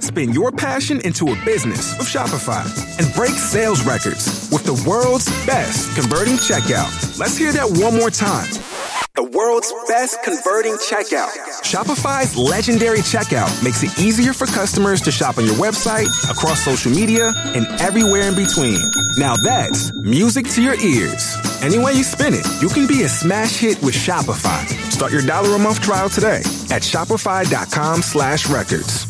Spin your passion into a business with Shopify and break sales records with the world's best converting checkout. Let's hear that one more time. The world's best converting checkout. Shopify's legendary checkout makes it easier for customers to shop on your website, across social media, and everywhere in between. Now that's music to your ears. Any way you spin it, you can be a smash hit with Shopify. Start your dollar a month trial today at shopify.com slash records.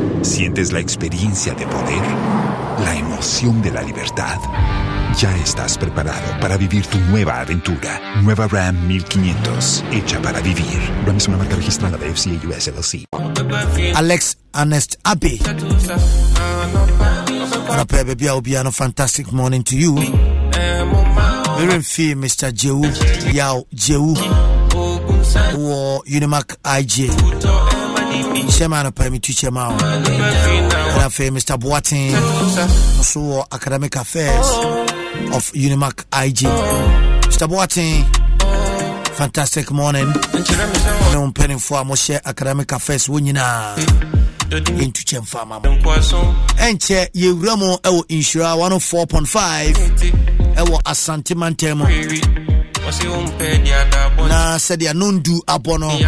¿Sientes la experiencia de poder? ¿La emoción de la libertad? Ya estás preparado para vivir tu nueva aventura. Nueva Ram 1500, hecha para vivir. Ram es una marca registrada de FCA US LLC. Alex Ernest Abbey. Rapper baby, I'll be on a fantastic morning to you. Very fee, Mr. Jehu. Yao Jehu. Or Unimac IJ. chairman of Permit afei Mr. Boatin, also wɔ academic affairs of Unimac IG. Mr. Boatin, fantastic morning. Ne wo mpanimfoɔ a mohyɛ academic affairs wɔ nyinaa yɛntu kyɛ mfa ma ɛnkyɛ yɛwura mu ɛwɔ insura 104.5 ɛwɔ asante mantam mu na sɛdeɛ nondu abɔ no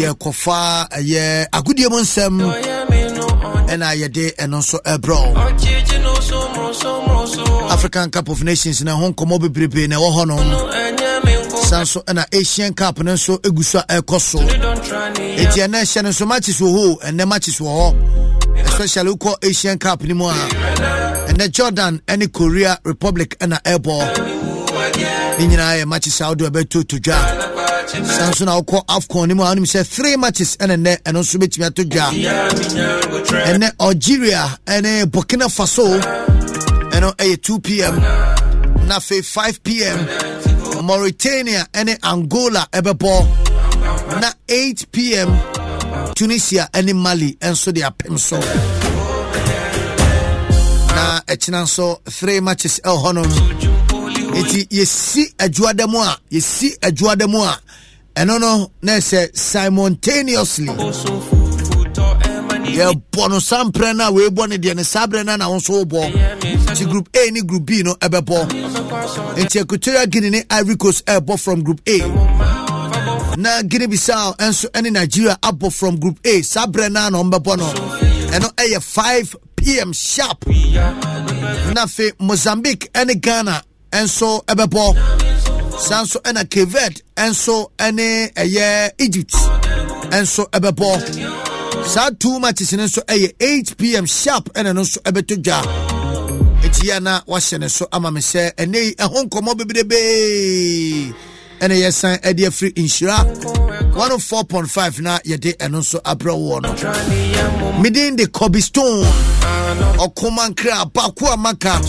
yɛkɔfa ɛyɛ agodie mu nsɛm ɛna yɛde ɛno nso ɛbrɛ african cup of nations na ho nkɔmmɔ bebrebe na ɛwɔ hɔ no san so ɛna asian cup no nso ɛgu so a ɛkɔ so enti ɛnɛ ɛhyɛ no nso matches wɔ hɔ ɛnɛ matches wɔ hɔ especially wokɔ asian cup no mu a ɛnɛ jordan ɛne korea republic ɛna ɛbɔ ne nyinaa yɛ matches a wode ɛbɛtoto saa nso na wokɔ afcon no mu a wonim sɛ three matches ɛne nnɛ ɛno nso bɛtumi ato dwa ɛnɛ algeria ɛne burkina faso ɛno ɛyɛ 2pm na afei 5pm mauritania ɛne angola ɛbɛbɔ na 8pm tunisia ɛne mali ɛnso de apem so na ɛkyena nso three matches ɛwɔ hɔnom nti yɛsi adwuada mu a yɛsi adwuada mu a ɛno no na ɛsɛ simultaneously yɛbɔ no samprɛ no a weebɔ no deɛ no saa berɛ no anawo nso wobɔ nti group a ne group b no ɛbɛbɔ nti equatorial guinea ne ivory coast ɛrebɔ from group a na guinea bissau nso ne nigeria abɔ from group a saa berɛ no a na ɔmbɛbɔ no ɛno ɛyɛ 5 pm sharp na afei mozambique ne ghana nso ɛbɛbɔ san so ɛna kevet nso ɛne ɛyɛ egypt nso ɛbɛbɔ saa two matches no nso ɛyɛ 8 pm sharp ɛna no nso ɛbɛto dwa ɛti yɛ na wahyɛ ne so ama me sɛ ɛnɛ yi ɛho nkɔmmɔ bebrebee ɛna yɛsan ɛde afiri nhyira 104.5 na yɛde ɛno nso abrɛ woɔ no meden de cobi stone ɔkoma nkra baako a maka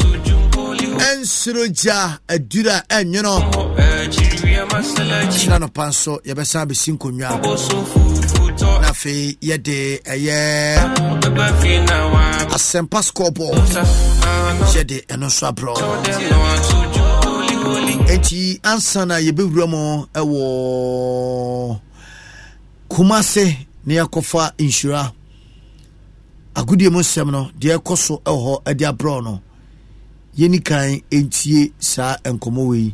ɛnsoro gya adura ɛnwono hyira no pa nso yɛbɛsan abɛsi nkonnwa na afei yɛde ɛyɛ asɛmpa scoreboard ah, yɛde ɛno nso aborɔ enti ansa na yɛbɛwura mu ɛwɔ kumase na yɛkɔfa nhyira agodie mu nsɛm no deɛ ɛkɔ so ɛwɔ hɔ ɛde aborɔ no yɛni kan ɛntie saa nkɔmmɔ wei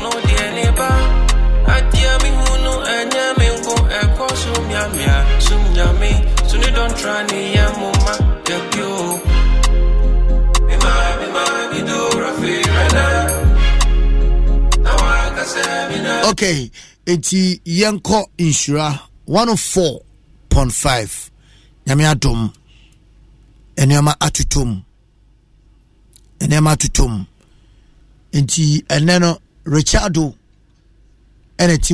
nyame so ne dɔntra ne yɛ moma yɛpio okay enti yɛnkɔ nsura 104.5 nyame adom nneɛma atotom nneɛma atotom nti ɛnɛ richardo ɛna ti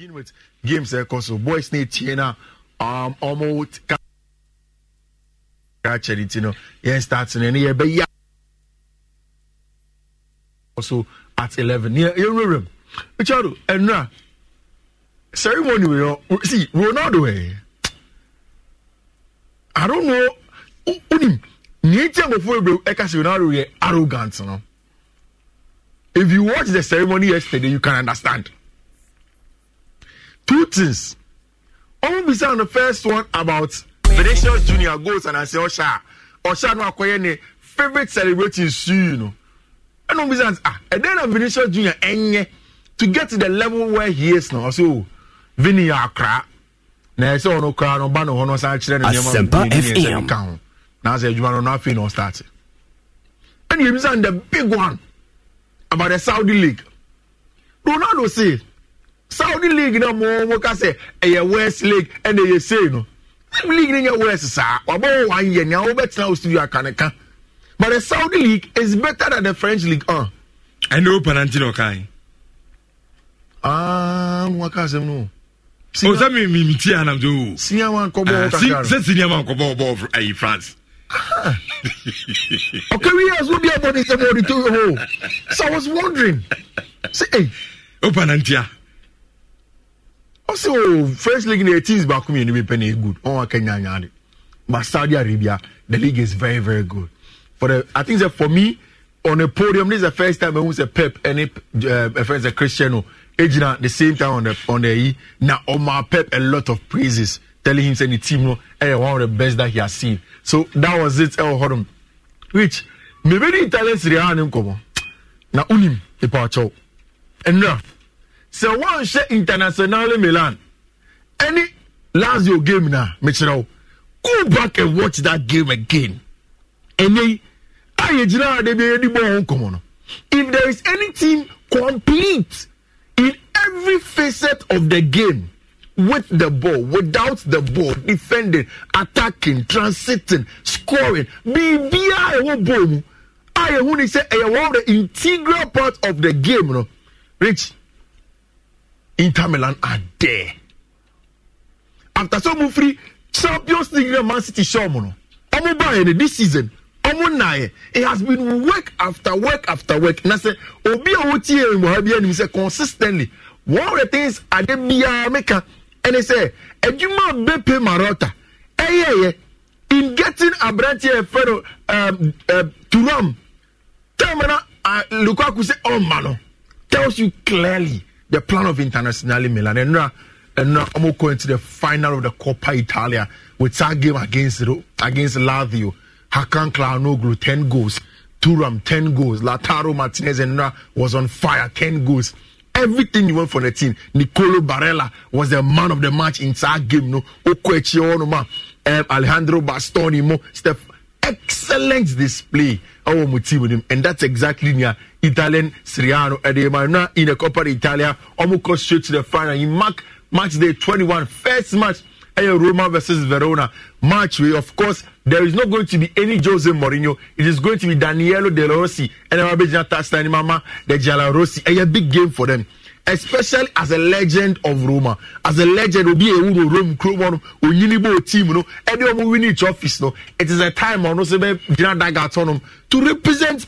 begin with games ɛkɔ so boys ne tie na ɔmo ka kyɛ ne ti no yɛn start no ɛne yɛbɛyɛ so at eleven yɛn nwuram richardo ɛnura ceremony yɛ see ronaldo ɛ i don't know unim nea ti nkɔfo ebrew ronaldo yɛ arrogant no if you watch the ceremony yesterday you can understand two things ɔmo bisa on the first one about vinicius junior goals and ase ɔhyɛ a ɔhyɛ no akɔyɛ ne favourite celebrating suyu no ɛna ɔmo bisa ah ɛdɛn na vinicius junior ɛnyɛ to get to the level where he is na ɔsɛ o vini yɛ akora na ɛsɛ ɔno kora no ba no hɔ no ɔsan kyerɛ no nneɛma bebree ne ɛsɛ ɛka ho na asɛ adwuma no no afei na ɔstart ɛna yɛ bisa the big one about the saudi league ronaldo say saudi league na mo mo ka sɛ ɛyɛ west league ɛna ɛyɛ sei no saudi league ni yɛ west saa wabɔ wɔn ayɛ nea wɔbɛtena o studio akaneka but the saudi league is better than the french league ɔn. ɛna o pananti na ɔka yi. aa mo ka sɛm no. o oh, sɛ mi mi mi ti anam to o. sinia wa nkɔbɔ ah, kakra sɛ sinia wa nkɔbɔ ɔbɔ ayi france. ɔkari yɛ so bi abɔ ne sɛ mo de to hɔ so i was wondering say. o oh, panantia ɔsɛ o french league na teams baako mmienu bi pɛn good ɔn oh, aka nyanyaade but saudi arabia the league is very very good for the i think say for me on a podium this is the first time ehun sɛ pep ɛne uh, friend sɛ uh, cristiano egyina the same time on the on the yi na ɔma pep a lot of praises telling him say the team no ɛyɛ one of the best that he has seen so that was it ɛwɔ hɔ nom which mebe ni italian serie a ne nkɔmɔ na unim nipa akyɛw nnura sɛ wɔnhyɛ international milan any lazio game na mekyerɛ wo go back and watch that game again ɛnɛ a yɛgyina ade bi yɛde bɔ ho nkɔmmɔ no if there is any team complete in every facet of the game with the ball, without the ball, defending, attacking, transiting, scoring. BBI Wobomu. I only say one of the integral part of the game, you know. Rich, Inter Milan are there. After so move free Champions League na Man City ṣe ọmọ no ọmọ báyìí ni this season ọmọ nàáyẹ e. it has been work after work after work na sẹ obi a wọ́n ti yẹ e ẹ̀rọ ha ẹni sẹ consistently one of the things ade biara meka ẹni sẹ ẹdwuma bepe marota ẹyẹ ẹyẹ in getting aberanteɛ fɛ no um, um uh, turam tẹ́ẹ̀mù náà lukaku sẹ ọ̀ oh, ma no tells you clearly. the plan of internationally, Milan. And now, uh, and now uh, I'm going to the final of the Coppa Italia with that game against against Lazio. Hakan Klaanoglu, 10 goals. Turam, 10 goals. Lataro Martinez and now uh, was on fire, 10 goals. Everything you want from the team. Nicolo Barella was the man of the match in that game. No, Okwechi Onoma, um, Alejandro Bastoni, Mo, Steph. Excellent display awɔ mu team nim and that's exactly nea italian siriano ɛde ma na in the copa de italia ɔmo kɔ straight to the final in mark match day 21 first match ɛyɛ eh, roma versus verona match wey of course there is not going to be any jose mourinho it is going to be daniello de rossi ɛna wabɛgyina tastan mama de jala rossi ɛyɛ eh, big game for them especially as a legend of Roma as a legend obi ewuro Rome kurom no onyinibo team no ɛde ɔmo win each office no it is a time ɔno sɛ bɛ gyina daga atɔ nom to represent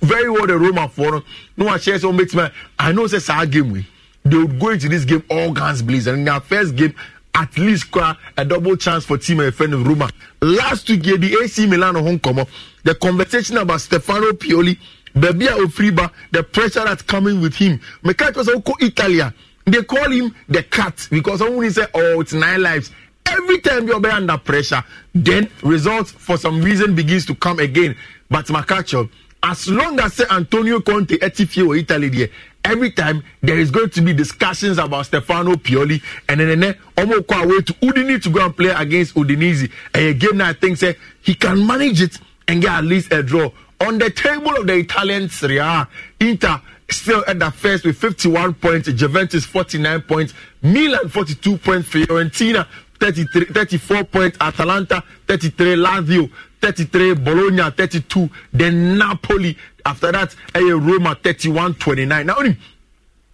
very well the Roma for no no wa hyɛ sɛ ɔmo betuma I know sɛ saa game We they would go into this game all guns blazing and in their first game at least kwa a double chance for team and friend of Roma last week yɛ di AC Milan ho nkɔmɔ the conversation about Stefano Pioli baabi a ofiri ba the pressure that's coming with him meka kyerɛ sɛ wokɔ italy a they call him the cat because ɔmo ni sɛ oh it's nine lives every time bi ɔbɛyɛ under pressure then results for some reason begins to come again but meka as long as say antonio conte ɛti fie wɔ italy deɛ every time there is going to be discussions about stefano pioli and then ɛnɛ ɔmo kɔ away to udini to go and play against udinese ɛyɛ game na i think say he can manage it and get at least a draw on the table of the Italian Serie A, Inter still at the first with 51 points, Juventus 49 points, Milan 42 points, Fiorentina 33, 34 points, Atalanta 33, Lazio 33, Bologna 32, then Napoli. After that, a Roma 31 29. Now,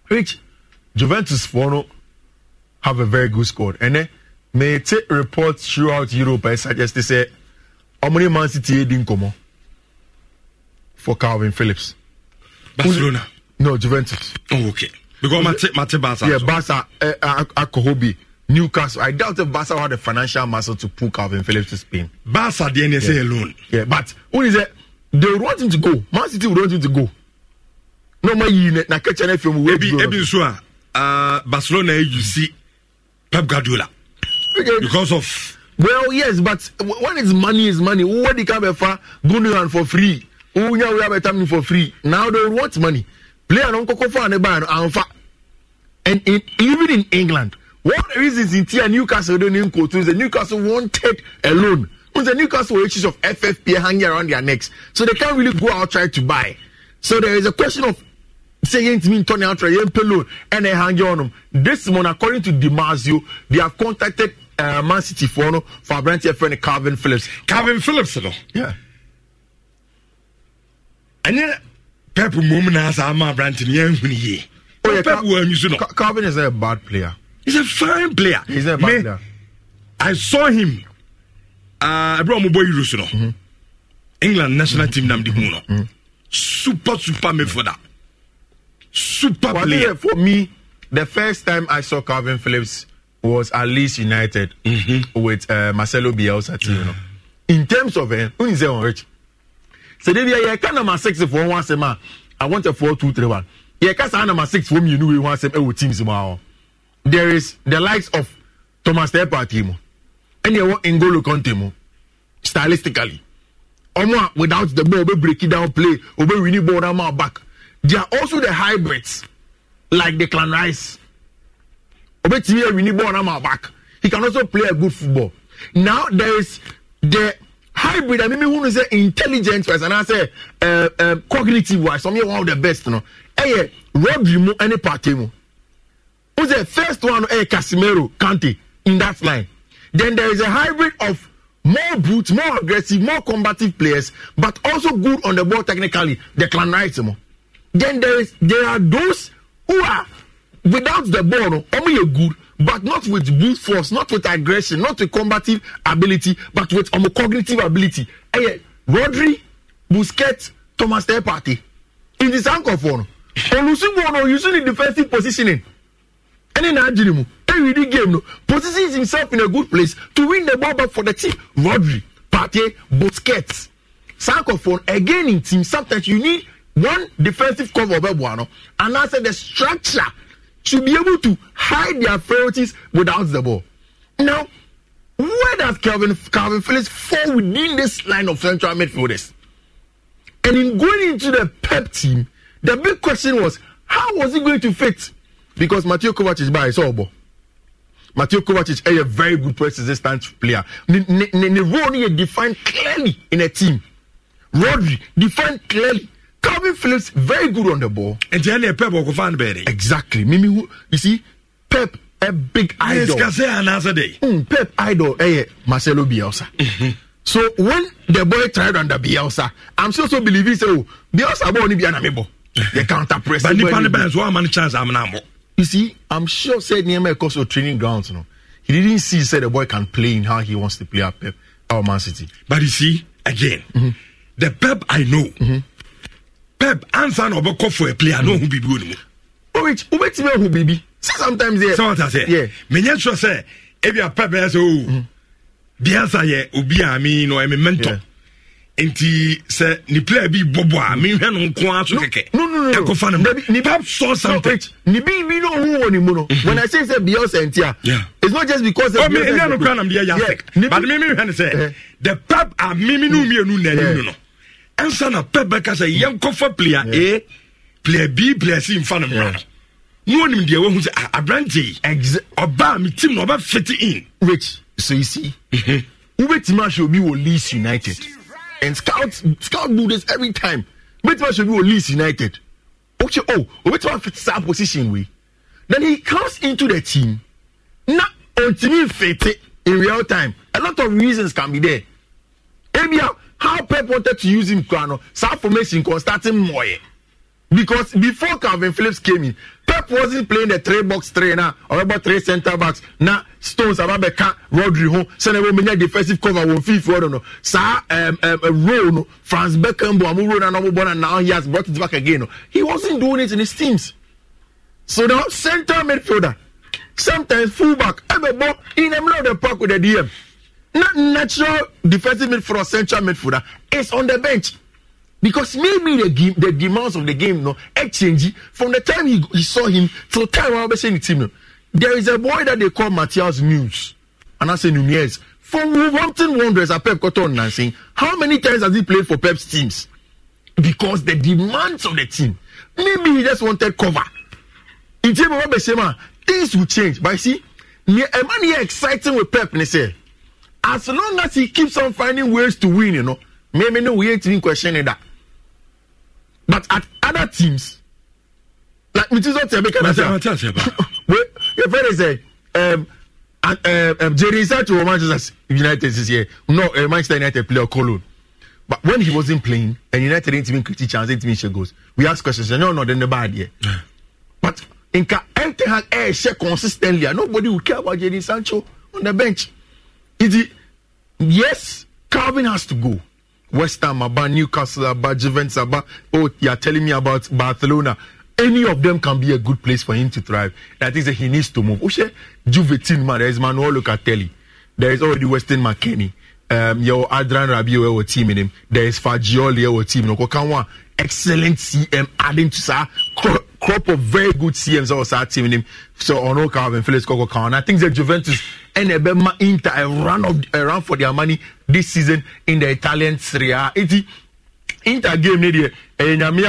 which Juventus for no have a very good score. And then, may take reports throughout Europe. I suggest they say, how many Man City didn't come on? for Calvin Phillips. Barcelona. No, Juventus. Oh, okay. Because Mate, Mate Barca. Yeah, Barca, uh, Akohobi, Newcastle. I doubt if Barca had the financial muscle to pull Calvin Phillips to Spain. Barca, the NSA yeah. alone. Yeah, but when is it? They would want him to go. Man City would want him to go. No, my unit, na catch an FM. Ebi, Ebi, Sua, uh, Barcelona, eh, you see Pep Guardiola. Okay. Because of. Well, yes, but when it's money, is money. What do you come for? Gundogan for free. wonya wura bɛtam no for free now they want money player no nkɔkɔ fa ne baa no and in, even in england one of the reasons nti a newcastle don in kotu is that newcastle wanted a loan the newcastle were issues of FFP hanging around their necks so they can't really go out try to buy so there is a question of saying to me turn out try loan and they hang on them this month according to Demasio, they have contacted uh, man city for no for a friend calvin phillips calvin phillips though yeah ɛnyɛ pep mom na asa ama aberante no yɛnhunu yie pep wɔ so no is a bad player he's a fine player he's a bad player i saw him uh, ɛberɛ a ɔmobɔ euro so no mm-hmm. england national team nam de hu no mm-hmm. super super midfielder super well, player for me the first time i saw calvin phillips was at least united mm-hmm. with uh, marcelo bielsa team mm-hmm. you know? in terms of uh, who is he on rich sɛ de bia yɛka nama six foɔ ho asɛm a four two three one yɛka saa nama six foɔ mmienu wei ho asɛm ɛwɔ teams mu ahɔ there is the likes of thomas tepati mu ɛne ɛwɔ ngolo conte mu stylistically ɔmo a without the ball ɔbɛ break it down play ɔbɛ win the ball down mouth back they are also the hybrids like the clan rice ɔbɛ tìmí ɛ the ball down mouth back he can also play a good football now there is the hybrid a mimi hunu sɛ intelligent person anaasɛ uh, uh, cognitive wise ɔmo yɛ one of the best no ɛyɛ rodri mu ɛne partey mu o first one no ɛyɛ casimiro kante in that line then there is a hybrid of more brute more aggressive more combative players but also good on the ball technically the clan right mo then there is there are those who are without the ball no ɔmo yɛ good but not with brute force, not with aggression, not with combative ability, but with um, cognitive ability. Ẹyẹ Rodri, Busquets, Thomas Partey. Nti saa nkɔfoɔ no, olusigbo no using the defensive positioning ɛne n'agyiri mu ɛyɛ di game no positions himself in a good place to win the ball back for the team. Rodri, Partey, Busquets. Saa nkɔfoɔ no again in team sometimes you need one defensive cover of no and answer the structure. should be able to hide their frailties without the ball. Now, where does Calvin, Calvin Phillips fall within this line of central midfielders? And in going into the Pep team, the big question was how was he going to fit? Because Mateo Kovacic by his elbow. Mateo Kovacic is eh, a very good press player. The role he defined clearly in a team. Rodri defined clearly Calvin Phillips very good on the ball. Nti ẹni Pep ọkọ fan bẹ̀rẹ̀. Exactly. Mimi who you see Pep a big idol. Yes, kase anase day. Mm, Pep idol eh? Marcelo Bielsa. Mm-hmm. So when the boy tried under Bielsa, I'm still so believing say o oh, Bielsa bọ̀ ni bi anami bọ̀. The mhm. counter press. But if ni bẹ́ẹ̀ sọ amani chance amuna mọ. You see, I'm sure say Nehemiah cause of training grounds no. He didn't see said the boy can play in how he wants to play at Pep, our Man City. But you see, again, mm-hmm. the Pep I know. Mm-hmm pep ansa na ɔbɛkɔ for a player na ɔhu biribi wɔ ne mu. owit wobɛtumi ahu biribi sɛ sometimes yɛ. sɛ wɔta sɛ menyɛ sure sɛ ebi a pep ɛyɛ sɛ o biansa yɛ obi a mi na ɔyɛ mi mentor nti sɛ ne player bi bɔbɔ a mehwɛ no nko a so kɛkɛ ɛkɔfa no m pep sɔ something. ne biribi na ɔhu wɔ ne mu no when i say say sɛ biansa nti a it's not just because. ɔ mi ɛnyɛ no kura na mi yɛ yasek but mi mi hwɛ ne sɛ the pep a mi mi nu mienu na ɛni mu no ansa na pep bɛka sɛ hmm. yɛnkɔfa player a player b player c mfa no mmra no wɔnim deɛ wahu sɛ aberante ɔbaa me tim na ɔbɛfete in rich so you see wobɛtumi ahyɛ obi wɔ leeds united and scout scout do this every time wobɛtumi ahyɛ obi wɔ leeds united wokyɛ o obɛtumi afete saa position wei then he comes into the team na ɔntumi mfete in real time a lot of reasons can be there ebia how Pep wanted to use him Kwano, South formation starting Moye. Because before Calvin Phillips came in, Pep wasn't playing the three box three now, or about three centre backs. Now Stones Ababeka, Rodri ho, Senegal many defensive cover one fifth one no. Sa um um role no, Franz Beckenbauer Boamu role and now he has brought it back again. No. He wasn't doing it in his teams. So now centre midfielder, sometimes fullback, ever ball in the middle of the park with the DM na natural defensive midfielder or central midfielder is on the bench because maybe the game the demands of the game no exchange from the time he, he saw him till time I was saying ni team no there is a boy that they call matthias I say nunez from wolverhampton wanderers at pep cotton nansen how many times has he played for pep's teams because the demands of the team maybe he just wanted cover nti ebe wa bɛ se ma things will change but you see ne ɛma ne yɛ exciting with pep ne say as long as he keeps on finding ways to win, you know, maybe no we ain't even questioning that. But at other teams, like which is what Sebe can say. Well, your friend say, uh, um, and, uh, um, Jerry said to Manchester United this year, no, uh, Manchester United player Cologne. But when he wasn't playing, and United didn't even create chance, didn't even goals. We ask questions. No, no, then the bad yeah. But in Ten Hag, eh, consistently, nobody will care about Jadon Sancho on the bench. nti yes calvin has to go west ham aba newcastle aba juventus aba oh you are telling me about barcelona any of them can be a good place for him to thrive That is, i he needs to move ose juve team man there is manuel locatelli there is already weston mckinney um, your Adrian rabiu ɛwɔ team in him there is fagioli ɛwɔ team in him ɔkɔkan wa excellent cm adding to sa crop of very good cms ɛwɔ saa team in him so ono calvin phillips kɔkɔ kan and i think say juventus. And a ɛbɛma inter a run of a run for their money this season in the italian serie a eti inter game ne and ɛyɛ eh,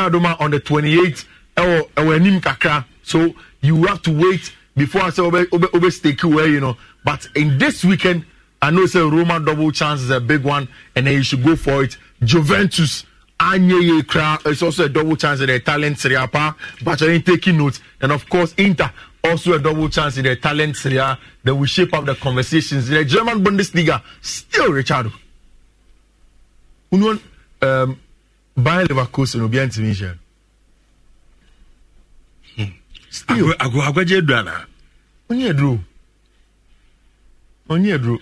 nyamea on the 28. eight oh, ɛwɔ anim kakra so you have to wait before I say over over over stake where eh, you know but in this weekend i know it's a roma double chance is a big one and then you should go for it juventus anyeye kra it's also a double chance in the italian serie a But I ain't taking notes. and of course inter also a double chance in the talent area that will shape up the conversations. The German Bundesliga still Richard. Union um Bayer Leverkusen will be in Tunisia. Still, I go, I go, Jedwana. Onye Drew. Onye Drew.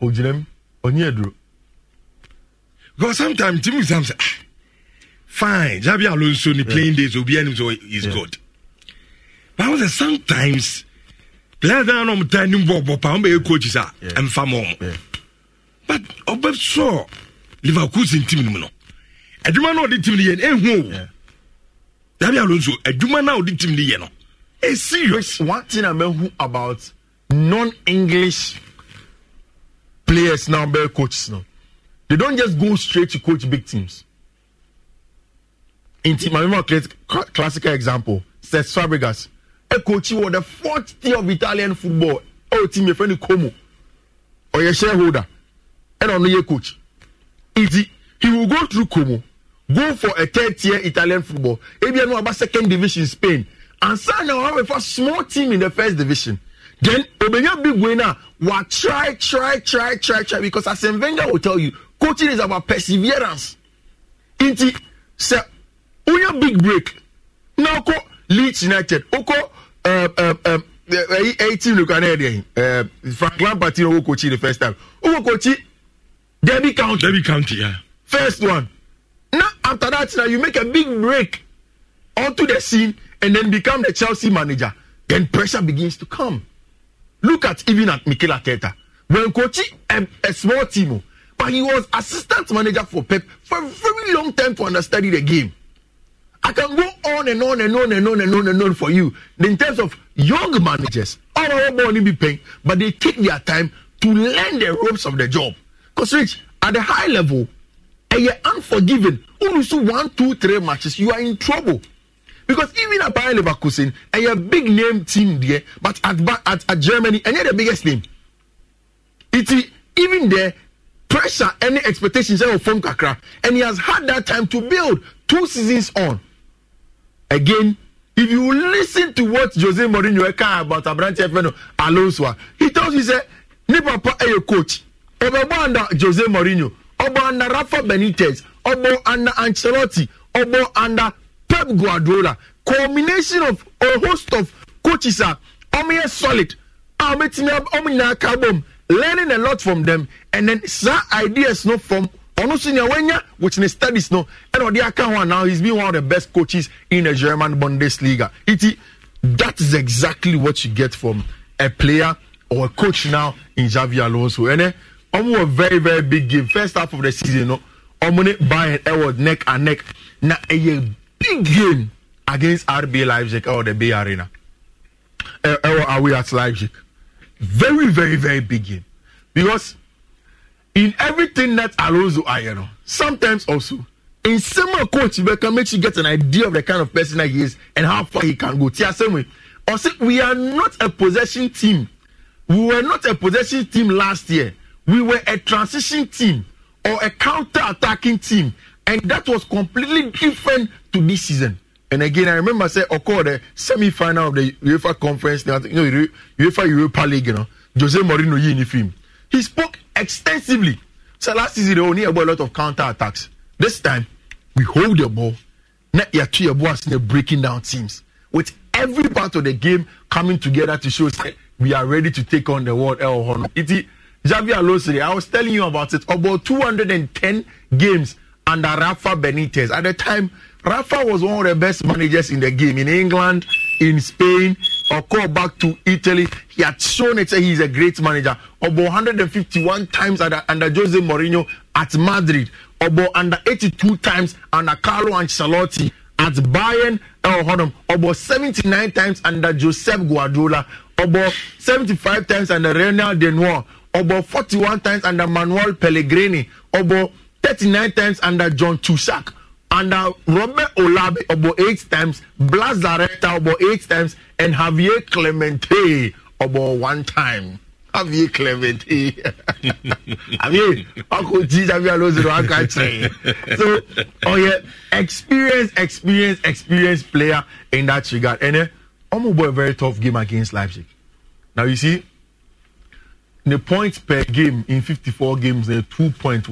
Ojinem. Onye Drew. Because sometimes, Timmy, sometimes, ah, fine, Javi Alonso, the playing days, Obianim, so he's yeah. good now the sometimes players that are not turning ball but pound by coaches are and far more but ọbẹ sọ Leverkusen team eh, mu no adwuma náà ọdi team ni yẹ no ehun o dabi alonso adwuma náà ọdi team ni yẹ no e serious. one thing i mean who about non-english players now bẹ coaches no they don just go straight to coach big teams. In team, my classical example, Seth Fabregas ɛkɔkyi wɔ the fourth tier of italian football ɛwɔ oh, team yɛfrɛ no como ɔyɛ shareholder ɛna ɔno yɛ coach nti he will go through como go for a third tier italian football ebien no aba second division spain ansa na ɔha bɛfa small team in the first division then obenya big win na wa try try try try try because as Wenger will tell you coaching is about perseverance nti sɛ wonya big break na ɔkɔ leeds united ɔkɔ ɛyi team no kura ne yɛ deɛ frank lampard team owó kochi the first time owó kochi derby county derby county yeah. first one now after that now you make a big break onto the scene and then become the chelsea manager then pressure begins to come look at even at mikel arteta when kochi a, um, a small team oh, but he was assistant manager for pep for a very long time to understand the game I can go on and on and on and on and on and on for you. In terms of young managers, all our money be paying, but they take their time to learn the ropes of the job. Because Rich, at the high level, and you're unforgiving. Only so one, two, three matches, you are in trouble. Because even at Bayern Leverkusen, and you're a big name team there, but at, at, at Germany, and you're the biggest name. It's even there, pressure, any expectations of from Kakra, and he has had that time to build two seasons on. again if you listen to what jose mourinho ẹka about aberante fẹ alonso he tells you say ní papa ẹ yẹ coach ọbẹbọ under jose mourinho ọbọ under rafa benitez ọbọ under ancelotti ọbọ under pep guardiola combination of a host of coaches a ọmọ yẹ solid a ọmọ yẹ tìmí ọmọ nyinaa ká bọ mu learning a lot from them and then saa ideas no form ɔno nso nea wanya with ne studies no ɛna ɔde aka ho now he's been one of the best coaches in the German Bundesliga iti that is exactly what you get from a player or a coach now in Javi Alonso ɛnɛ ɔmo wɔ very very big game first half of the season no ɔmo ne Bayern ɛwɔ neck and neck na ɛyɛ big game against RB Leipzig ɛwɔ the Bay Arena ɛwɔ away at Leipzig very very very big game because in everything that Alonso ayɛ no sometimes also in similar coach can make you get an idea of the kind of person that he is and how far he can go ti asɛm we are not a possession team we were not a possession team last year we were a transition team or a counter attacking team and that was completely different to this season. And again, I remember say Oko the semi final of the UEFA conference, you know, UEFA Europa League, you know, Jose Mourinho in the film. He spoke extensively. So last season they only about a lot of counter attacks. This time we hold the ball. Not yet two boys they're breaking down teams with every part of the game coming together to show say, we are ready to take on the world El Hono. It Javier Alonso, I was telling you about it about 210 games under Rafa Benitez. At the time, Rafa was one of the best managers in the game in England, in Spain, or call back to Italy. He had shown it he is a great manager. About 151 times under, under Jose Mourinho at Madrid. About under 82 times under Carlo Ancelotti at Bayern Oh hold on. About 79 times under Josep Guardiola. About 75 times under Renal Denoir. About 41 times under Manuel Pellegrini. About 39 times under John Tuchak and uh, Robert Olabe about eight times, Blas Zareta about eight times, and Javier Clemente about one time. Javier Clemente. I mean, Uncle Jesus, Javier Alonso, I can't say. So, oh yeah, experience, experience, experience player in that regard. And then, uh, Omo boy, very tough game against Leipzig. Now, you see, the points per game in 54 games, they're 2.10,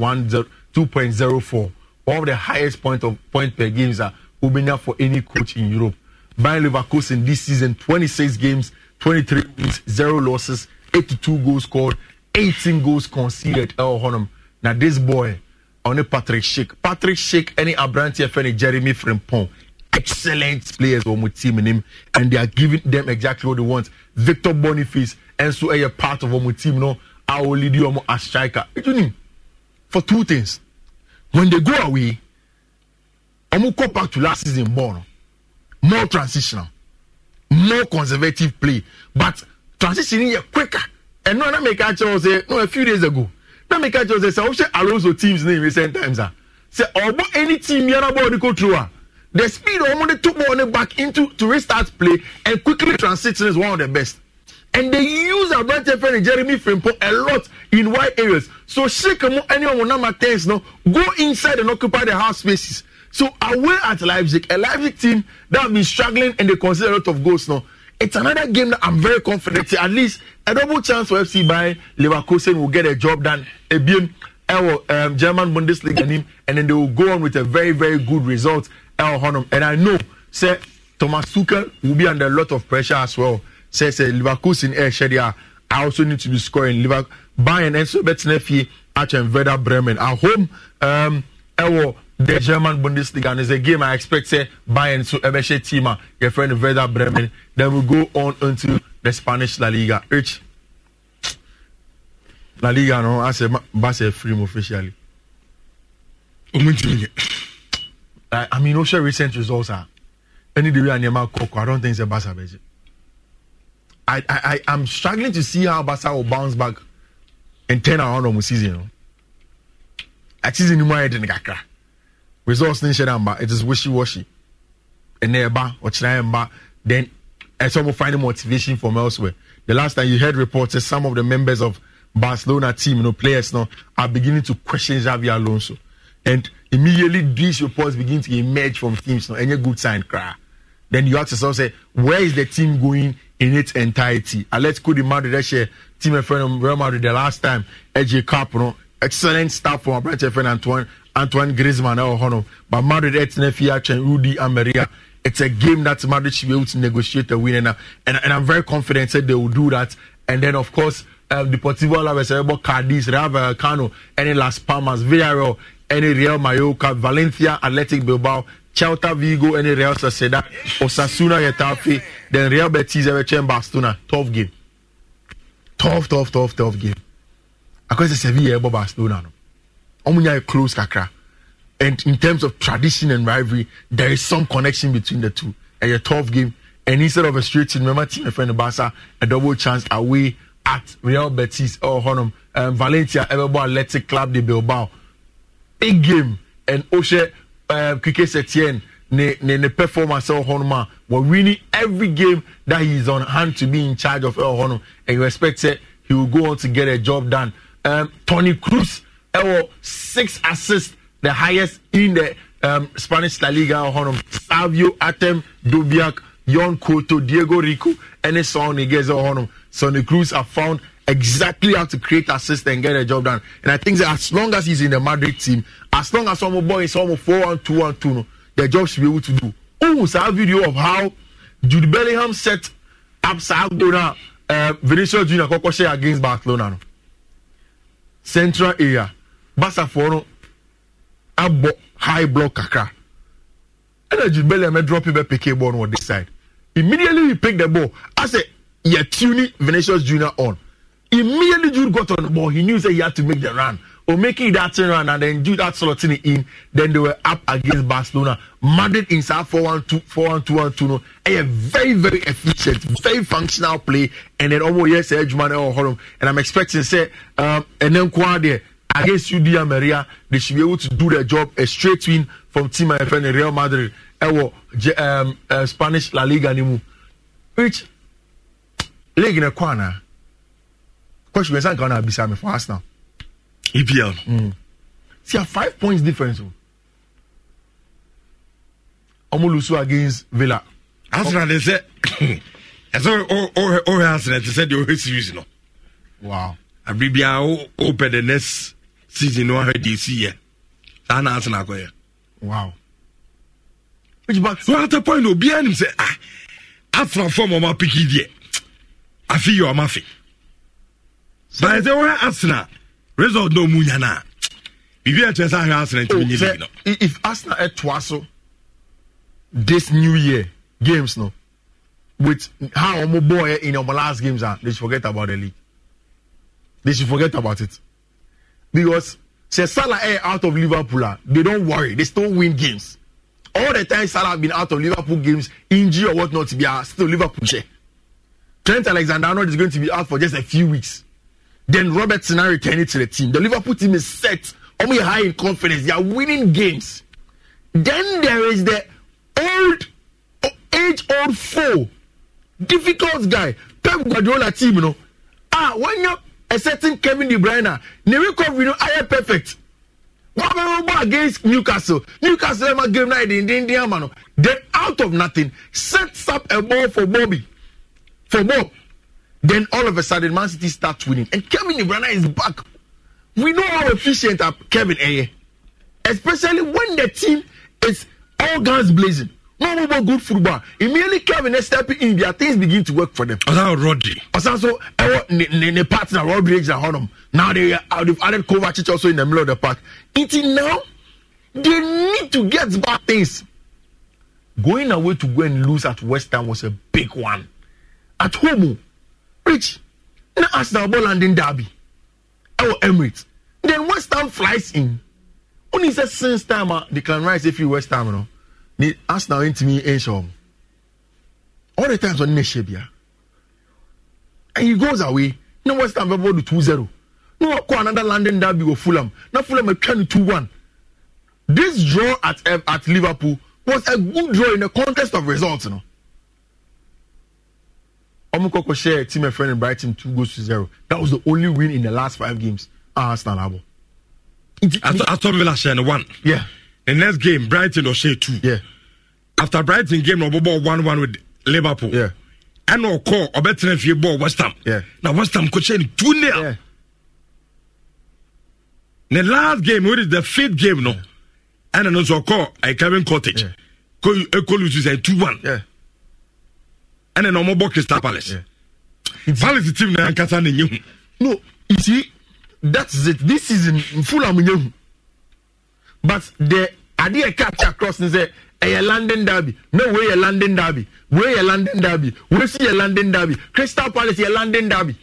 2.04 one of the highest point of point per games are Ubina for any coach in Europe. Bayern Leverkusen this season 26 games, 23 wins, zero losses, 82 goals scored, 18 goals conceded. El oh, Honum. Now this boy on Patrick Schick. Patrick Schick any Abranti any Jeremy Frimpong. Excellent players on my team and him, and they are giving them exactly what they want. Victor Boniface, and so a part of my team. No, I will lead you as striker. For two things when they go away ɔmo kɔ back to last season ball more transitional more conservative play but transition yɛ quicker ɛnu ɛna mi ka kyerɛ ɔsɛ no a few days ago na mi ka kyerɛ ɔsɛ sɛ ɔhyɛ alonso teams ne recent times a sɛ ɔbɔ any team yɛrɛ bɔɔl de ko through a ah. the speed ɔmo de two ball ne back into to restart play and quickly transition is one of the best and they use abrante and jeremy fimpo a lot in wide areas so sheikh mu ẹni ọmọ nama tens no go inside and occupy the half spaces so away at leipzig a leipzig team that have been struggling and they concede a lot of goals now it's another game that i'm very confident at least a double chance for fc bayern leverkusen will get a job done ebien ɛwɔ um, german bundesliga nim and then they will go on with a very very good result and i know Sir thomas tuchel will be under a lot of pressure as well. Say say livercosin ɛɛhyɛ deɛ a I also need to be scoring liverpool bayern nso bɛtena fie akyɛn verda bremen at home um, ɛwɔ the german bundesliga and it's a game i expect say bayern nso ɛbɛhyɛ team a uh, Your friend verda bremen then we go on into the spanish la liga H. la liga no I asɛ basɛ free officially. ɔmo ntumi i mean also recent results uh, are. any the way a nneɛma i don't think say barca bɛ I, I, I, am struggling to see how Barca will bounce back and turn around on the season. At season, you might in Gakra. Results in Shedamba, it is wishy washy. And Neba, or Chinayamba, then some will find motivation from elsewhere. The last time you heard reports, that some of the members of Barcelona team, you know, players now are beginning to question Xavi Alonso. And immediately these reports begin to emerge from teams now, any good sign, cry. Then you ask yourself, say, where is the team going in its entirety. Atletico de Madrid ɛhyɛ team ɛfɛ no Real Madrid the last time ɛgye cup no excellent start from our ɛfɛ friend Antoine Antoine Griezmann ɛwɔ hɔ no but Madrid ɛtena Chen atwɛn and Maria. It's a game that Madrid should be able to negotiate a win, and, and, and I'm very confident that they will do that. And then, of course, uh, Deportivo Alaves, Cerebro Cadiz, Real Vallecano, any Las Palmas, Villarreal, any Real Mallorca, Valencia, Athletic Bilbao, Celta Vigo ɛne Real Sociedad Osasuna Getafe then Real Betis ɛbɛkyɛn Barcelona tough game tough tough tough tough game akɔsɛ Sevilla ɛbɔ Barcelona no ɔmo nya e close kakra and in terms of tradition and rivalry there is some connection between the two ɛyɛ tough game and instead of a straight team remember team efɛn no Barca a double chance away at Real Betis ɛwɔ oh, hɔnom um, Valencia ɛbɛbɔ Athletic Club de Bilbao big game and o hyɛ. Um, Kike Setien ne ne ne performance ɛwɔ hɔnom a wɔ winning every game that he is on hand to be in charge of ɛwɔ hɔnom and you expect say eh, he will go on to get a job done um, Tony Cruz ɛwɔ six assists the highest in the um, Spanish La Liga ɛwɔ hɔnom Savio Atem Dobiak Yon Koto Diego Rico ɛne Sonny Gez ɛwɔ hɔnom Sonny Cruz have found exactly how to create assist and get a job done. And I think that as long as he's in the Madrid team, as long as some boy is almost 4 1 2 1 2, the job should be able to do. Oh, so a video of how Jude Bellingham set up Sargona, uh, Vinicius Junior Kokoshe against Barcelona. No? Central area, Basaforo, Abo, high block kaka. And then Jude Bellingham dropped him a PK ball on this side. Immediately he picked the ball. I said, yeah, tuning Vinicius Junior on. Immediately Jude got on board, he knew that he had to make the run. Or making that turnaround and then Jude had slotting in. Then they were up against Barcelona. Madrid inside 4 1 2 4 1 2 1 2. No. A very, very efficient, very functional play. And then almost oh, yes, Edgeman or oh, Horum. And I'm expecting, say, um, and then Kwade against Judia Maria, they should be able to do their job a straight win from Team FN and Real Madrid. Ewo, eh, um, uh, Spanish La Liga, Nimu. Which, league in a corner coach bẹ̀rẹ̀ sankan náà bisa mi for now. EPL. Mm. see a five points difference o ọmọ lusu against Villa. Arsenal de sẹ ẹsẹ o hẹ Arsenal they said they o hẹ series nọ. wow. abiribia o o pẹ the next season No, I heard de si yẹ saa na Arsenal kọ wow. which but back. at the point obiara him say ah Arsenal my picky apiki I feel you are afi báyìí sẹ wọn Arsenal result náà mu yànnà bíbí ẹ kyerẹ sẹ ahwẹ Arsenal ntumi nye league oh, náà. if Arsenal ẹ to aso oh, this new year games no with how ọmọ bọ ẹ in ọmọ last games ah they should forget about the league they should forget about it because say Salah ẹ out of Liverpool ah they don't worry they still win games all the time Salah been out of Liverpool games injury or whatnot. not be still Liverpool Trent Alexander-Arnold is going to be out for just a few weeks then Robertson now returning to the team. The Liverpool team is set. Only high in confidence. They are winning games. Then there is the old, age old foe, difficult guy, Pep Guardiola team. You know, ah, when you a certain Kevin De Bruyne, the recovery, you know, I am perfect. What about against Newcastle? Newcastle a game night in the Indian man. Then out of nothing, sets up a ball for Bobby, for Bob then all of a sudden Man City starts winning. And Kevin De Bruyne is back. We know how efficient Kevin is, especially when the team is all guns blazing. No more good football. Immediately Kevin is stepping in, their things begin to work for them. Osan Rodri. Osan so eh, the partner Rodri is and Honum. Now they have uh, added Kovacic also in the middle of the park. It is now they need to get back things. Going away to go and lose at West Ham was a big one. At home rich na arsenal bɔ landing derby ɛwɔ emirates then west ham flies in only say since time uh, a declan rice efi west ham no ni arsenal ntumi nhyɛ wɔn all the times wɔn na ɛhyɛ bia and he goes away na west ham bɛbɔ do two zero na wɔkɔ another landing derby wɔ fulham na fulham atwa no two one this draw at at liverpool was a good draw in the context of results you Know? ọmọkọkọ share team ẹ friend in brighton two goals to zero that was the only win in the last five games arsenal abo. aston villa share ni one. Yeah. the next game brighton ọ̀ share two. Yeah. after brighton game na ọbọ one one with liverpool. Yeah. ɛna ɔkɔ ɔbɛtena fie bɔɔ west ham yeah. Now west ham kɔhyɛ share two nil yeah. The last game wey is the fifth game no ɛna no nso ɔkɔ ɛkavin cottage ɛkɔ lusu sɛ two one. Yeah ɛne na ɔmobɔ crystal palace palace team na ankasa na ɛnyɛ hu no you see that's it this season fulham nyɛ hu but the adeɛ catch across n sɛ ɛyɛ london derby No wei yɛ london derby wei yɛ london derby wei si yɛ london derby crystal palace yɛ london derby.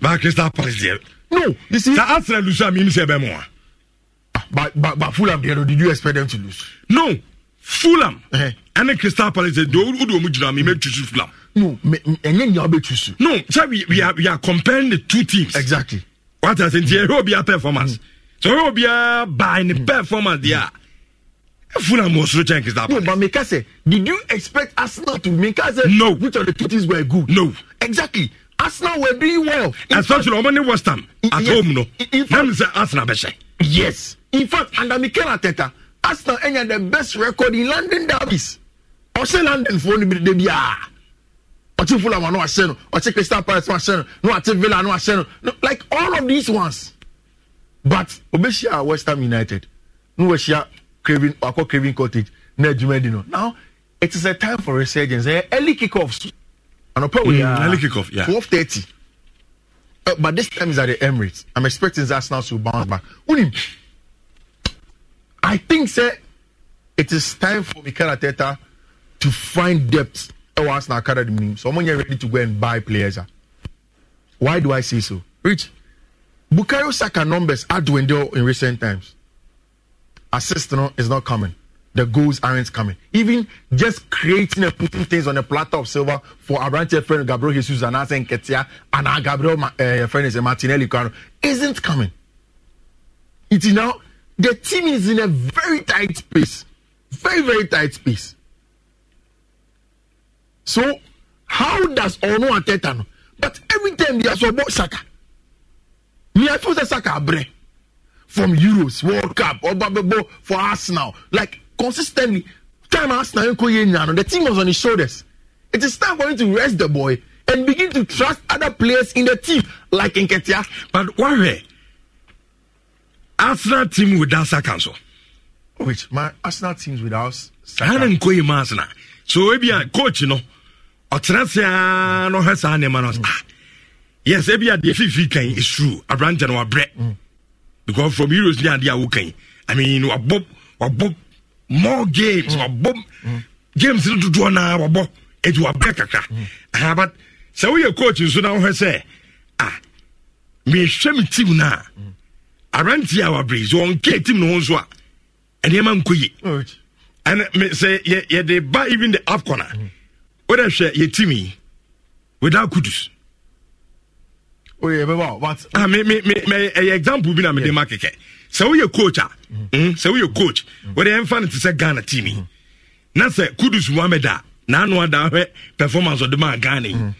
ba crystal palace deɛ. no you see. sa arsenal lose am im se bɛ mu wa. Ah, ba ba ba fulham deɛ no did you expect them to lose. no fulham. Uh eh. -huh ɛne crystal palace de wode ɔmu gyina me mɛtusu flam no ɛnyɛ nyina wobɛtusu no sɛ we, we, are, comparing the two teams exactly wata nti ɛhwɛ obiaa performance sɛ ɔhwɛ obiaa by ne performance deɛ a Fulham was rich and Crystal No, but Mika said, did you expect Arsenal to Mika said, no, which of the two teams were good? No, exactly. Arsenal were doing well. Especially fact, Omani West Ham at yes, home, no. In fact, is Arsenal beshe. Yes. In fact, under Mikel Arteta, Arsenal ended the best record in London derbies ɔsɛ london foɔ no bi bi a ɔte fulham ano ahyɛ no ɔte crystal palace no ahyɛ no na ɔte villa ano ahyɛ no like all of these ones but obehyia west ham united na wahyia craving wakɔ craving cottage na adwuma di no now it is a time for resurgence ɛyɛ eh, early kick offs anɔpɛ wo yaa mm, early kick off yeah twelve thirty uh, but this time is at the emirates i'm expecting arsenal to bounce back wuli i think say it is time for mikel arteta. to find depth ɛwɔ oh, Arsenal academy nim so Someone nyɛ ready to go and buy players ah. why do I say so rich Bukayo Saka numbers are dwindling in recent times assist is not coming the goals aren't coming. Even just creating and putting things on a platter of silver for our branch friend Gabriel Jesus and Asen Ketia and our Gabriel uh, friend is Martinelli Caro isn't coming. It is now the team is in a very tight space, very very tight space. So, how does Ono Ateta know? But every time they are so about Saka. Me, I feel Saka bre from Euros, World Cup, or Babebo for Arsenal. Like, consistently, time Arsenal, the team was on his shoulders. It is time for him to rest the boy and begin to trust other players in the team, like Nketia. But why? Arsenal team without Saka, so. Which, my Arsenal teams without Saka. I didn't call him Arsenal. So, maybe a coach, you know. ɔtena sea na ɔhwɛ saa nneɛma no ah, yes ebi adeɛ fifi kan esuru aberante no wabrɛ because from euros ne adeɛ a wokan i mean wabɔ wabɔ more games mm. wabɔ mm. games no dodoɔ naa wabɔ eti wabrɛ kaka. Mm. ah but sɛ woyɛ coach nso na wohwɛ sɛ ah mehwɛ me team no a aberanteɛ a wabrɛ sɛ ɔnkɛ team no ho nso a nneɛma nkɔ yi ɛn sɛ yɛde ba even the afcon a mm. wọ́n hwẹ yẹ ti mi without kudus. oye oh, bẹba o but. ah mi mi mi ẹ yẹ example bi na mi de ma kẹkẹ yẹ coach a mm-hmm. hmm, sẹ yẹ coach wọ́n yẹ nfa ni ti sẹ Ghana ti mi mm-hmm. na sẹ kudus a n'anu ada ahwẹ performance ọdun Ghana yi mm-hmm.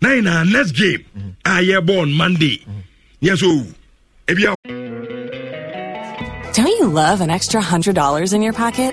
na yìí na next game a yẹ bọ on Monday yẹ so owu ebi a. Don't you love an extra hundred dollars in your pocket?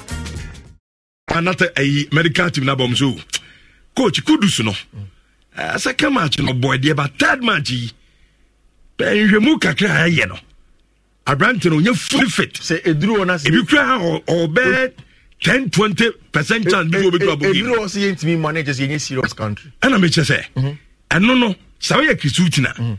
anata ayi medical team na bɔm so coach kudus no uh, second match no bɔ ɛdeɛ ba third match yi eh, nhwɛmu kakra a ɛyɛ no aberante no ɔnyɛ fully fit ebi kura ha ɔbɛ eh, ten twenty percent chance bi wo bi kura bɔ game ɛna mekyɛ sɛ mhm. ɛno no sɛ woyɛ kristu tina. Mm -hmm.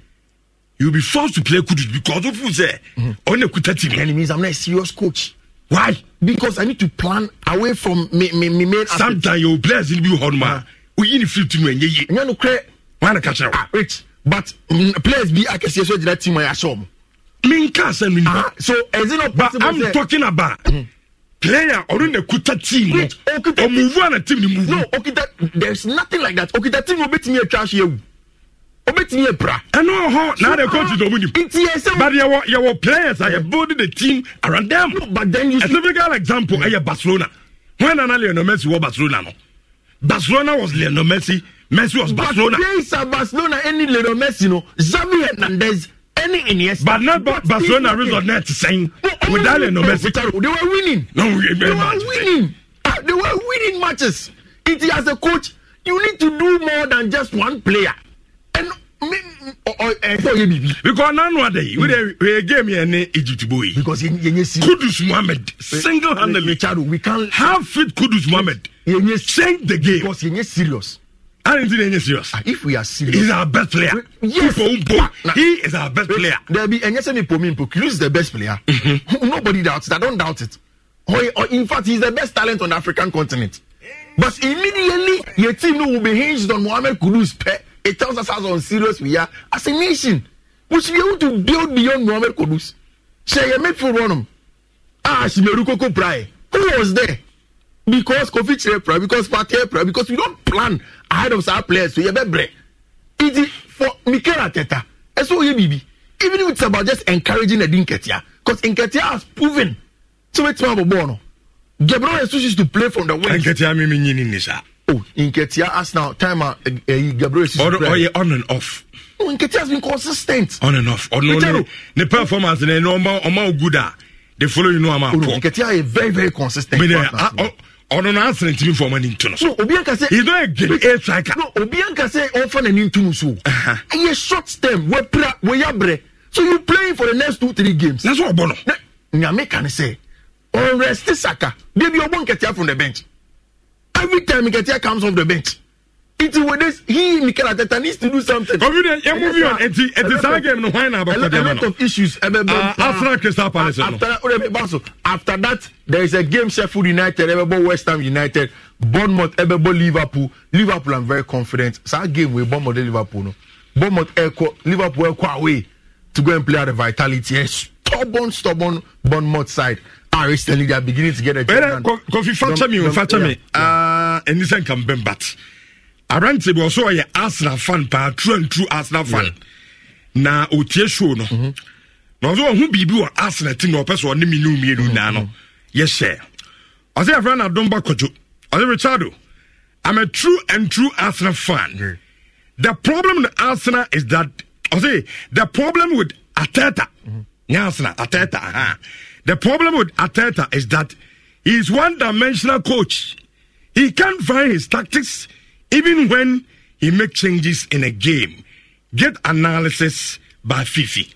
you be forced to play kudus because of who sɛ mhm. ɔne kuta team. and it means i'm serious coach why because i need to plan away from me me me main aspect sometimes your will be hard man in the field to ɛnyɛ yie ɛnyɛ no korɛ wọn Why not catch ah wait but mm, players be akɛseɛ so gyina team a yɛahyɛ ɔmo mi nka asɛm ni ah so ɛdze na possible but i'm talking about hmm. player ɔno na kuta team okay, that move on a team ni muvu no okay, that there's nothing like that Okay, that team no me a trash here obetumi yɛ pra. ɛnu ɔhɔ n'ade coach dɔm nim. nti yɛ sɛ. but yɛwɔ yɛwɔ players a yɛ build the team around them. No, example ɛyɛ barcelona when nana lionel messi wɔ barcelona no barcelona was lionel messi messi was barcelona. but players at barcelona ɛni lionel messi no xavi hernandez ɛni iniesta. but na barcelona result na ti sɛn without lionel messi. they were winning. they were winning ah, they were winning matches. it is as a coach you need to do more than just one player ɛsɛ ɔyɛ biribi. because nanu ada yi wíde wíde game yẹn ni egypt bo yi. because yẹn yẹn si. kudus muhammed single handedly half fit kudus muhammed change the game. because yẹn yẹn serious. Aren't you serious? Ah, if we are serious, he's our best player. We, yes, Upo, Upo. Ah, he is our best player. There be and yes, Pumimpo is the best player. Mm-hmm. Nobody doubts that. Don't doubt it. Or, or in fact, he's the best talent on the African continent. But immediately, your team will be hinged on Mohamed Kudus' pet it tells us how serious we are as a nation we should be able to build beyond Mohammed Kudus ṣe yẹ midfield wọn nom ah Shimeru Koko who was there because Kofi Chere Pry because Partey Pry because we don't plan ahead of our players We have bẹ brẹ iti for Mikel Arteta ẹ sọ yẹ bibi even if it's about just encouraging the Ketia because Nketia has proven to make ma bọ bọọ no Gabriel Jesus used to play from the wing. Nketia mímí yín ni nìsa oh nketia arsenal time a ɛyi gabriel sisi prayer ɔyɛ on and off. Oh, no nketia has been consistent. on and off ɔno ne ne performance ne ɔma ɔma ogu da the uh, following oh, no ama poor. nketia yɛ very very consistent. mi nɛ ɔno na asene ntumi fɔ ɔma ni ntu no. no obi anka se. he's not a great air striker. no obi anka se ɔfa na ni ntu so. ɛyɛ uh-huh. short term wɛpira wɛyabrɛ so you playing for the next two three games. na so ɔbɔ no. nyame kan sɛ ɔrɛsti saka baabi ɔbɔ nketia from the bench every time Nketiah comes off the bench. It with this, he Mikel Arteta needs to do something. Come in, you on. It is that game. No, why not? A lot of issues. Eh, eh, eh, after ah, Crystal Palace, after after that, there is a game. Sheffield United, everybody West Ham United, Bournemouth, everybody Liverpool. Liverpool, I'm very confident. So That game with Bournemouth, Liverpool, no. Bournemouth, Liverpool, away to go and play at the vitality. A stubborn, stubborn Bournemouth side. Irish ah, telling they are beginning to get a German. Kofi, fatter me, fatter me. Ah, and this can be but. Arante bi ɔsɔ ɔyɛ Arsenal fan paa true and true Arsenal fan na otie show no mm-hmm. na ɔsɔ ɔho biribi wɔ Arsenal ti na person sɛ ɔne mi nu mienu naa no yɛhyɛ ɔsɛ yɛfrɛ na adom ba kɔdwo ɔsɛ Richardo I'm a true and true Arsenal fan the problem in Arsenal is that ɔsɛ the problem with Ateta nyɛ mm-hmm. Arsenal Ateta Uh-huh. The problem with Ateta is that he is one dimensional coach. He can't find his tactics even when he makes changes in a game. Get analysis by Fifi.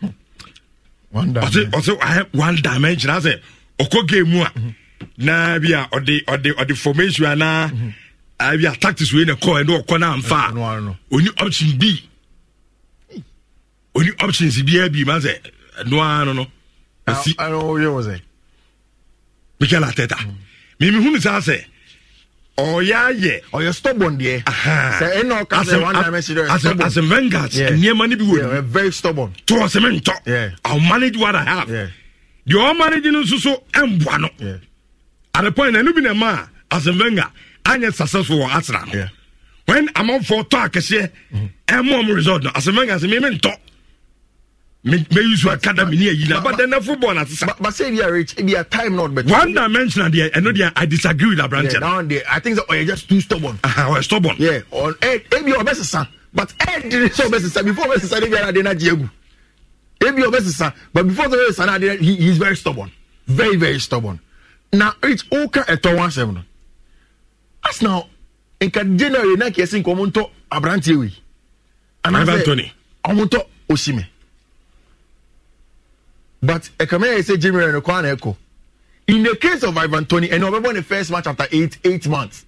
One dimension. Also, I have one dimension. I say, Oko game wa. Mm-hmm. Na bia or the or the or the formation na I mm-hmm. bia tactics we na call and Oko na amfa. No no. Only option B. Only options B B man say no no no asi mikel ateta memehunu saa sɛ ɔyɛ ayɛ ɔyɛ stubborn deɛ sɛ stubborn as a vanguard nneɛma ne bi wɔ mu ntɔ i'll manage what i have deɛ ɔmanage no nso so ɛmboa no at the point ɛno bi na ɛma a as a vanguard anyɛ successful wɔ asra no when amanfoɔ tɔ akɛseɛ ɛmɔ ɔmo result no as a vanguard sɛ me me ntɔ But then so aka But say ayi are rich, no sesa time not but. one dimension deɛ ɛno deɛ i disagree with abrante yeah, i think that ɔyɛ just too stubborn uh-huh, ɔyɛ stubborn yeah on Ed, eh, maybe your best ɔbɛsesa but Ed eh, ɛdene best ɔbɛsesa before ɔbɛsesa no biara ade no Maybe your best ɔbɛsesa but before the ɔbɛsesa no he is very stubborn very very stubborn Now, rich woka at one seven as now nka january na kɛse Komonto ntɔ abrante wei anaasɛ ɔmo ntɔ but ɛkame eh, yɛ say jimmy rɛ no kɔ in the case of ivan tony ɛnna ɔbɛbɔ ne first match after eight eight months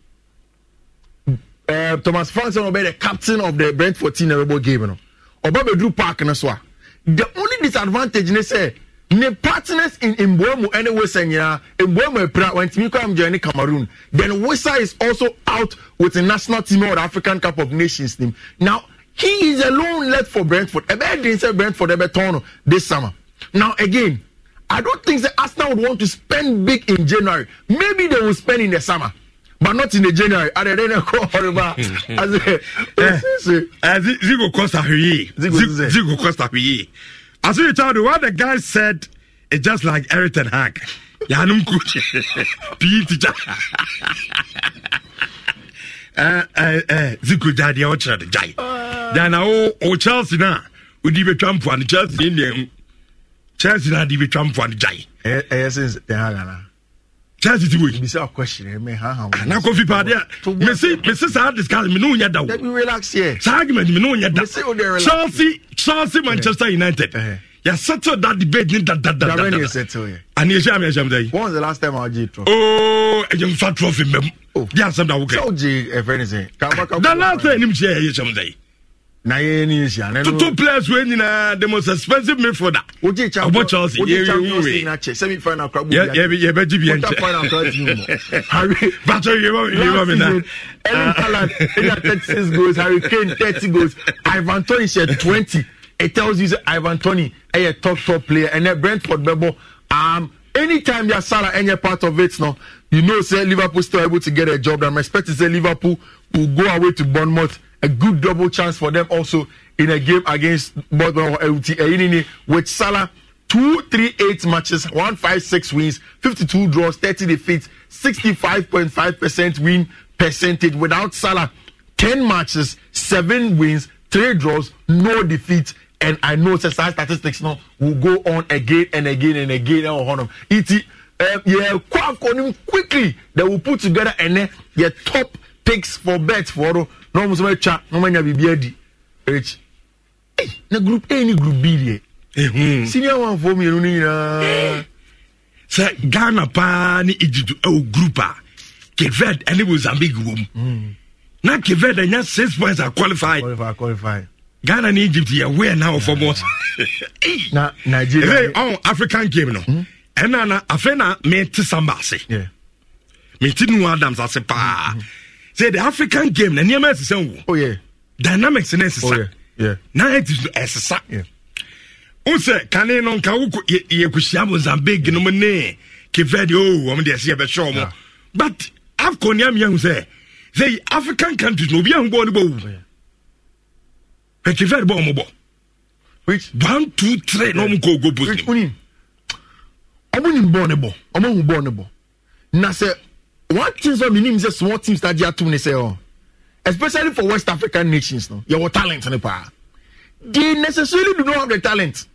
uh, thomas franson ɔbɛ the captain of the brentford team na ɛbɛbɔ game no ɔba bɛduru park no so a ah. the only disadvantage ne sɛ ne partners in mboamu ɛne wosa nyinaa mboamu apira eh, wɔntumi kɔ amgyɛ ne cameroon then wosa is also out with the national team or the african cup of nations team now he is alone left for brentford ɛbɛyɛ den sɛ brentford ɛbɛtɔn no this summer. Now, again, I don't think the Arsenal would want to spend big in January. Maybe they will spend in the summer. But not in the January. And then they call Horriba. Zigo Costa Huyi. Zigo Costa Huyi. As you told me, what the guy said is just like Eric Ten Hag. Yanum Kuchi. PE teacher. Zigo Jadi Ochra the guy. Then, oh, Chelsea now. Would you be Trump and Chelsea in there? chelsea na de betwa mfoa no gyae ɛyɛ sɛ ten hag ana chelsea ti wei bisa question eh, me ha ha ana kofi pade me se me se saa discuss me no nya dawo let me relax here saa argument me no nya da chelsea chelsea eh. manchester united eh. yà settle that debate ni da da da da da ani esi ami esi ami dayi. when was the last time i ji trophy. ooo oh, eje nfa trophy mbem. di oh. asem da wo kɛ. sọ ji efe ni se. the last time enim se eye esi ami dayi na yɛ ni nhyia ne no tutu players wei nyinaa the most expensive midfielder oje cha obo chelsea yɛ yɛ wu wei semi final kra bu yɛ yɛ bɛ ji bi yɛn kyɛ bato yɛ wɔ yɛ wɔ mi na Erling Haaland ɛna thirty six goals Harry Kane thirty goals Ivan Toney hyɛ twenty it tells you say Ivan Toney ɛyɛ top top player ɛnɛ Brentford bɛ bɔ um anytime ya Salah ɛnyɛ part of it no you know say Liverpool still able to get a job and my expect is say Liverpool will go away to Bournemouth a good double chance for them also in a game against Bournemouth LT with Salah. eight matches, one five six wins, 52 draws, 30 defeats, 65.5% win percentage without Salah. 10 matches, seven wins, three draws, no defeats. And I know such statistics now will go on again and again and again. And it, um, yeah, quickly, they will put together and then your top picks for bet for no na ɔmo nso atwa na ɔmo anya biribi adi ekyi ee na group a ne group b deɛ ehun senior one for mmienu ne nyinaa sɛ ghana paa ne egypt ɛwɔ group a keved ɛne mozambique wɔ mu mm. na keved ɛnya six points a qualify qualify qualify ghana ne egypt yɛ wɛn na ɔfɔ bɔ na nigeria ee ɔn african game no hmm? ɛna na afei na mɛ ti samba ase mɛ ti nu adams ase paa. Mm -hmm. hmm, hmm. Say the african game na nneɛma ɛsesa wo oh, yeah. dynamics no ɛsesa oh, yeah. na ɛti so ɛsesa wo sɛ kane no nka wo yɛkɔhyia mozambique nom ne kevede o ɔm deɛ ɛsɛ yɛbɛhyɛ ɔmo but afcon ne ameahu sɛ sɛ african countries na obi ahu bɔɔ no bɔwu kevede bɔɔ ɔmo bɔ one two three na ɔmo kɔ ogo post ɔmo nim bɔɔ ne bɔ ɔmo hu bɔɔ ne bɔ na sɛ one thing name is a small that they are ne Say oh, especially for west african nations no your talent the power they necessarily do not have the talent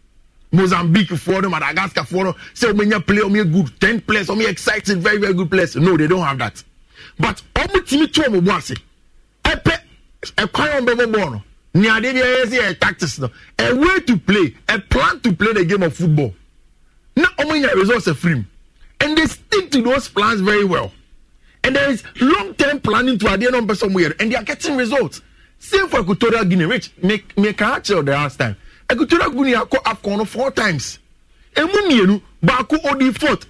mozambique for no madagascar for no sɛ ɔmanya oh, play ɔmyɛ oh, good ten players ɔmyɛ oh, excited very very good players no they don't have that but ɔmotumi to ɔmo bo ase ɛpɛ A ɔmbɛbɔ bɔɔl no ne eh, tactics a way to play a plan to play the game of football na ɔmo nya results afiri free, and they stick to those plans very well and there is long term planning to adeɛ na ɔmpɛ sɛ and they are getting results same for equatorial guinea rich make make i tell the last time equatorial guinea akɔ afcon no four times emu mmienu baako odi fourth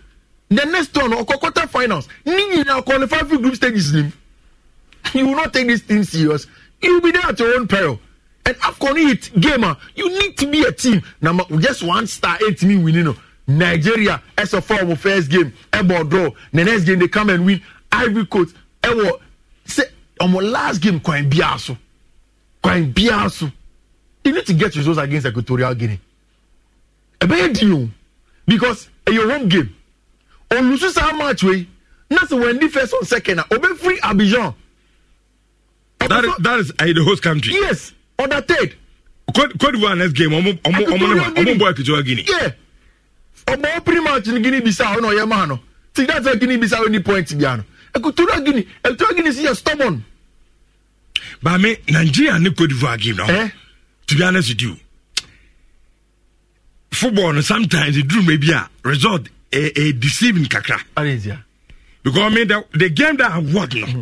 the next one ɔkɔ quarter finals ne now, qualify for group stages nim you will not take this thing serious you will be there at your own peril and afcon hit gamer. you need to be a team na just one star eight me winning nigeria as a ɔmo first game a ɛbɔ draw the next game they come and win ivory coast ɛwɔ sɛ ɔmo last game kwan biara so kwan biara so you need to get results against equatorial guinea ɛbɛyɛ di o because ɛyɛ home game olusu saa match wei na sɛ wɔn di first or second a obe free abidjan. that is that is uh, the host country. yes other third. cote cote divoire next game ɔmo ɔmo ɔmo ne ma ɔmo bɔ equatorial guinea. yeah ɔbɔ opening match ni guinea bissau ɔna ɔyɛ maa no ti that's why guinea bissau ni point bi ano. Equatorial Guinea, Equatorial Guinea is here stubborn. But me Nigeria and Cote d'Ivoire game now. Eh? To be honest with you, football sometimes it do maybe a result a, a deceiving kakra. Arisia. Because I mean the, the game that I won. No, hmm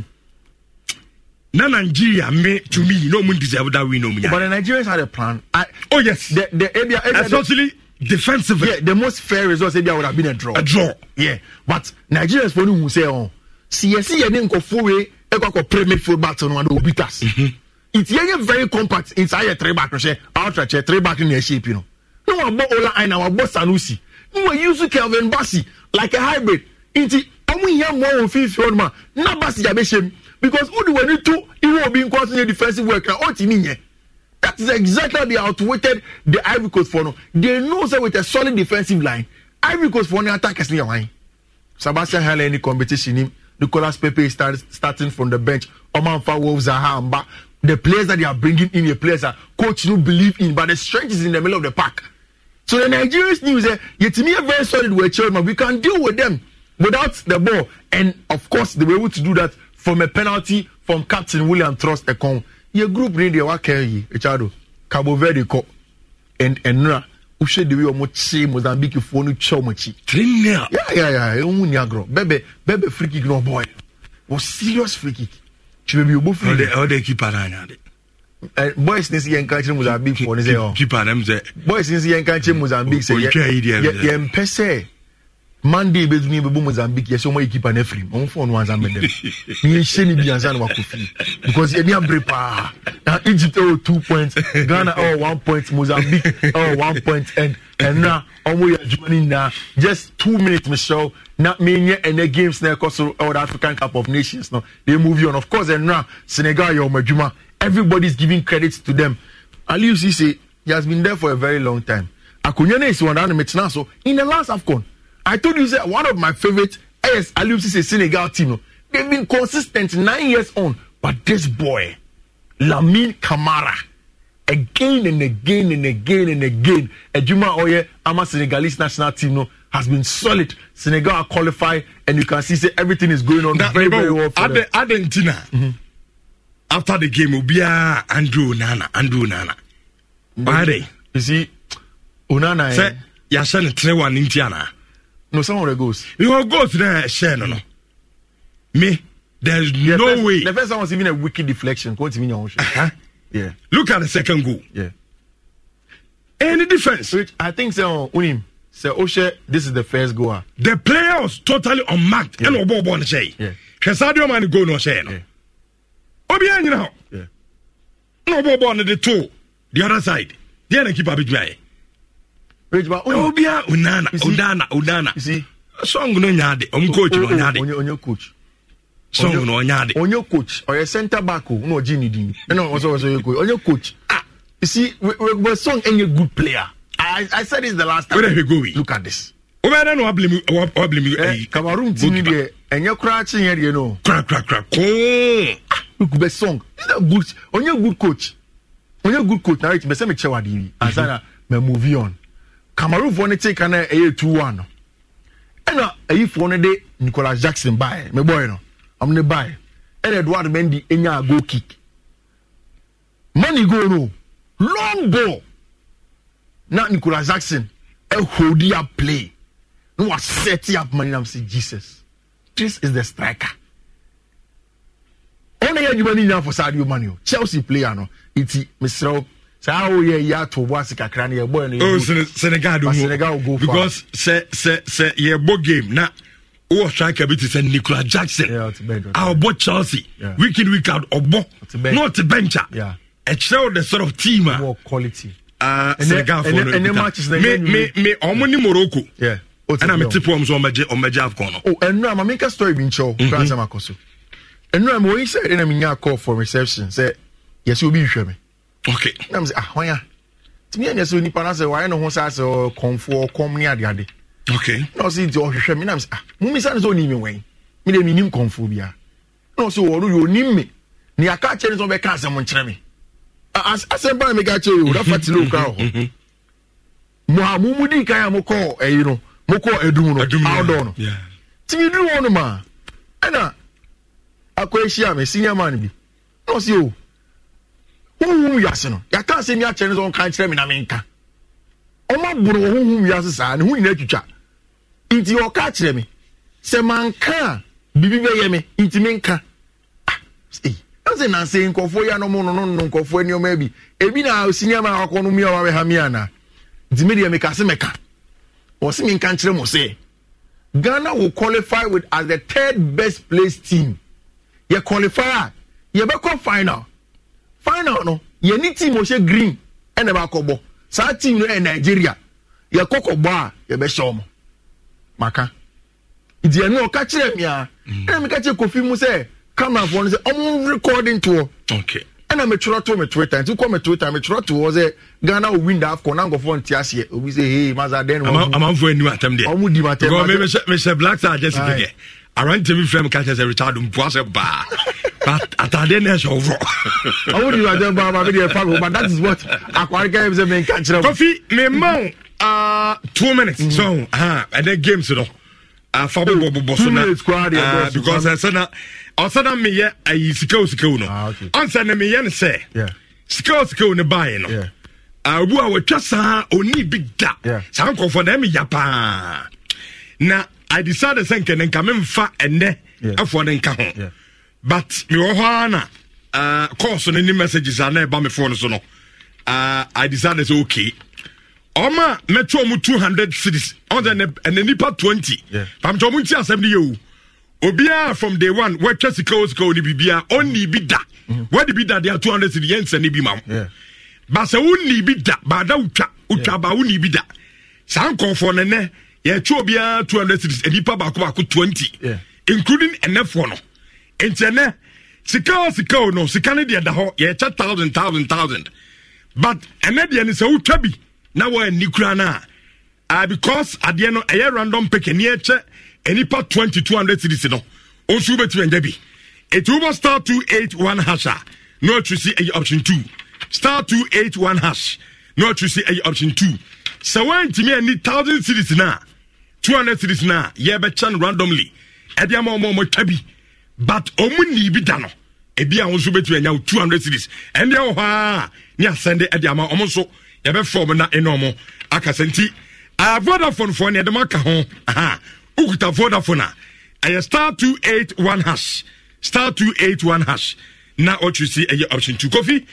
na nigeria me to me no mun deserve that win no mun. but the nigerians had a plan. I, oh yes. the the ebia ebia especially defensive. yeah the most fair result ebia would have been a draw. a draw yeah but Nigeria's phone will say oh si yɛsi yɛ ne nkɔfo wei ɛkɔ e akɔ premier field battle no ano obi tas nti mm-hmm. yɛn yɛ very compact nti ayɛ three back hyɛ outra kyɛ three back ni yɛ shape no na wabɔ ola aina wabɔ sanusi na wa use kelvin basi like a hybrid nti ɔmo yɛ mmoa wɔn fiifii hɔ nom na basi yɛ abɛhyɛ mu because wodi wɔn ani to iwe obi nkɔ so yɛ defensive work na ɔti mi nyɛ that is exactly they outweighted the ivory coast for no they know say with a solid defensive line ivory coast for no attackers ni yɛ wan sebastian halley ni competition ni. Nicolas Pepe is start, starting from the bench. Omanfa Wolves are Hamba. The players that they are bringing in, the players that coach no believe in, but the strength is in the middle of the pack. So the Nigerian news, that yet me very solid with chairman. We can deal with them without the ball. And of course, they were able to do that from a penalty from Captain William Trust Ekong. Your group need the Wakeri, Echado, Cabo Verde, and Enra wohwɛ de wei ɔmo kye mozambique foɔ no kyɛ ɔmo akyi. tirinnia. yaayaa ni agorɔ bɛbɛ bɛbɛ free kick na ɔbɔɔ wɔ serious free kick kyerɛ bi ɔbɔ free kick. ɔde ɔde kipa na anya de. Eh, boys ni si yɛn kan kyerɛ mozambique foɔ ni sɛ boys ni si yɛn kyerɛ mm, mozambique sɛ yɛ sɛ monday bɛdu ne bɛbɔ mozambique yɛsɛ ɔma yɛkipa no afiri ɔmo fɔ no ansa mɛdɛm yɛhyɛ ne bi ansa na wakɔ fie because ɛni abere paa na egypt ɛwɔ oh, two points ghana ɛwɔ oh, one point mozambique ɛwɔ oh, one point and ɛna ɔmo yɛ adwuma ni na just two minutes mehyɛw na menyɛ ɛnɛ games na ɛkɔ so ɛwɔ the african cup of nations no they move you on of course ɛnra senegal yɛ ɔmo adwuma everybody is giving credit to them aliu sise he has been there for a very long time akonnwa no esi wɔn dan no metena so in the last afcon I told you that one of my favorite AS Aliou Cisse Senegal team. Oh, they've been consistent nine years on, but this boy, Lamine Kamara, again and again and again and again, Ejuma Oye, Ama Senegalese national team no, oh, has been solid. Senegal are qualified, and you can see say, everything is going on that, very, very well for Ad- Argentina, mm-hmm. after the game, Obia, Andrew Nana, Andrew Nana. Mm-hmm. Why are they? You see, Onana. Sɛ eh, yɛahyɛ no tre wa ne nti anaa no some of the goals. your goals na share no no me there's the no first, way. the first one was even a wicked deflection kò tí mi yàn wọn ṣe. yeah. look at the second goal. Yeah. any defense. which i think say so, unim say o this is the first goal. the player was totally unmarked ẹnna ọbọ ọbọ ọ̀nà ṣe yìí kẹsàdé ọmọ ni goal no ṣe yìí náà obi ẹ̀ ń yìnbọn ẹnna ọbọ the two. the other side díẹ̀ na keeper bi jù ayẹ obia onana odana odana song no nyaade ɔm coach no nyaade ɔnyɛ coach song no ɔnyaade ɔnyɛ coach ɔyɛ center back o na ɔgye ne din ɛna ɔsɛ ɔsɛ ɔyɛ coach ɔnyɛ coach ah you see wɛ song ɛnyɛ good player i i said this the last time wɛrɛ hwɛ go wi look at this wobɛyɛ no wablemi wablemi ɛyi cameroon ti ni deɛ ɛnyɛ koraa kye yɛ deɛ no kora kora kora koo look bɛ song ɔnyɛ good coach ɔnyɛ good coach na yɛ ti bɛ sɛ mi kyɛ wa de yi asana mɛ move on cameroonfoɔ no teka no ɛyɛ two one ɛna ayifoɔ no de nicolas jackson baeɛ mebɔɛ no ɔmo ne baeɛ ɛna Edward Mendy enya goal kick mani goal no long ball na nicolas jackson ɛholdi eh, up play na wa set up mani nam say jesus this is the striker ɔno yɛ adwuma no nyinaa for sadio mani o chelsea player no eti mesrɛw saa woyɛ yɛ ato bo ase kakra no yɛbɔ oh, no senegal do senegal go because sɛ sɛ sɛ yɛbɔ game na wowɔ striker bi te sɛ nicola jackson a ɔbɔ chelsea week in week out ɔbɔ na ɔte bench a ɛkyerɛ wo the sort of team a ah, senegalfoɔ no ɔmo ne morocco ɛna mete pɔm so ɔmɛgye ɔmɛgye afcon no oh, ɛnura ma menka story bi nkyɛw kra mm-hmm. nsɛm akɔ so ɛnura ma wɔyi sɛ ɛna menya call for reception sɛ yɛsɛ obi hwehwɛ me okay ah, na m sɛ oh, oh, oh, ah hwan a tumi anyɛ sɛ onipa no sɛ wayɛ ne ho saa sɛ kɔmfoɔ kɔm ne adeade okay na ɔsɛ nti ɔhwehwɛ me nam sɛ ah mumisa ne sɛ ɔnim me wɛn me deɛ menim kɔmfoɔ biara na ɔsɛ wɔno yɛ ɔnim me ne yɛaka kyerɛ ne sɛ ɔbɛka asɛm nkyerɛ me asɛm pa na meka kyerɛ yo dafa tele wo kra wɔ hɔ mo a mo mu di kan a mokɔɔ ɛyi no mokɔɔ adum no outdoor no tumi duru hɔ no ma ɛna akɔ ahyia me senior man bi na ɔsɛ o honhum wiase no yɛka asɛm yi akyerɛ no sɛ ɔnka kyerɛ me na menka ɔma boro wɔ honhum wiase saa ne ho nyina atwitwa nti ɔka kyerɛ me sɛ manka a biribi bɛyɛ me nti menka ɛsɛ ah, nansɛ nkɔfoɔ yi anom no no no nkɔfoɔ nneɔma bi ebi na siniama a wakɔ no mia wabɛha mia na nti medeɛ meka se meka ɔse menka nkyerɛ mo sɛ ghana will qualify with as the third best place team yɛ qualify a yɛbɛkɔ final final no yɛne team ɔhyɛ green ɛna bakɔbɔ saa team no yɛ nigeria yɛkɔ kɔbɔ a yɛbɛhyɛ ɔmo maka nti ɛno ɔka kyerɛ me a ɛna meka kyerɛ kofi mu sɛ kamerafoɔ no sɛ ɔmo recording toɔ ɛna metwerɛ to me twitter nti kɔ me twitter metwerɛ to hɔ sɛ ghana wo win da afcon na nkɔfoɔ nte aseɛ obi sɛ hei masa dɛn amanfoɔ anim atɛm deɛ ɔmo di matɛm mehyɛ black star jersey kɛkɛ aranteɛ bi frɛ me ka kyɛ sɛ richard mpoa sɛ baa atadeɛ na ɛhyɛ woforɔ ɔwo ne wagyɛ baa ma medeɛ fa but that is what akware ka sɛ menka kyerɛ kofi mema ah, wo two minutes mm-hmm. so ɛnɛ games no afa bobɔbobɔ so na because ɛsɛna ɔsɛna meyɛ ayi sikao sikao no ɔnsɛ ne meyɛ no sɛ sikao sikao no baeɛ no obu a wɔatwa saa ɔni bi da saa nkɔfoɔ na ɛmeya paa na i decided sɛ nkɛ ne nka memfa ɛnɛ ɛfoɔ ne nka ho but mewɔ hɔ ara na uh, course no ne messages a na ɛba me foɔ no so no uh, i decided, sɛ okay ɔma mɛtwe ɔmo 200 cities ɔn ɛnɛ nipa 20 pamkyɛ ɔmo nti asɛm no yɛwu obiara from day one wɔatwa sika o sika o ne biribiara ɔnni bi da mm-hmm. wɔde bi da deɛ 200 cities yɛnsɛ ne bi ma ho ba sɛ wonni bi da baada wotwa wotwa ba wonni bi da saa nkɔɔfoɔ no nɛ yɛtwe obiara 200 cities nnipa baako baako 20 including ɛnɛfoɔ no nti ɛnɛ sika o sika o no sika no deɛ da hɔ yɛkyɛ thousand thousand thousand but ɛnɛ deɛ no sɛ wotwa bi na wɔanni kura no a ah, because adeɛ no ɛyɛ random pick ni ɛkyɛ nnipa 20 200 cities no ɔnso wobɛtumi ɛnyɛ bi ɛti wobɔ star 281 hash a na ɔtwe si ɛyɛ option 2 star 281 hash No, ɔtwe si ɛyɛ option 2 sɛ woantumi ani thousand cities no 200 cities na yɛbɛkyɛ no randomly ɛde ama ɔma ɔmɔtwa bi but ɔmu nii bi da no ebi a nso betumi anya 200 cities. ɛndeɛ wɔ hɔ a ne asɛnde ɛde ama ɔmo nso yɛbɛfa ɔmo na ɛna ɔmo akasa nti uh, vodafone foɔ ne ɛdɛm aka ho aha okuta vodafone a ɛyɛ star 281 hash star 281 hash na ɔtwi si ɛyɛ option 2 kofi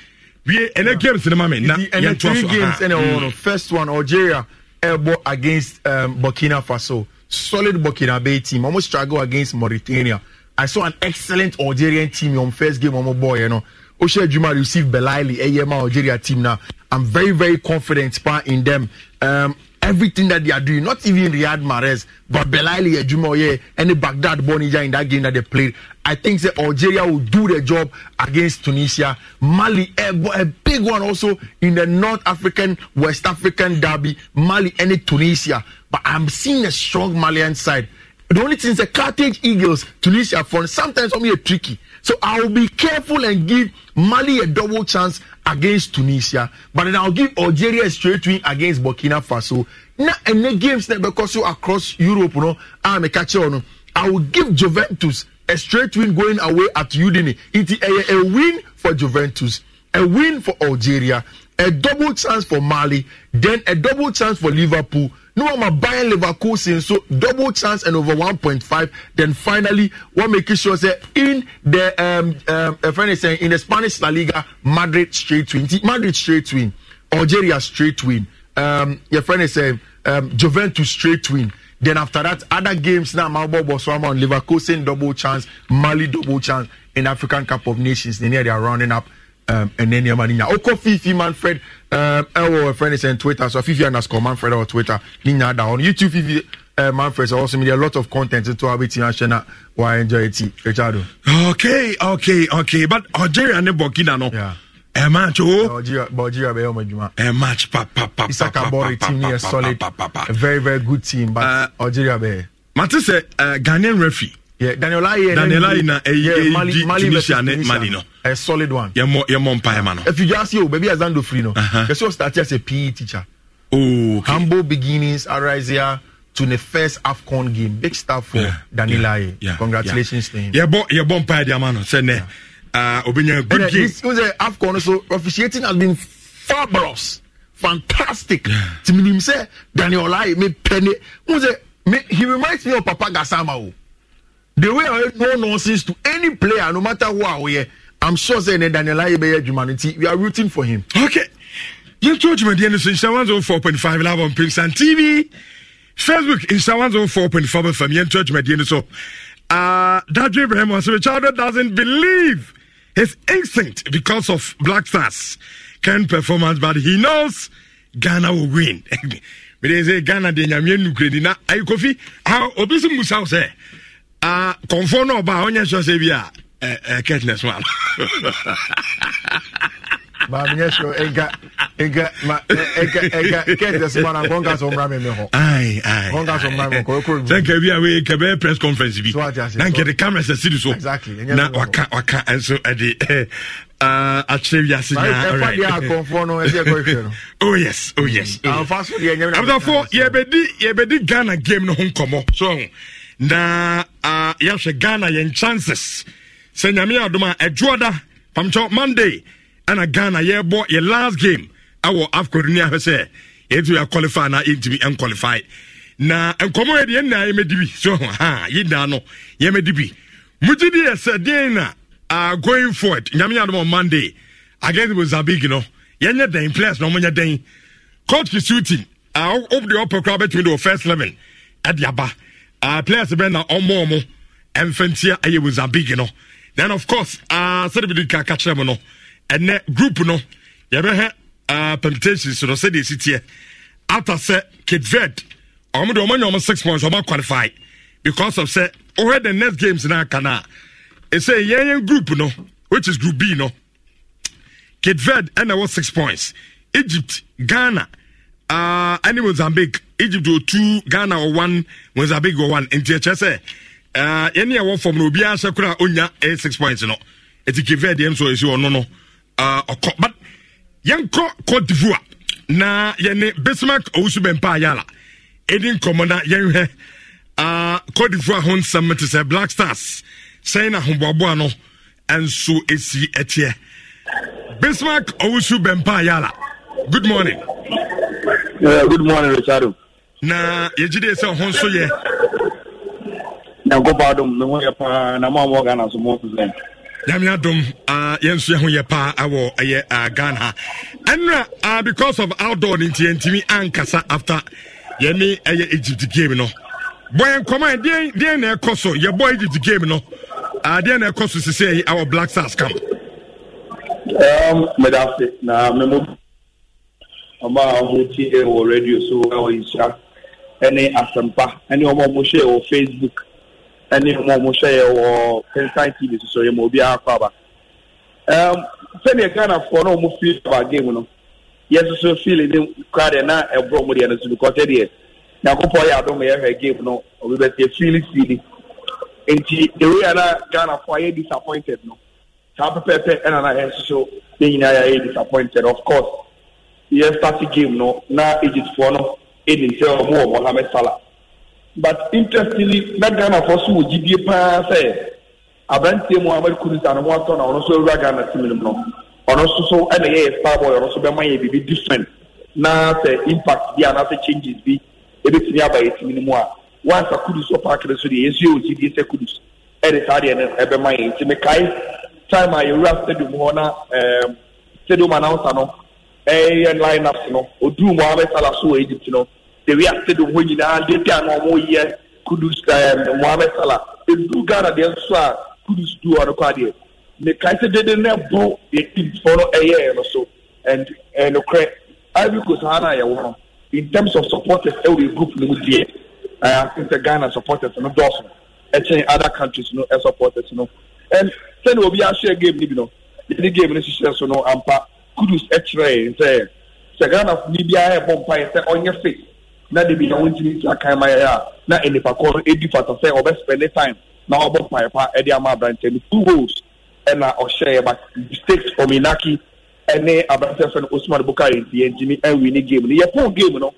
wie ɛnɛ games ne ma me na yɛntoa so aha mm. first one algeria ɛbɔ against um, burkina faso solid burkina bay team wɔn struggle against mauritania i saw an excellent algerian team on first game wɔn bɔ yɛn no o ṣe adwuma receive belaili ɛyɛ ma algeria team na i'm very very confident pa in them. Um, everything that they are doing, not even Riyad Mahrez, but Belaili Ejumoye and the Baghdad Bonija in that game that they played. I think that Algeria will do the job against Tunisia. Mali, a, eh, a big one also in the North African, West African derby, Mali and Tunisia. But I'm seeing a strong Malian side. The only thing is the Carthage Eagles, Tunisia front, sometimes only a tricky. So I'll be careful and give Mali a double chance against Tunisia, but then I'll give Algeria a straight win against Burkina Faso. Now, any games that because you across Europe, no, I'm ah, a catcher. No, I will give Juventus a straight win going away at Udine. It is a, a win for Juventus, a win for Algeria, a double chance for Mali, then a double chance for Liverpool no one might buy Leverkusen so double chance and over 1.5 then finally what making sure say in the um, um a friend is saying in the Spanish La Liga Madrid straight win Madrid straight win Algeria straight win um your friend is saying um, Juventus straight win then after that other games now Malbo Botswana and Leverkusen double chance Mali double chance in African Cup of Nations Then here they are rounding up Um, ɛnɛ nneɛma no nya wokɔ fifi manfred um, ɛwɔ ɛfrɛ ne sɛn twitter so fifi underscore manfred ɛwɔ twitter ne nyaa da hɔ no youtube fifi uh, manfred also wɔsom deɛ lot of content nto a wobɛtumi channel. Why enjoy it, richardo okay okay okay but algeria ne burkina no yeah. A match, oh, Bulgaria, be my juma. A match, pa pa pa. It's like a Bori team is solid, a very, very good team, but uh, Algeria be. Matisse, uh, Ghanaian referee. Yeah, Daniel Ayi eh, Daniel Ayi na ɛyi eh, eh, di Tunisia ne Mali no. A solid one. Yɛ mɔ yɛ mɔ npa yɛ ma If you just see oh, baby Azando free no. Yɛsɛ o start as a PE teacher. Oh, okay. Humble beginnings arise here to the first AFCON game. Big start for yeah, Daniel Ayi. Yeah, yeah, Congratulations yeah. to him. Yeah, Yɛbɔ yɛbɔ npa yɛ di a say ne. sɛ nɛ obinyan good uh, game. Ɛnna this AFCON so officiating has been fabulous fantastic. Tìmìlìmí sɛ Daniel Ayi mi pɛ ne. He reminds me of Papa Gasama oh the way I know nonsense to any player, no matter who I wear, I'm sure saying that Daniel Ayebeye humanity, we are rooting for him. Okay. You told me the end of Insha 104.5 live on Pimsan TV, Facebook, Insha 104.5 FM. You told me the end of so. Uh, ah, Dad Abraham was a child that doesn't believe his instinct because of Black Stars can performance, but he knows Ghana will win. But they say Ghana, they are not going to be able to do that ah kɔnfɔ náà ɔba ɔnyɛ sɔ sɛ bi a ɛ ɛ kɛtines ma no. maame nyɛ sɔ nka nka ma nka nka kɛtines ma na nkɔ nka sɔ mura mi mi hɔ. ayi ayi nkɔ nka sɔ mura mi hɔ kɔ sɛ nka bi a wei nka bɛ press conference bi na nka de camera sɛ siri so na waka waka nso ɛde ɛ akyerɛ wiase nyinaa. abudafo yɛbɛdi yɛbɛdi ghana game no ho nkɔmɔ so na uh, yɛhwɛ ghana yɛn chances sɛ nyame adom a ɛdwoɔda pamkyɛw monday ɛna ghana yɛbɔ yɛ last game ɛwɔ afcon ni ahwɛ sɛ yɛtumi aqualify na yɛntumi ɛnqualify na nkɔmmɔ yɛ deɛ nnaa yɛmɛdi bi so ha yɛnnaa no yɛmɛdi bi mogye di yɛ sɛ deɛn na uh, going forward nyame adom monday against mozambique no yɛnyɛ dɛn players na ɔmonyɛ dɛn coach kisuti uh, ah, wode ɔpɛ koraa bɛtumi de wɔ first 11 ɛde aba uh, players bɛn na ɔmo ɔmo mfɛntia ɛyɛ mozambique no then of course uh, sɛde bi di ka ka kyerɛ mu no ɛnɛ group no yɛbɛhɛ uh, permutations no sɛde esi teɛ after sɛ cape verde ɔmo de ɔmo nya ɔmo six points ɔmo qualify because of sɛ ɔhɛ oh, the next games na aka na ɛsɛ yɛn yɛn group no which is group b no cape verde ɛna ɛwɔ six points egypt ghana ɛne uh, mozambique. egypt wɔ two ghana wɔ one mozambique wɔ one nti ɛkyerɛ sɛ ah, yɛne ɛwɔ fam no obiara hyɛ kora a ɔnya ɛyɛ six points no ɛti kevɛ deɛ nso ɛsi ɔno no ah, ɔkɔ but yɛnkɔ cote divoire na yɛne bismarck owusu bɛmpa ayala ɛdi nkɔmmɔ na yɛnhwɛ ah, cote divoire ho nsɛm te sɛ black stars sɛn na ahoboaboa no nso ɛsi ɛteɛ bismarck owusu bɛmpa ayala good morning. Uh, good morning, Richard na yɛgyidee sɛ ho nso yɛ nyankopɔn adom ne ho yɛ paa na mo a mo ghana so mɔsɛ nyame adom yɛn nso yɛ ho yɛ paa awɔ ɛyɛ ghana ha because of outdoor no nti yɛntumi ankasa after yɛne ɛyɛ egypt game no bɔ yɛn nkɔmɔ yɛ deɛn na ɛkɔ so yɛbɔ egypt game no adeɛ na ɛkɔ so sisɛ yi awɔ black stars camp um, medase na memo ɔma a wɔtie wɔ radio so awɔ nhyira ɛne asɛmpa ɛne wɔn a wɔhyɛ yɛ wɔ facebook ɛne wɔn a wɔhyɛ yɛ wɔ kensan tv soso yɛ ma obiara kɔ aba ɛɛm sɛdeɛ ghanafoɔ na wɔn feel about game no yɛsoso feel ne kora deɛ na ɛboro mu deɛ no so because ɛdeɛ nyakopɔ yɛ adom yɛhwɛ game no obi bɛsɛ feel feel nti ewia na ghanafoɔ ayɛ disappointed no saa pɛpɛɛpɛ ɛna na yɛsoso ne nyinaa yɛ disappointed of course yɛ start game no na egyptfoɔ no ɛnim sɛ ɔmo wɔ mohamed salah but interestingly na ghanafoɔ so wɔ gyidie paa sɛ aberanteɛ mohamed kudus ano mo atɔ na ɔno nso awura ghana team no mu no ɔno nso so ɛna yɛyɛ star boy ɔno nso bɛma yɛ biribi different na sɛ impact bi anaasɛ changes bi ebetumi aba yɛ team no mu a wansa kudus wɔ paaki no so deɛ yɛn nso yɛ wɔ gyidie sɛ kudus ɛde saa deɛ no ɛbɛma yɛ nti mekae time a yɛwura stadium hɔ na ɛɛm stadium announcer no ɛyɛ lineups no oduu mohamed salah so wɔ egypt no dewi asedum hɔ nyinaa deti a na ɔmo yɛ kudus ɛɛ mohamed salah edu ghana deɛ nso a kudus du ɔno kɔ adeɛ ne kan sɛ dede ne bo yɛ teams fɔ no ɛyɛ no so and ɛnokorɛ ivory coast ha na yɛwɔ no in terms of supporters ɛwɔ group no mu deɛ ɛɛ asin sɛ ghana supporters no dɔɔso ɛkyɛn other countries no ɛsupporters no and sɛni obi ahyɛ game ni bi no yɛde game no hyehyɛ so no ampa kudus ɛkyerɛ sɛ sɛ ghana ni biara ɛbɔ mpaeɛ sɛ ɔnyɛ fit na de bi na wɔntumi nti akan ma yɛ a na nipa kɔ no edi fata sɛ ɔbɛspɛne time na ɔbɔ mpaeɛ pa ɛde ama aberanteɛ no two goals ɛna ɔhyɛ yɛ but mistakes from inaki ɛne aberanteɛ fɛ no osman bukari nti yɛn ntumi ɛnwi ne game no yɛ pon game no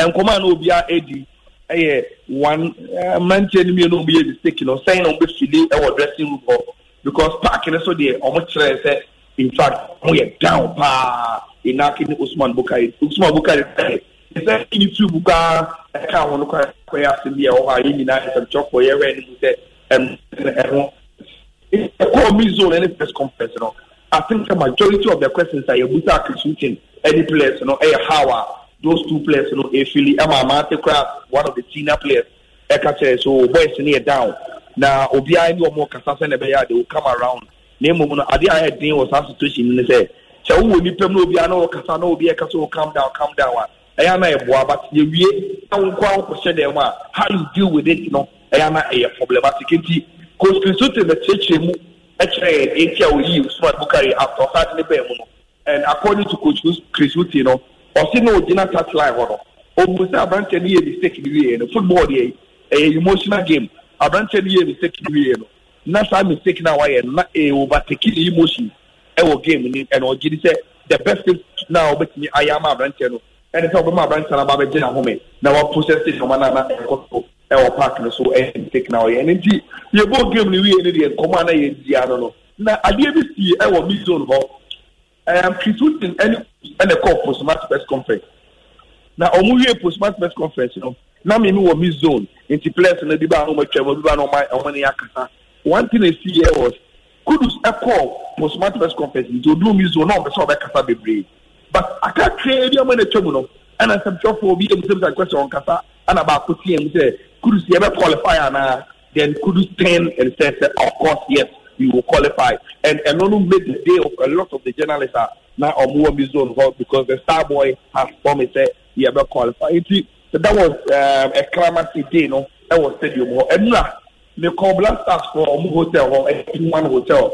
nkɔmɔ a na obiara edi ɛyɛ one mmeranteɛ no mmienu a yɛ mistake no sɛn na wɔn bɛ fili ɛwɔ dressing room hɔ because park no so deɛ wɔn in fact wọn yɛ down paa ina kini usman bukari usman bukari sɛ ɛsɛ youtube koraa ɛka wɔn no kɔɛ kɔɛ asɛm bi a ɛwɔ hɔ a yɛn nyinaa ɛsɛmtɔkɔ yɛwɛ ne mu sɛ ɛm ɛho ɛkɔɔ mi zone ɛne press conference no i think the majority of the questions a yɛbusa akisutin ɛne players no ɛyɛ how a those two players no efili ɛma amante koraa one of the senior players ɛka kyerɛ so boys no yɛ down na obiara ne wɔn kasa sɛ na ɛbɛyɛ a they will come around na mmom no adeɛ a ɛden wɔ saa situation no sɛ sɛ wowɔ nipa mu na obiara na wɔkasa na obi ɛka sɛ wo calm down calm down a ɛyɛ na ɛboa but yɛwie na wo nkɔ awonkɔhyɛ dɛm a how you deal with it no ɛyɛ na ɛyɛ problematic nti koskinsote na kyerɛkyerɛ mu ɛkyerɛ yɛn eti a oyi usman bukari after ɔsaade ne bɛn mu no and according to coach kristuti no ɔsi na ogyina touch line hɔ no obusa aberanteɛ no yɛ mistake bi wie no football deɛ ɛyɛ emotional game aberanteɛ no yɛ mistake bi wie no na saa mistake na wayɛ na ɛobateki eh, ne emotion ɛwɔ game ni ɛna ɔgye ni sɛ the best thing na ɔbɛtumi ayɛ ama aberanteɛ no ɛne sɛ ɔbɛma aberanteɛ no aba abɛgye n'ahome na waprocess it ɔma na na ɛkɔ so ɛwɔ park no so ɛyɛ mistake na ɔyɛ ɛne nti yɛbɔ game ni wie ne deɛ nkɔmɔ a na yɛdia no no na adeɛ bi si ɛwɔ mid zone hɔ ɛɛm kritwutin ɛne ɛna ɛkɔɔ postmatch press conference na ɔmo wie postmatch press conference no na mi mi wɔ mid zone nti players no bi ba a wɔn atwa mu bi ba a wɔn ani akasa one thing I see here was Kudus ɛkɔ postmart press conference nti oduro mi zoro na ɔbɛ sɛ ɔbɛ kasa bebree but akakye ebi ɔmo na atwa mu no ɛna nsɛmtwerɛfoɔ obi ebi sɛ bisa kwɛsɛ ɔnkasa ɛna baako tie mu sɛ Kudus yɛ bɛ qualify anaa then Kudus turn and say say of course yes we will qualify and ɛno no made the day of a lot of the journalists a na ɔmo wɔ mi zoro hɔ because the star boy has promised sɛ yɛ bɛ qualify nti that was um, a climactic day no ɛwɔ stadium hɔ ɛnura mekɔ black stars for ɔmo hotel hɔ ɛyɛ e human hotel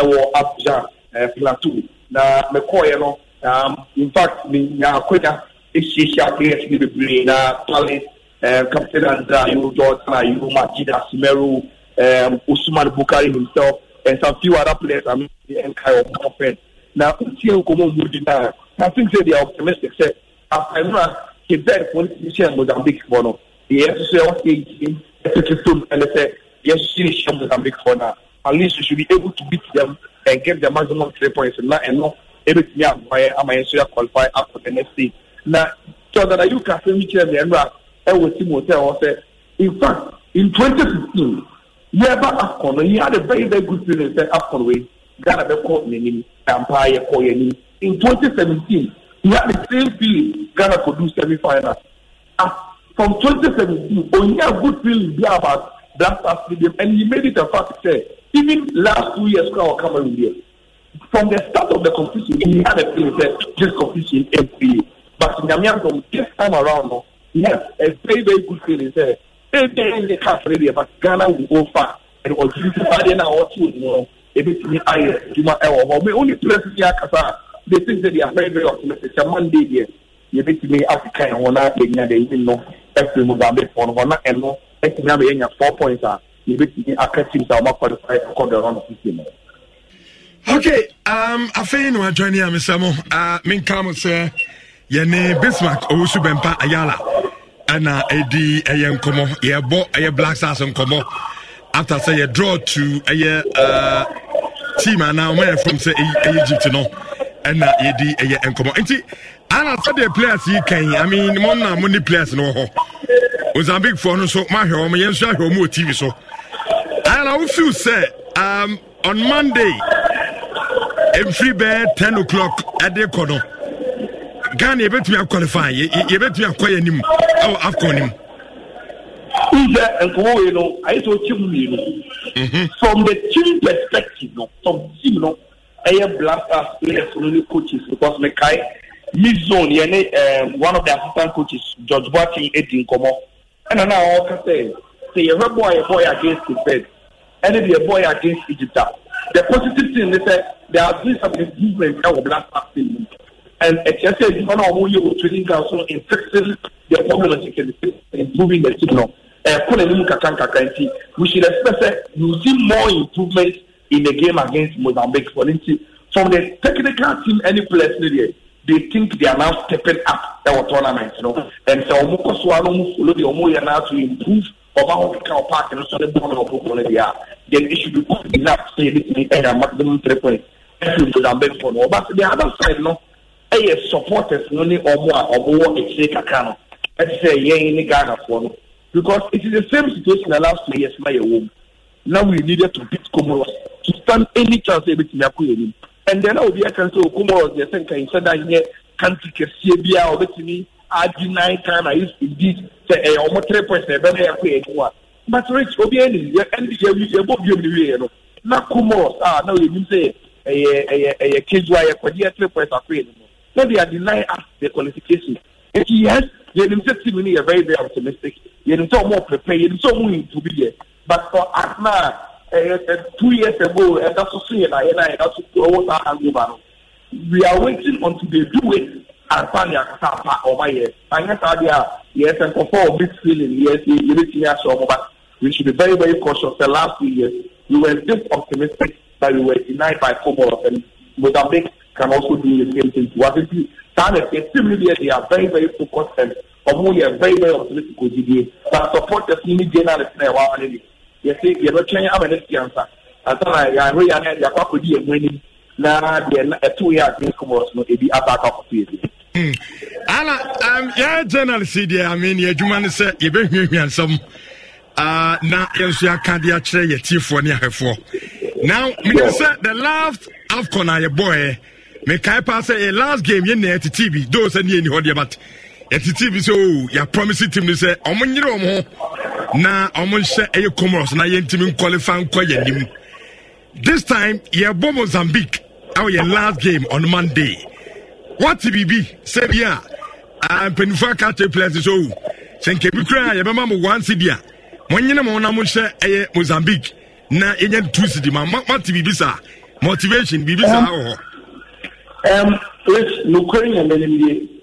ɛwɔ e abuja ɛɛ e plateau na mekɔɔɛ no um, in fact me nya akonya ehyiahyia players bi bebree na palace ɛɛ captain andra yoo jordan ayo majida simero ɛɛ usman bukari himself and some few other players i mean the nkai of conference na n tie nkomo mu di na i think say they are optimistic say after nura quebec police mission mozambique for no the fcc wọn ṣe ìdí ẹsẹ tuntun ẹni sẹ yes, finish them Mozambique for now. At least we should be able to beat them and get the maximum three points. And now, and now, everything I'm going to qualify up for the next season. Now, so that you can see me them and rap. I will see more I say. Eh. In fact, in 2015, yɛba akɔnɔ yi adi bɛyi bɛ very, si ne sɛ akɔnɔ yi ghana bɛ kɔ in tampa Empire. kɔ yɛ nim in 2017, he had the same feeling ghana could do semi finals ah, from 2017, only a good feeling be about Black Star Stadium, and he made it a fact say even last two years Crown Cameroon here. From the start of the competition, he had a feeling that this competition is free. But in the from this time around, he has a very, very good feeling that anything they can't really, but Ghana will go far. And it was Friday now our two, you know, If it's me higher, Juma Ewa. We only press here, Kasa. They think that they are very, very optimistic. It's a Monday here. if it's me African, and one out, they even know ɛfiri mozambique wɔn hɔ na ɛno ɛtumi ama yɛnya four points a yɛbɛtumi aka teams a wɔn akɔlifai akɔ the round of sixteen. okay um, afei na wadwane a mesɛ mo uh, menka mo sɛ yɛne bismark ɔwɔsu bɛmpa ayala ɛna uh, ɛdi ɛyɛ nkɔmmɔ yɛbɔ ɛyɛ black stars nkɔmmɔ after sɛ yɛ draw to ɛyɛ uh, team anaa ɔma yɛ from sɛ ɛyɛ e- egypt no ɛna yɛdi ɛyɛ nkɔmmɔ nti ana sɛdeɛ players yi kan i mean mo na mo ne players no wɔ hɔ mozambique foɔ no nso mahwɛ wɔ mo yɛn nso ahwɛ wɔ mo tv so ana wofiw sɛ um, on monday mfiri bɛɛ ten o'clock ɛde kɔ no ghana yɛbɛtumi akɔlifa yɛbɛtumi akɔ yɛ anim ɛwɔ afcon nim sɛ nkɔmɔ wei no ayɛ sɛ ɔkyɛ mu mmienu from the team perspective no from team no ɛyɛ blasters players no ne coaches because mekae miss zone yɛ ne ɛɛ eh, one of the assistant coaches george boatin edi nkɔmɔ ɛna na wɔn kasa yɛ sɛ yɛhwɛ bɔɔl yɛ bɔɔl yɛ against Egypt ɛne deɛ bɔɔl yɛ against Egypt the positive thing ne sɛ there has been some improvement ɛwɔ black stars team mu and ɛkyɛ sɛ edwuma na wɔn yɛ wɔ training ground so in fixing their problems in kɛse improving their the team no ɛkɔ n'anim kakrankakra nti we should expect sɛ you see more improvement in the game against Mozambique for instance, from the technical team any place ne deɛ they think they are now stepping up ɛwɔ tournament know. and sɛ ɔmo kɔ so a na ɔmo follow the Omo yɛ now to improve ɔmo ahɔ keka ɔ park no so ne bɔn na ɔpɔpɔ no deɛ then it should be good enough sɛ yɛ bitumi ɛyɛ maximum three points ɛfiri mozambique for no ɔba But the other side no ɛyɛ supporters no ne ɔmo Omo ɔmo wɔ akyire kakra no ɛte sɛ yɛn ne ghana foɔ no because it is the same situation the last two years My yɛ now we needed to beat comoros to stand any chance yɛ bitumi akɔ yɛ ɛndɛ na obi aka sɛ okum ɔ deɛ sɛ nkansɛ da nyɛ country kɛseɛ bi a ɔbɛtumi agye nine time a ɛdi sɛ ɛyɛ ɔmo three points na ɛbɛma yɛkɔ yɛ anim a but rich obi ɛni ɛni yɛ yɛbɔ biom ne wieɛ no na kumɔs a na yɛnim sɛ ɛyɛ ɛyɛ ɛyɛ kejuwa yɛ kɔdi yɛ three akɔ yɛ anim na they are denying us ah, the qualification eti yes yɛnim sɛ team ni yɛ very very optimistic yɛnim sɛ sɛ ɔmo improve but for us na. Eh, eh, two years ago, and eh, that's what saying, and I that's what I was uh, We are waiting until they do it and find their tapa or my yes. And yes, idea, yes, and perform big feeling, yes, you reaching us or but we should be very, very cautious. The last few years, we were this optimistic that we were denied by football, and Mozambique can also do the same thing to us. That is, similarly, they are very, very focused and. Ọmọ yẹ very very optimistic òjijì but support the team ní jẹ́ náà lè fún ẹ̀ wá wọlé nìyí yɛsi yɛbɛtwɛn amanitia nsa asana yɛahwe yɛ no yɛakɔ akɔdi yɛn ho anim na deɛ ɛto yɛ adwene commerce no ebi aba akɔ akɔto ana yɛyɛ journalist deɛ amen yɛ adwuma no sɛ yɛbɛhwiahwia nsɛm na yɛnso yɛaka de akyerɛ yɛtiefoɔ ne ahwɛfoɔ now menim sɛ the last afcon a yɛbɔɛ mekae paa sɛ yɛ last game yɛnna ɛtetee bi though sɛ ne yɛni hɔ deɛ but yɛtete TV sɛ o oh, yɛapromise tim no sɛ ɔmo nyere ɔmo ho na ɔmo nhyɛ ɛyɛ comoros na yɛntimi nkɔlefa nkɔ yɛnim this time yɛbɔ mozambique awɔ yɛ last game on monday wate biribi sɛ bi a mpanimfoɔ aka kyerɛ players sɛ o oh, sɛ nkɛbi koraa yɛbɛma mo one cd a monyene mo na monhyɛ ɛyɛ mozambique na yɛnya two cd ma mate biribi sa motivation biribi saa um, wɔ hɔ um, nokwari na mɛnim die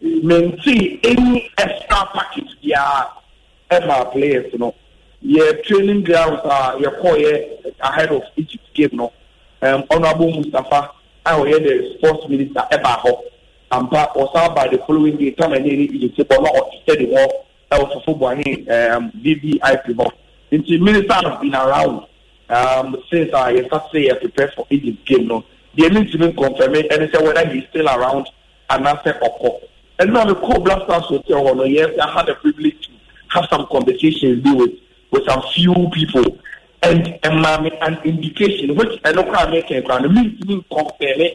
maintain any extra package biara ɛma players no yɛ training grounds a yɛkɔ yɛ ahead of egypt game no um, honourable mustapha a ɔyɛ the sports minister ɛba hɔ ampa ɔsan ba the following day time ɛne ne egypt bɔ na ɔtete de hɔ ɛwɔ fofo buhari um, vvip hɔ nti minister has been around um, since uh, yesterday yɛ prepare for egypt game no deɛ mi ntumi confirm ɛne sɛ whether he is still around anaasɛ ɔkɔ. And now the core blasters hotel on yes, I had the privilege to have some conversations with with some few people. And um, an indication which I know can make a ground means mean compare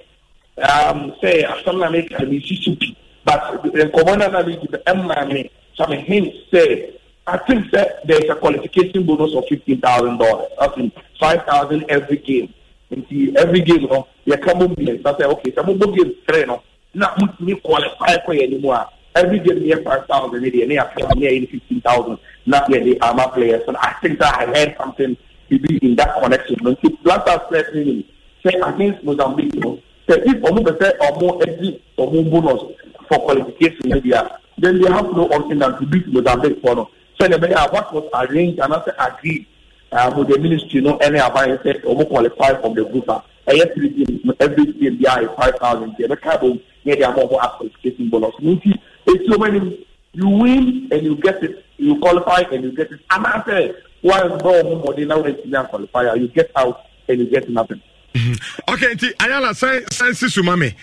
um say some American Mississippi. But uh, the commander that we the some hints say I think that there's a qualification bonus of fifteen thousand dollars. I think five thousand every game. And see every game you know, you come home and say, okay, some game train you know, na mutumi qualify kɔyɛ ne mu a every game ne yɛ five thousand ne deɛ ne yɛ play ne yɛ yɛ fifteen thousand na yɛ de ama players so i think that i heard something to be in that connection no nti planters first meaning say against mozambique no say if ɔmo bɛ sɛ ɔmo ɛdi ɔmo bonus for qualification ne deɛ then they have no option than to beat mozambique for no so ɛnna bɛyɛ what was arranged and after agreed uh, with the ministry no ɛnna abayɛ sɛ ɔmo qualify from the group ah ɛyɛ three games every game bi a yɛ five thousand deɛ ɛbɛka bom ne yɛ de ama ɔmo application bonus ne nti esi ɔmo anim you win and you get it you qualify and you get it anaasɛ wɔn bɛ ɔmo mɔden na wɔn esi na qualify you get out and you get nothing. Mm-hmm. okay nti ayala sign sign sisu mami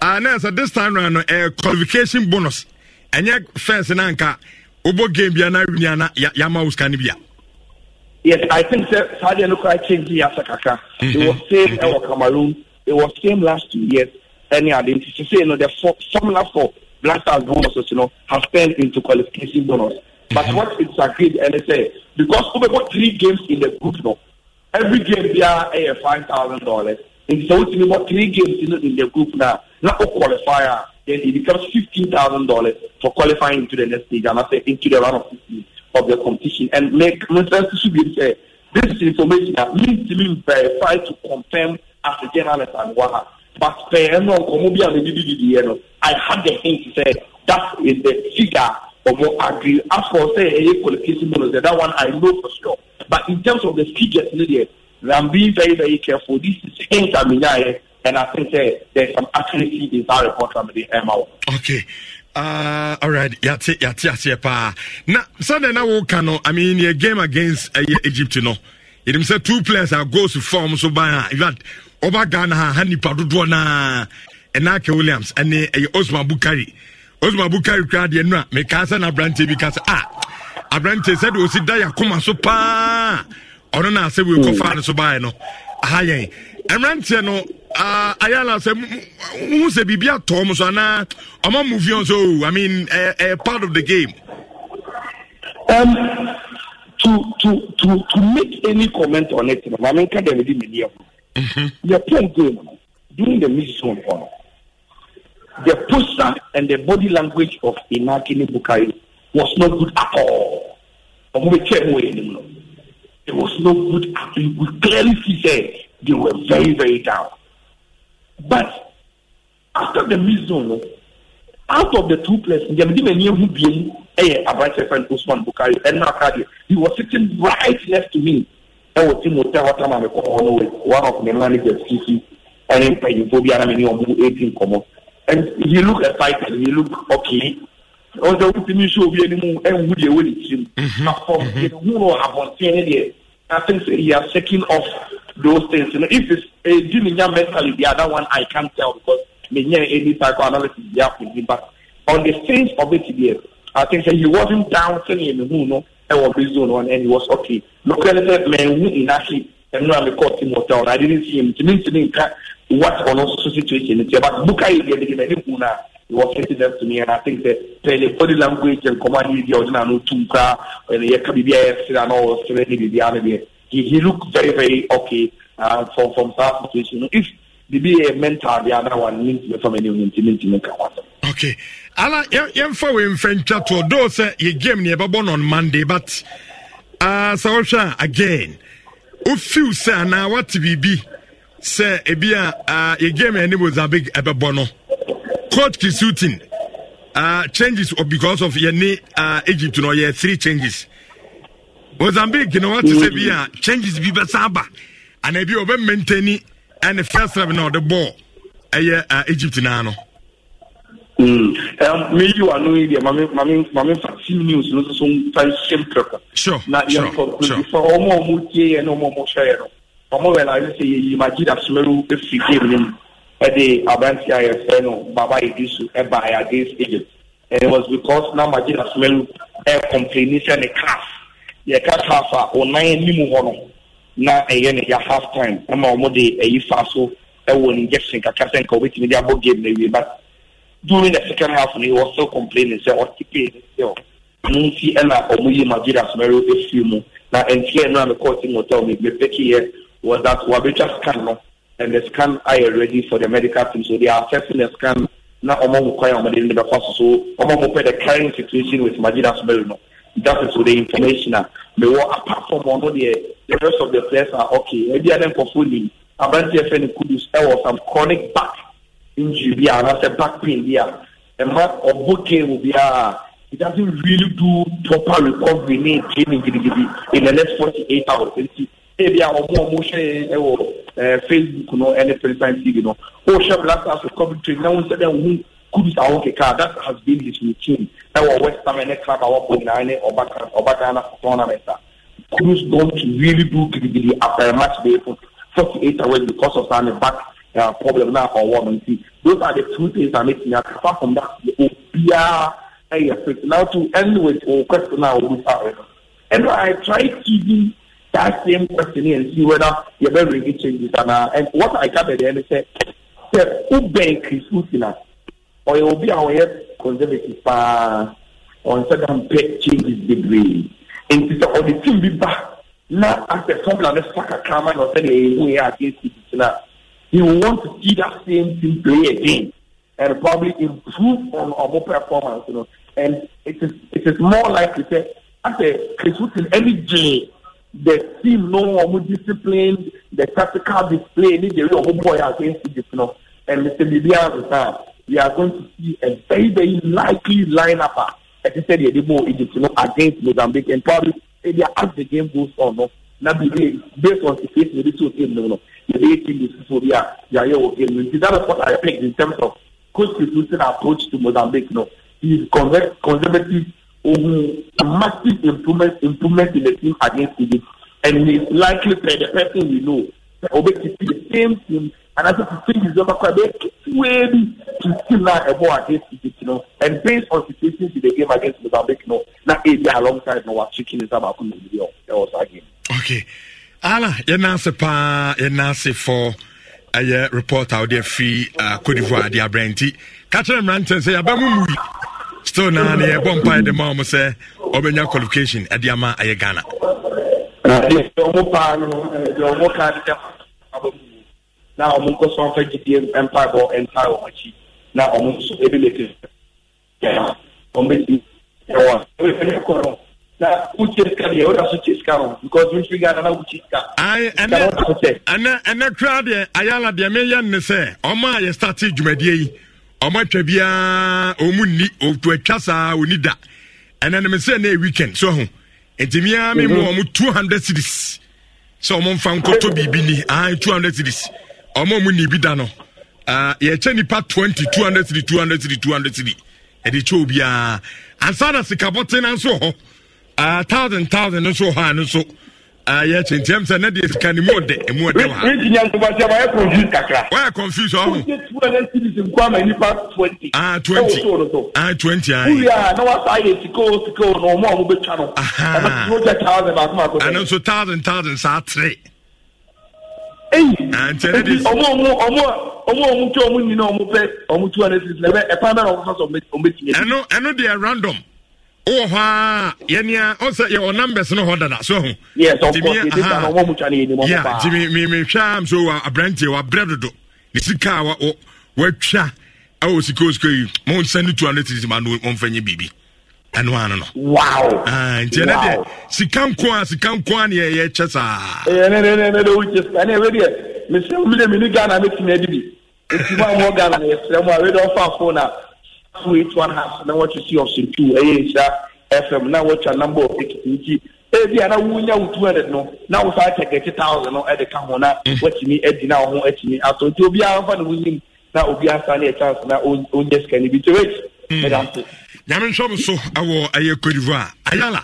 uh, na sɛ this time round no uh, qualification bonus ɛnyɛ fɛnsi na nka wobɔ game bi a na awini a na scan bi a. Yes, I think Saudi look like change the Asakaka. It was mm-hmm. same in mm-hmm. Cameroon. It was same last two years. Any identity. So, you know, the for, formula for Black Stars bonuses, you know, has turned into qualification bonus. But mm what it's agreed and they say because we got three games in the group now, every game they are a eh, five thousand dollars. And so we got three games in the group now, not a qualifier, then it becomes fifteen thousand dollars for qualifying into the next stage and I say into the round of sixteen. of the competition and make ministers should be say this is information that at to be verified to confirm as a journalist and what but per no komo bi a me no i had the thing to say that is the figure of what agree as for say a collective bonus that one i know for sure but in terms of the figures in there i'm being very very careful this is hint i mean and i think uh, there's some accuracy in that report from the MO. Eh, okay Uh, all right, yati yati aseɛ paa na sɛdeɛ na woka no I mean yɛ game against ɛyɛ uh, eh, Egypt no yɛnim sɛ two players a goals form so by a in fact ɔba Ghana ha ha nipa dodoɔ naa Enake Williams ɛne eh, Osman Bukari Osman Bukari kura deɛ nura mekaa sɛ n'aberanteɛ bi ka sɛ a ah, aberanteɛ sɛdeɛ osi da yakoma so paa ɔno na asɛ wei go far. so by no aha yɛn mmeranteɛ no ayɛ la sɛ wohu sɛ biribi atɔ m so anaa ɔma movie on so oh, i mean ɛyɛ uh, uh, part of the game um, to, to, to, to make any comment on it no mamenka dɛ mede meni ɛho yɛpon game no during the mid zone hɔ no the posture and the body language of inakini bukari was not good at all ɔmo bɛkyɛ mu wɔ yɛnim no it was not good at all you clearly see say they were very, very down. But after the mid-zone, out of the two players, they didn't even being a Abacha and Usman Bukari and Nakadi. He was sitting right next to me. I eh, was in Motel Watamame one of the managers, CC, and then Payibobi and I mean, 18 come up. And he looked excited, he looked okay. ọsẹ wọn ti mi sọ obi ẹni mu ẹnwu deɛ ɛwɔ ne tirim na fɔm yɛn hu no abɔnten ne deɛ i think he has taken off those things. You know, if it's eh, a junior mentally, the other one I can't tell because me any psychoanalysis yeah, but on the face of it, yes, I think that he wasn't down doubting him, you no, and was his zone one, and he was okay. Look at man who in actually, and now I'm caught him hotel. I didn't see him. To me, to me, what on also situation is but Buka is getting any puna. He was sitting next to me, and I think that the body language and command is the original no tumka, and he the Kabibi, and all, and the he, he looked very, very okay uh, from, from that situation. You know, if the be a mentor, the other one needs to from any Okay. Ala, yɛmfa wei mfa ntwa to though sɛ yɛ game ne yɛbɛbɔ no on monday but uh, sɛ wohwɛ a again wofiw sɛ anaa wate biribi sɛ ebi a uh, yɛ game ɛne mozambique ɛbɛbɔ no coach kisutin uh, changes because of yɛne uh, egypt no yɛ three changes mozambique na wɔte sɛ bi a changes bi bɛsan aba ana bi ɔbɛ maintain ɛne first rev na ɔde bɔɔ ɛyɛ egypt naa no meyi wano yi deɛ mame fa sim news no so mfa nhyɛ mprɛkɔ na yɛmfɔ ɔma ɔmo tie yɛ ne ɔma ɔmo hwɛɛ no ɔmo realize sɛ yɛyi magid asomaru ɛfiri game no mu ɛde aberante a yɛfrɛ no baba yɛdi so ɛbaeɛ eh, against egypt and it was because na magid asomaru ɛɛ eh, complaining sɛ eh, ne class yɛka cars a ɔnan anim hɔ no na ɛyɛ ne ya half time ama wɔn de ɛyi fa so ɛwɔ injection kakra sɛ nka wɔbɛtumi de abɔ game na wie but during the second half no he was still complaining sɛ ɔte pay ne still no nti ɛna wɔn yi Madira asomero efiri mu na ntia no a me kɔɔ team hotel mi me peki yɛ was that wabɛtwa scan no and the scan ayɛ ready for the medical team so they are assessing the scan na wɔn mo kwan a wɔn de ne bɛkɔ so so wɔn mo pɛ the current situation with Madira asomero no that is for the information a mewɔ apart from ɔno deɛ the rest of the players are okay ebi a ne nkɔfo nim aberanteɛ fɛ ne There was some chronic back injury bi a anaasɛ back pain bi a ɛma ɔbo game biara he doesn't really do proper recovery ne training in the next 48 hours nti ebi a ɔmo ɔmo hwɛ ɛwɔ ɛɛ facebook no ɛne philippine tv no o oh, hwɛ black stars recovery training na wɔn nsɛ dɛ ohun kudus awon keka that has been his routine ɛwɔ west ham ɛne club awɔ bɔ nyinaa ne ɔba ɔba ghana tournament a kudus don to really do gidigidi after a match day for forty eight hours because of sanni back uh, problem na ɔwɔ no nti those are the two things i make me ask apart from that obiara ɛyɛ fit now to end with o oh, question na o do fa and i try giving that same question and see whether yɛ bɛ really change it and uh, and what i gather there is say sɛ who bɛn chris usina. ɔyɛ obi a ɔyɛ conservative paa ɔnsɛ da mpɛ changes bebree nti sɛ ɔde tim bi ba na asɛ sɔmla no sa kakra ma na ɔsɛ deɛ ɛhu yɛ against citizens a he will want to see that same team play again and probably improve on our performance you know and it is it is more likely sɛ after chris woodson ɛni gyee the team no wɔn discipline the tactical display ne the wɔn boy yɛ against you know, and mr bibi ansa. we are going to see a very, very likely lineup up. Uh, as I said, the more Egypt, you know, against Mozambique and probably maybe as the game goes on, no, now based on the case, maybe two teams, no, no, the team is so we are, we are here That is what I think in terms of Coach Peterson approach to Mozambique, no, he is conservative, um, a massive improvement, improvement in the team against Egypt, and he's likely the person we know, will obviously the same team anaasɛ situations ɔbɛkɔ a bɛyɛ ketewa bi to team na ɛbɔ against egypt no and based on situations in the game against mozambique no na ebi alongside no wakyekye ne nsa baako na ebi ɛwɔ saa game. okay ala yɛn ase paa yɛn ase fɔ ɛyɛ report a wɔde afi cote divoire de aberɛnti kakyere mmeranteɛ sɛ yɛaba mu mu yi still naa ne yɛbɔ mpaeɛ de ma wɔn sɛ ɔbɛnya qualification ɛde ama ɛyɛ ghana. ɔmo paa no ɔmo kaa ne deɛ ɔmo na ọmụ nkọsọ mfa jidie mpaebọ nta ọmụ akyi na ọmụ nso ebi lete ya ọmụ eti ẹwà ebe ẹni kọ nọ na uche sika deɛ ɔda so che sika no because ntwi ghana na uche sika ɛnɛ ɛnɛ ɛnɛ kura deɛ ayala deɛ meyɛ ne sɛ ɔmo a yɛ starte dwumadie yi ɔmo atwa biara ɔmo nni otu atwa saa oni da ɛnɛ ne sɛ ne weekend so ho ntumi ara mi mu ɔmo two hundred series sɛ ɔmo nfa nkɔtɔ biribi ni ah two hundred series ɔmo mu ni bi da no ah, yɛkyɛ nipa twenty two hundred three two hundred three two hundred three ɛde kyɛ obiara ansa na sikabɔten na nso wɔ hɔ ah, thousand thousand nso wɔ hɔ ano nso ah, yɛ kyɛnkyɛn sɛ ne deɛ sika ne mu ɔdɛ emu ɔdɛ wa. wíńtì yẹn tó bá ṣe wáyé confuse kakra. wáyé confuse ɔhún. wíńtì two hundred series nkọ́ àmà nípa twenty. ah twenty ah twenty ah. wúyà náà wá sáyé sikó sikó náà ọmọ àwọn bẹ twa nù. ẹnu tó jẹ thousand àti màtó. ẹnu nso thousand thousand sáà three eyi ọmọ ọmọ ọmọ ọmọ ọmọ tí ọmọ nyina ọmọ pẹ ọmọ tí wọn ẹ sisi ẹbẹ ẹpá náà ọmọ fásitì ọmọ ọmọ tìǹyẹ. ẹnu ẹnu deɛ random wowɔ hɔ a yɛnea ɔsɛ yɛwɔ numbers no hɔ dada so ho ntimi mehwɛ a m so wɔ aberantiɛ wɔabrɛ dodo ne sika a watwa ɛwɔ sika osika yi monsane tua no tirisima no ɔmfa nyɛ biribi ɛno ano no nti deɛ sika nko a sika nko eh, eh, a ne na ɛyɛ ebi a na wunya wo two eh, no na wo saa kyɛ thirty no ɛde ka ho na mm. watumi adi na wo ho ato ah, nti ne na ne na sika bi nyame nso m so awɔ ɛyɛ kodivo a ayala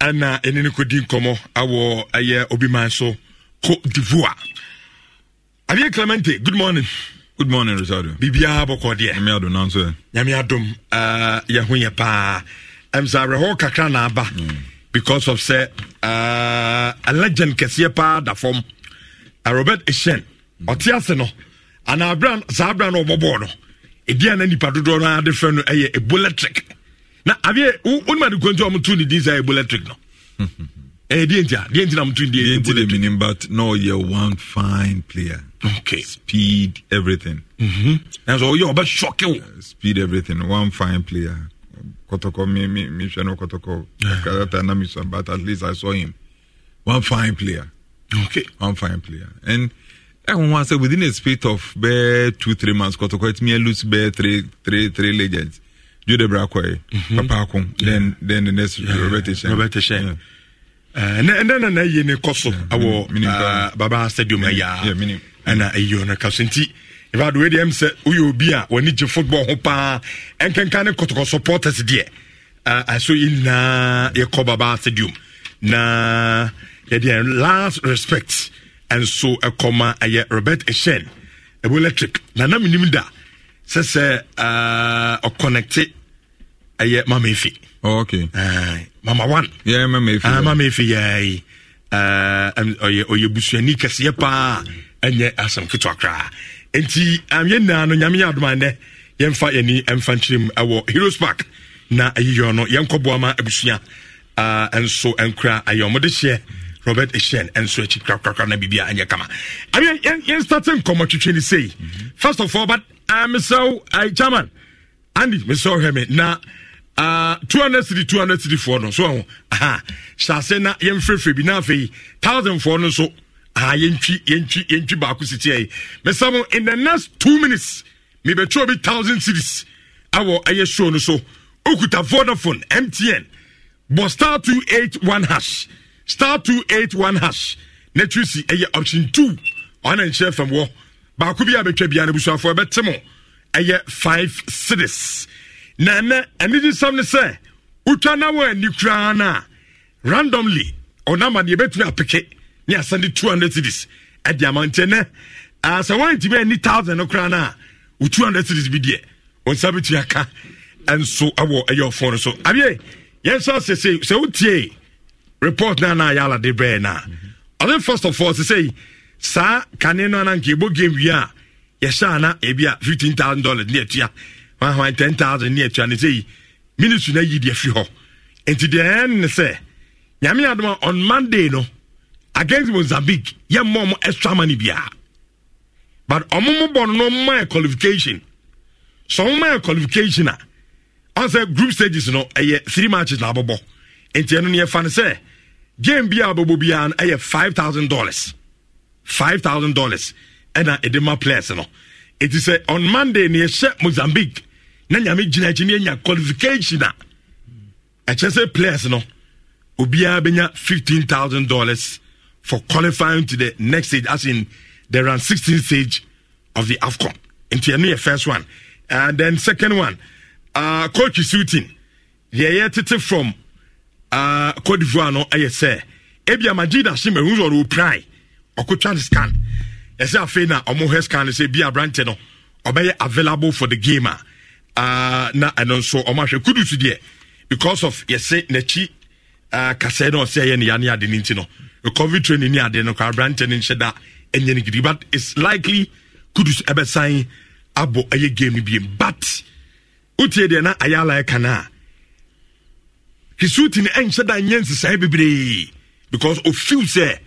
ɛna ɛne no kɔdi nkɔmmɔ awɔ ɛyɛ obiman so kɔ divoa clemente good morning good morning richard biribiaa bɔkɔdeɛ nyame adom nanso nyame adom uh, yɛho yɛ paa ɛm awerɛhɔ kakra na aba mm. because of sɛ uh, a legend kɛseɛ paa da fam uh, robert eshen mm. ɔte ase no anaa saa berɛ no ɔbɔbɔɔ no ɛdi a na nipa dodoɔ no ara de fɛ no ɛyɛ eboletric na abeɛ onimade kwanti a ɔmoto ne din sɛ eboletric no ɛyɛ deɛ nti a deɛ nti na ɔmoto ne din eboletric deɛ menim but na ɔyɛ one fine player okay speed everything mhm. nanso ɔyɛ ɔbɛ shock wo speed everything one fine player kɔtɔkɔ mi mi mi hwɛ no kɔtɔkɔ kakata na mi sɔn but at least I saw him one fine player okay one fine player and ɛho ho asɛ within a space of bɛɛ two three months kɔtɔkɔ ɛtumi alose bɛɛ three three three legends joe de bra kɔɛ mm-hmm. papa ako then then the next yeah. robert ehyɛn robert ehyɛn ɛnɛ ɛnɛ na ɛyɛ ne kɔ so awɔ baba stadium ɛyɛ a ɛna ɛyɛ ɔno ka so nti ìbáàdì wei deɛ m sɛ woyɛ obi a w'ani gye football ho paa ɛnkenkan ne kɔtɔkɔ supporters eh, deɛ ɛso yi nyinaa yɛkɔ baba stadium na yɛde last respect nso ɛkɔma ɛyɛ robert eshen ɛwɔ electric na nam nim da sɛ sɛ ɔkɔnɛkte ɛyɛ mama efi. Oh, ok eh, mama one. yɛ mama efi. Ah, mama efi yɛ yi ɔyɛ ɔyɛ busuani kɛseɛ paa ɛnyɛ asɛm ketewa koraa nti yɛn nyinaa no nyame yɛ adoma nnɛ yɛmfa yɛni mfa nkyerɛ mu ɛwɔ heroes park na ayiyɔ no yɛnkɔboa ma abusua eh, ah, nso nkura ayɛ ɔmode hyeɛ robert eshen nso akyi kakrakra na biribia anyɛ kama ameɛ yɛnstate nkɔmmɔ twetwe no sei first of all but uh, mesɛw uh, chairman andy mesɛw hwɛ me na uh, 200 city 200 city foɔ no so aho aha hyɛ ase na yɛmfrɛfrɛ bi na afei 1000 foɔ no nso aha yɛntwi yɛntwi yɛntwi baako sitiɛ mesɛ mo in the next two minutes me be mebɛtwerɛ bi 1000 cities awɔ ɛyɛ show no so okuta vodafone mtn bɔ star 281 hash star two eight one hash na tiri si ɛyɛ option two ɔna nhyɛ fam wɔ baako bi a bɛtwa bia no busuafoɔ ɛbɛte eh, mo ɛyɛ eh, five cities na ɛnɛ ɛne di sam ne sɛ wotwa na wɔ ani koraa no a randomly ɔnama deɛ ɛbɛtumi apeke ne asɛnde two hundred cities ɛde eh, ama nkyɛ nɛ uh, ah, sɛ woantumi ani thousand no koraa no a wo two hundred cities bi deɛ wo nsa bɛtumi aka ɛnso ɛwɔ ɛyɛ ɔfo no so abie yɛnso asɛ sɛ wotie report na na yala de brɛ na mhm. ɔne first of all to say, kane no ana nka ɛbɔ game wie a yɛhyɛ ana ebi a fifteen thousand dollars ne atua one hundred ten thousand ne atua ne say, ministry na yi deɛ fi hɔ nti deɛ ɛn ne sɛ nyame adom on monday no against mozambique yɛmmɔ ɔmo extra money biara but ɔmo mo bɔ no no qualification so ɔmo mma qualification a ɔn sɛ group stages no ɛyɛ three matches na abɔbɔ. nti ɛno ne yɛfa no sɛ game bi a biara no ɛyɛ five thousand dollars five thousand dollars ɛna ɛde ma players no eti sɛ on monday ne yɛhyɛ mozambique na nyame gyina akyi ne yɛnya qualification a ɛkyɛ sɛ players no obiara bɛnya fifteen thousand dollars for qualifying to the next stage as in the round sixteen stage of the afcon nti ɛno yɛ first one and then second one uh, coach shooting yɛyɛ tete from. uh, ah, Cote d'Ivoire no ɛyɛ sɛ ebia magida se mahu sɛ ɔde opran ɔkotwa ne scan ɛsɛ afei na ɔmo hɛ scan no sɛ bia aberante no ɔbɛyɛ available for the game a uh, na ɛno nso ɔmo ahwɛ kudus deɛ because of yɛsɛ n'akyi uh, kasɛɛ no ɔsɛ ɛyɛ ne ya ne ade ne nti no covid training ne ade no kɔ aberante no nhyɛ da ɛnyɛ no gidi but it's likely kudus ɛbɛsan abɔ ɛyɛ game no biem but wotie deɛ na ayala ɛka no a his shooting ɛnhyɛ da nyɛ nsesae bebree because ofiw sɛ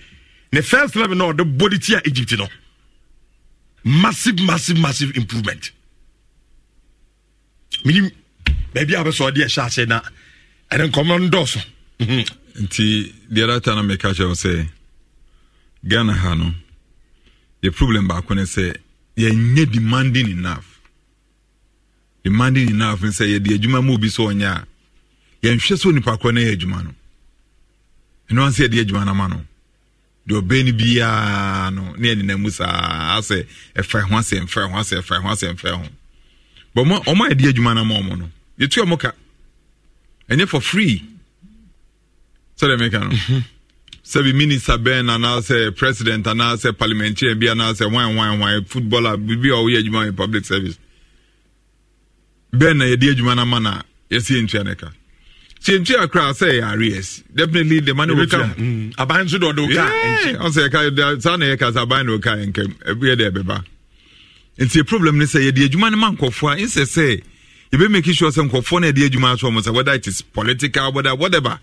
ne first level na ɔde body tia egypt no massive massive massive improvement menim baabi a wobɛsɛ ɔde ɛhyɛ ahyɛ na ɛne nkɔmmɔ no dɔɔso nti deɛ data no meka kyerɛ wo sɛ ghana ha no yɛ problem baako ne sɛ yɛnyɛ demanding enough demanding enough ne sɛ yɛde adwuma ma obi sɛ ɔnyɛ a yɛnhwɛ sɛ onipa korɔ no yɛ adwuma no ɛno ansɛ yɛde adwuma no ma no deɛ ɔbɛn no biaa no ne yɛnenam mu saa sɛ ɛfɛ ho asɛ mfɛ ho asɛ ɛfɛ ho asɛ mfɛ ho but ɔma yɛde adwuma no ma ɔmo no yɛtua mo ka ɛnyɛ for free sɛdeɛ meka no mhm. sɛbi minista bɛn anaasɛ president anaasɛ parliamentarian bi anaasɛ wan wan wan footballer bibi a ɔyɛ adwuma in public service bɛn na yɛde adwuma no ma na yɛsi yɛntua no ka tiɛntu akora sɛ ɛyɛ areas definitely the money will come mm. aban nso dɔdɔ ka ɔsɛ ɛka saa na yɛka sɛ aban na ɔka nkɛm ɛbiɛ dɛ ɛbɛba nti problem ne sɛ yɛde adwuma no ma nkɔfoɔ a nsɛ sɛ yɛbɛmake sure sɛ nkɔfoɔ no yɛde adwuma so ɔmo sɛ whether it is political whether whatever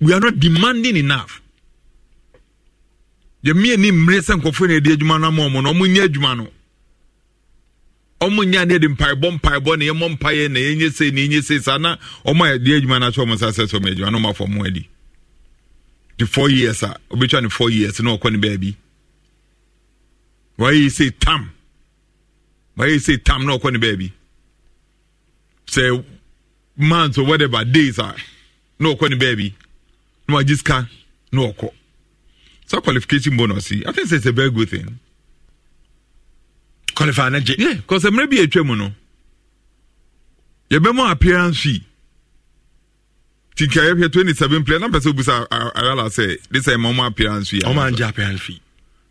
we are not demanding enough yɛmmie ne mmerɛ sɛ nkɔfoɔ no yɛde adwuma no ama ɔmo no ɔmo nyɛ adwuma no ɔmo nya ne yɛde mpaebɔ mpaebɔ ne yɛmɔ mpaeɛ na yɛnyɛ sei na yɛnyɛ sei saa na ɔmo ayɛ deɛ adwuma no akyɛ ɔmo nsa sɛ sɛ ɔmo adwuma na ɔmo afɔ ɔmo adi the four years a obetwa ne four years na ɔkɔ ne baabi wayɛ sei tam wayɛ sei tam na ɔkɔ ne baabi sɛ months or whatever days a na ɔkɔ ne baabi na wagye sika na ɔkɔ saa qualification bonus yi i think say it's a very good thing qualify na gye. yeah cause mmerɛ bi atwa mu no yɛbɛmɔ appearance fee ti nka yɛhwɛ twenty seven player na pɛsɛ obusa ayala sɛ de sɛ ɛma ɔmo appearance fee. ɔmo angye appearance fee.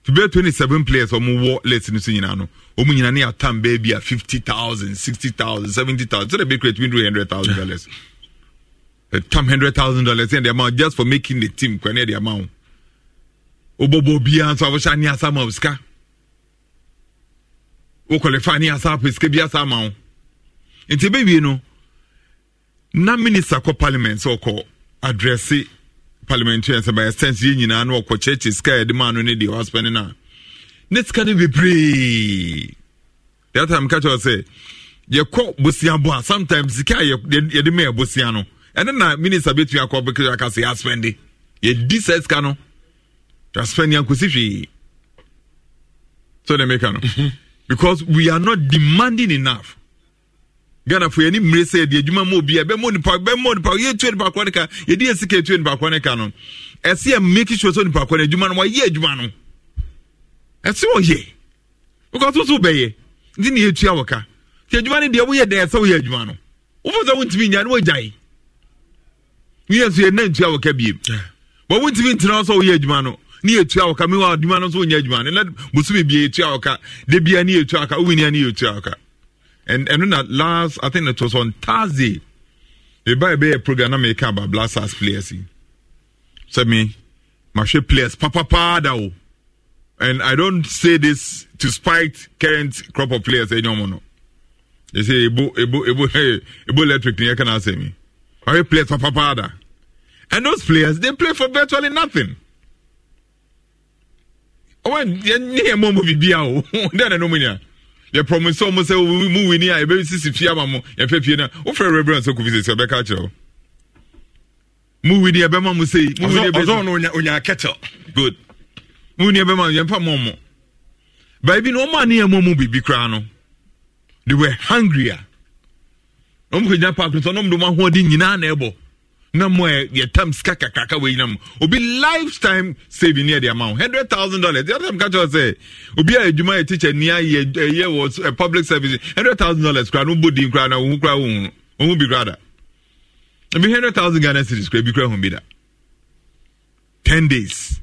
tibia twenty seven players ɔmo wɔ late ni so nyinaa no ɔmo nyinaa ne yɛ atam baabi a fifty thousand sixty thousand seventy thousand sɛ de bɛ create window hundred thousand dollars. tam hundred thousand dollars yɛn de ama just for making the team kwan yɛ de ama wo. obɔbɔ biara nso abɔhyɛ ani asama osika wo qualify ne asa apɛ bi asa ama wo nti ɛbɛwie no na minister kɔ parliament sɛ ɔkɔ adrɛse parliamentarians by extent yɛ nyinaa na ɔkɔ kyerɛkyerɛ sika a yɛde maa no ne deɛ waspɛne no a ne sika no bebree that time ka sɛ eh, yɛkɔ bosiabɔ a sometimes sika a yɛde ma yɛbosia no ɛne na minister bɛtumi akɔ bɛkɛ aka sɛ yɛaspɛnde yɛdi saa sika no yɛaspɛnde ankɔsi hwee so de meka no mhm because we are not demanding enough ghana for any mmire sɛ yɛde adwuma ma obi a bɛmɔ nipa bɛmɔ nipa yɛtua nipa korɔ ne ka yɛde yɛ sika yɛtua nipa korɔ no ɛsɛ yɛ sure sɛ nipa korɔ ne adwuma no wɔyɛ adwuma no ɛsɛ wɔyɛ because wosow bɛyɛ nti ne yɛtua wɔ ka nti adwuma no deɛ woyɛ dɛn ɛsɛ woyɛ adwuma no wofo sɛ wontumi nya no wɔgyae ne yɛ so yɛ na ntua wɔ ka biem bɔ wontumi ntena wɔ ne yɛtua woka mewa adwuma no nso wonya adwuma no na bosome bia yɛtua woka da bia ne yɛtua woka wowenia ne yɛtua woka ɛno na last i think it was on thursday meba ɛbɛyɛ program na meka aba blasters players yi sɛ me mahwɛ players papapaa da wo oh. and i don't say this to spite current crop of players ɛnyɛ ɔmo no yɛsɛ ebo ebo ebo ebo electric ne yɛka na asɛ mi mahwɛ players papapaa da and those players they play for virtually nothing ɔwɔ ne yɛ mɔ mo biribi a o dɛ na no mu nya yɛ promise ɔmo sɛ mu wini a yɛbɛ sisi fie ama mo yɛfɛ fie na wofrɛ reverend sɛ kofi sisi ɔbɛka kyerɛ o mu wini ɛbɛma mo sei mu wini ɛbɛma ɔzɔ no onya kɛtɛl good mu wini ɛbɛma yɛmpa mɔ mo baabi na ɔmo a ne yɛ mɔ mo biribi koraa no they were hungry a ɔmo kò gyina paaki so ɔmo de ɔmo ahoɔden nyinaa na ɛbɔ na mo tam sika kakraka wɔ nyinam obi lifetime saving near the amount hundred thousand dollars the other time kakyɛ sɛ obi a adwuma yɛ teacher ni ayɛ ɛyɛ wɔ public service hundred thousand dollars kura no di kura na ohun kura ohun ohun bi kura da ebi hundred thousand ghana cedis kura ebi kura ohun bi da ten days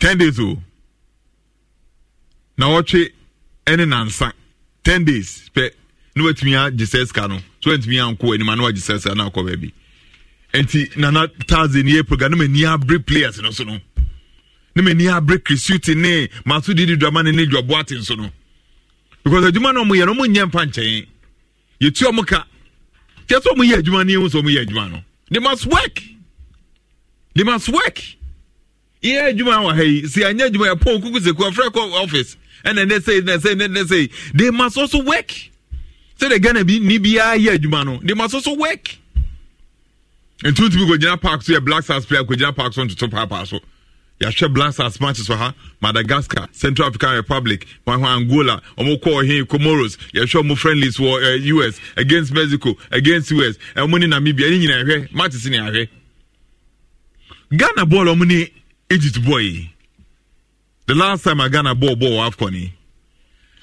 ten days o na wɔtwe ɛne nansa ten days pɛ ne watumi agye sɛ sika no so watumi anko anim ano agye sɛ sika no akɔ baabi nti nana taze ne yɛ program ne ma ani abere players no so no ne ma ani abere krisuti ne maso didi drama ne ne dwabo ate nso no because adwuma no ɔmo yɛ no ɔmo nyɛ mfa nkyɛn yɛtu ɔmo ka kyɛ sɛ ɔmo yɛ adwuma ne ehu sɛ ɔmo yɛ adwuma no they must work they must work yɛ adwuma wɔ ha yi si anya adwuma yɛ pɔn kuku seku afra kɔ office ɛna ne se ne se ne ne they must also work sɛ de ghana bi ni biara yɛ adwuma no they must also work nti wotumi kɔgyina park so yɛ black stars player kɔgyina park so ntoto paapaa so yɛahwɛ black stars matches wɔ ha madagascar central african republic mahɔ angola ɔmo kɔ ɔhen comoros yɛhwɛ ɔmo friendlies wɔ uh, eh, us against mexico against us eh, ɔmo ne namibia ne nyina yɛhwɛ matches ni yɛahwɛ ghana bɔɔl ɔmo ne egypt bɔɔl yi the last time a ghana bɔɔl bɔɔl wɔ afcon yi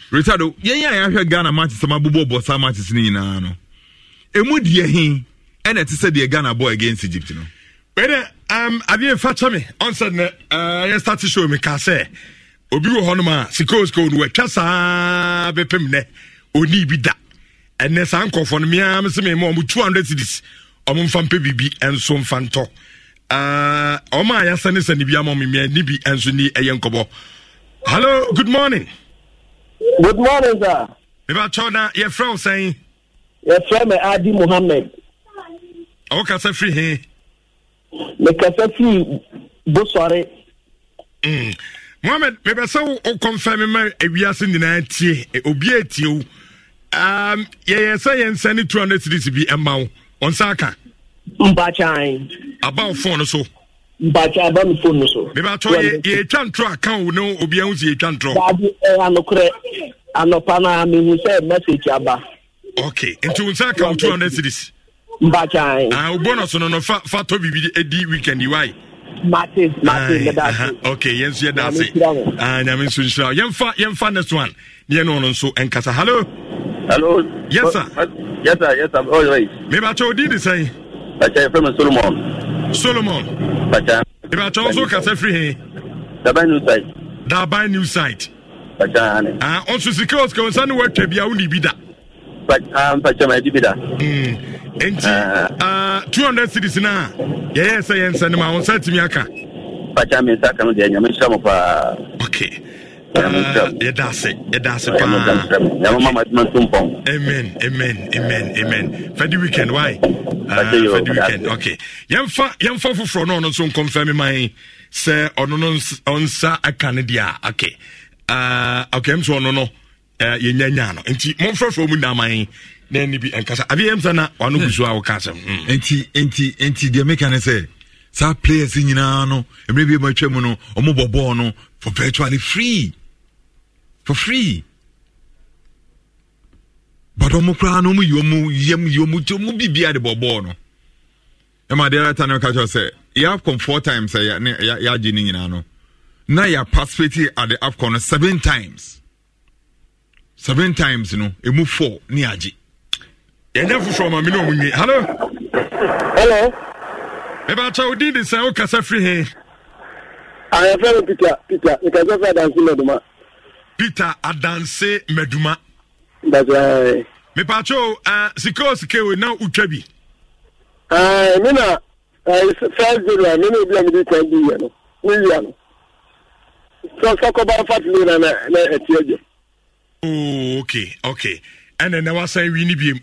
richardo yɛn yɛn a yɛahwɛ ghana matches ɔmo abobɔ bɔ saa matches ni nyinaa no emu deɛ hin ɛna ɛte sɛ deɛ ghana bɔ against egypt no bɛnɛ um, adeɛ mfa kyɛ me ɔnsɛ nnɛ uh, yɛstarte show me kaa sɛ obi wɔ hɔ a sikoosiko no wɔatwa saa bɛpem nnɛ ɔni bi da ɛnɛ saa nkɔfoɔ no meaa me sɛ mema ɔmo 200 cities ɔmo mfa mpɛ biribi ɛnso mfa ntɔ ɔma a yɛsɛne sɛ ne bi ama memea ni bi ɛnso ni ɛyɛ nkɔbɔ hallo good morning good morning sir mebakyɛw na yɛfrɛ wo sɛn yɛfrɛ me adi mohammed ɔwokasa firi he mekasa firi bosɔre mm. mohamed mepɛ sɛ wo kɔmfa me ma awiase nyinaa tie e- obi atie wo um, yɛyɛ sɛ yɛnsane 200 series bi ɛma wo ɔnsa aka mpakyan aba wo phone so mpakyan aba me phone so mebatɔ yɛtwa ntorɔ aka wo ne obi ahu si yɛtwa ntorɔ daade anokorɛ anɔpa no a mehu sɛ message aba okay nti wo nsa aka wo 200 series mbakyaan. ah o bonus no no fa fa tɔ biribi edi weekend yi waayi. mate mate yɛ da se. ok yɛn nso yɛ da se ah nyame nso nhyira yɛn fa yɛn fa next one ne yɛn n'ɔno nso nkasa hello. hello. yes sir. yes sir yes sir all oh, right. meba odi di de sɛn. bàtà yɛ mi solomon. solomon. bàtà. meba kyɛw nso kasa firi hɛn. daban new site. daban new site. bàtà. ah ɔnso sikɛ ɔsikɛ ɔnsa ni wɔatwa bi a o ni bi da. bàtà um, mpàkyɛ maa bi da. Hmm nti ah, two hundred cities na yɛyɛ sɛ yɛn nsa nim a wɔn nsa aka. pàṣẹ mi nsa kan deɛ nyame nhyira mo paa. okay ah, yɛda ase yɛda ase paa amen amen amen amen fɛdi weekend why ah, fɛdi weekend okay yɛmfa yɛmfa foforɔ no ɔno nso nkɔmfɛ me man sɛ ɔno no ɔnsa aka ne deɛ a okay uh, okay m sɛ ɔno no eh, yɛnyanya no nti momfrɛfrɛ mu nnaman na ɛni bi ɛnkasa abi ɛmu sɛ na ɔno gu so a ɔka asɛm. Hmm. nti nti nti deɛ meka ne sɛ saa players nyinaa no mmerɛ bi mu atwa mu no ɔmo bɔ bɔɔl no for virtually free for free but ɔmo koraa no ɔmo yi ɔmo yam yi ɔmo ti ɔmo bibia de bɔ bɔɔl no ɛma deɛ ɛrɛ ta ne ka kyerɛ sɛ yɛ akɔm four times ɛ yɛ yɛ ne nyinaa no na yɛ participate at the AFCON no seven times seven times no emu four ne agye yɛnyɛ foforɔ ma mene ɔmu nwi hallo hello mebaakyɛ wo din de sɛ wokasa firi he ayɛfrɛ ah, no peter peter mekasa firi adanse maduma peter adanse maduma mepaakyɛ o uh, ah, sika o sika o na wotwa bi ah, me na first zero a mene obi a mede kwan bi yɛ no mewia no sɛ sɛ kɔba na na ɛti agya oh, ok ok ɛnɛ na wasan wi ne biemu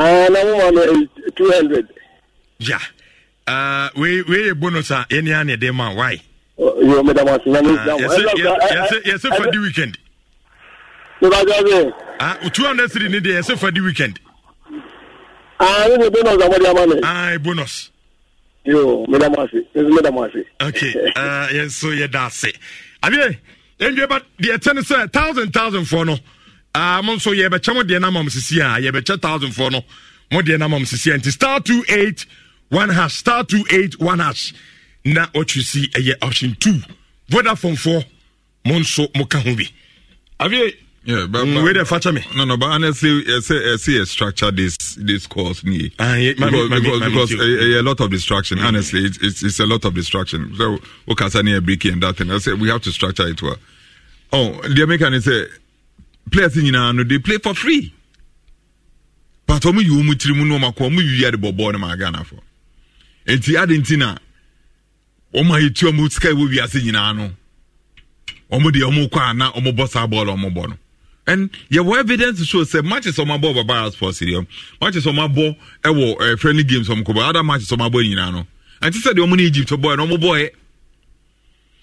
Ah, na mo eh, two hundred. ya ah, wei yɛ bonus a yɛne ane ne ma why. yɛ mɛ dama sinna mi sisan. yɛsɛ fadi weekend. nígbàjọ́ bẹ́ẹ̀. ah two hundred three ni de yɛsɛ fadi weekend. ah ne bɛ bonus amadi eh, amani. Eh? ah bonus. yoo mɛ dama se ne mɛ dama so yɛ da se. abiye ndue ba deɛ ten sɛ thousand thousand fɔ no. uh, ah, mo nso yɛbɛkyɛ mo deɛ no ama m sisi a yɛbɛkyɛ thousand foɔ no mo deɛ no ama m sisi a nti star two eight one hash star two eight one hash Now what you see si eh, ɛyɛ option two vodafone foɔ mo nso mo ka ho bi Yeah, but, but, wait there, me. No, no, but honestly, I eh, eh, see, I say, structure this this course, me. Uh, ah, yeah, because mami, because, mami, because mami, a, a, lot of distraction. Mm. Honestly, it's, it's, it's a lot of distraction. So, okay, I need a bricky and that thing. I say we have to structure it well. Oh, the American is a players nyinaa no they play for free but wɔn yi wɔn tiri mu na wɔn akɔ wɔn yi yɛ de bɔ bɔɔl no ma ghana fo nti adi nti na wɔn a yɛtu wɔn sika ɛwɔ wiase nyinaa no wɔn deɛ wɔn kɔ ana wɔn bɔ saa bɔɔl wɔn bɔ no and yɛwɔ evidence show sɛ matches wɔn abɔ wɔ baba sports yi matches wɔn abɔ ɛwɔ ɛɛ friendly games wɔn kɔ bɔ other matches wɔn abɔ nyinaa no ɛnti sɛ deɛ wɔn ne egypt bɔɔl no wɔn bɔɔl yɛ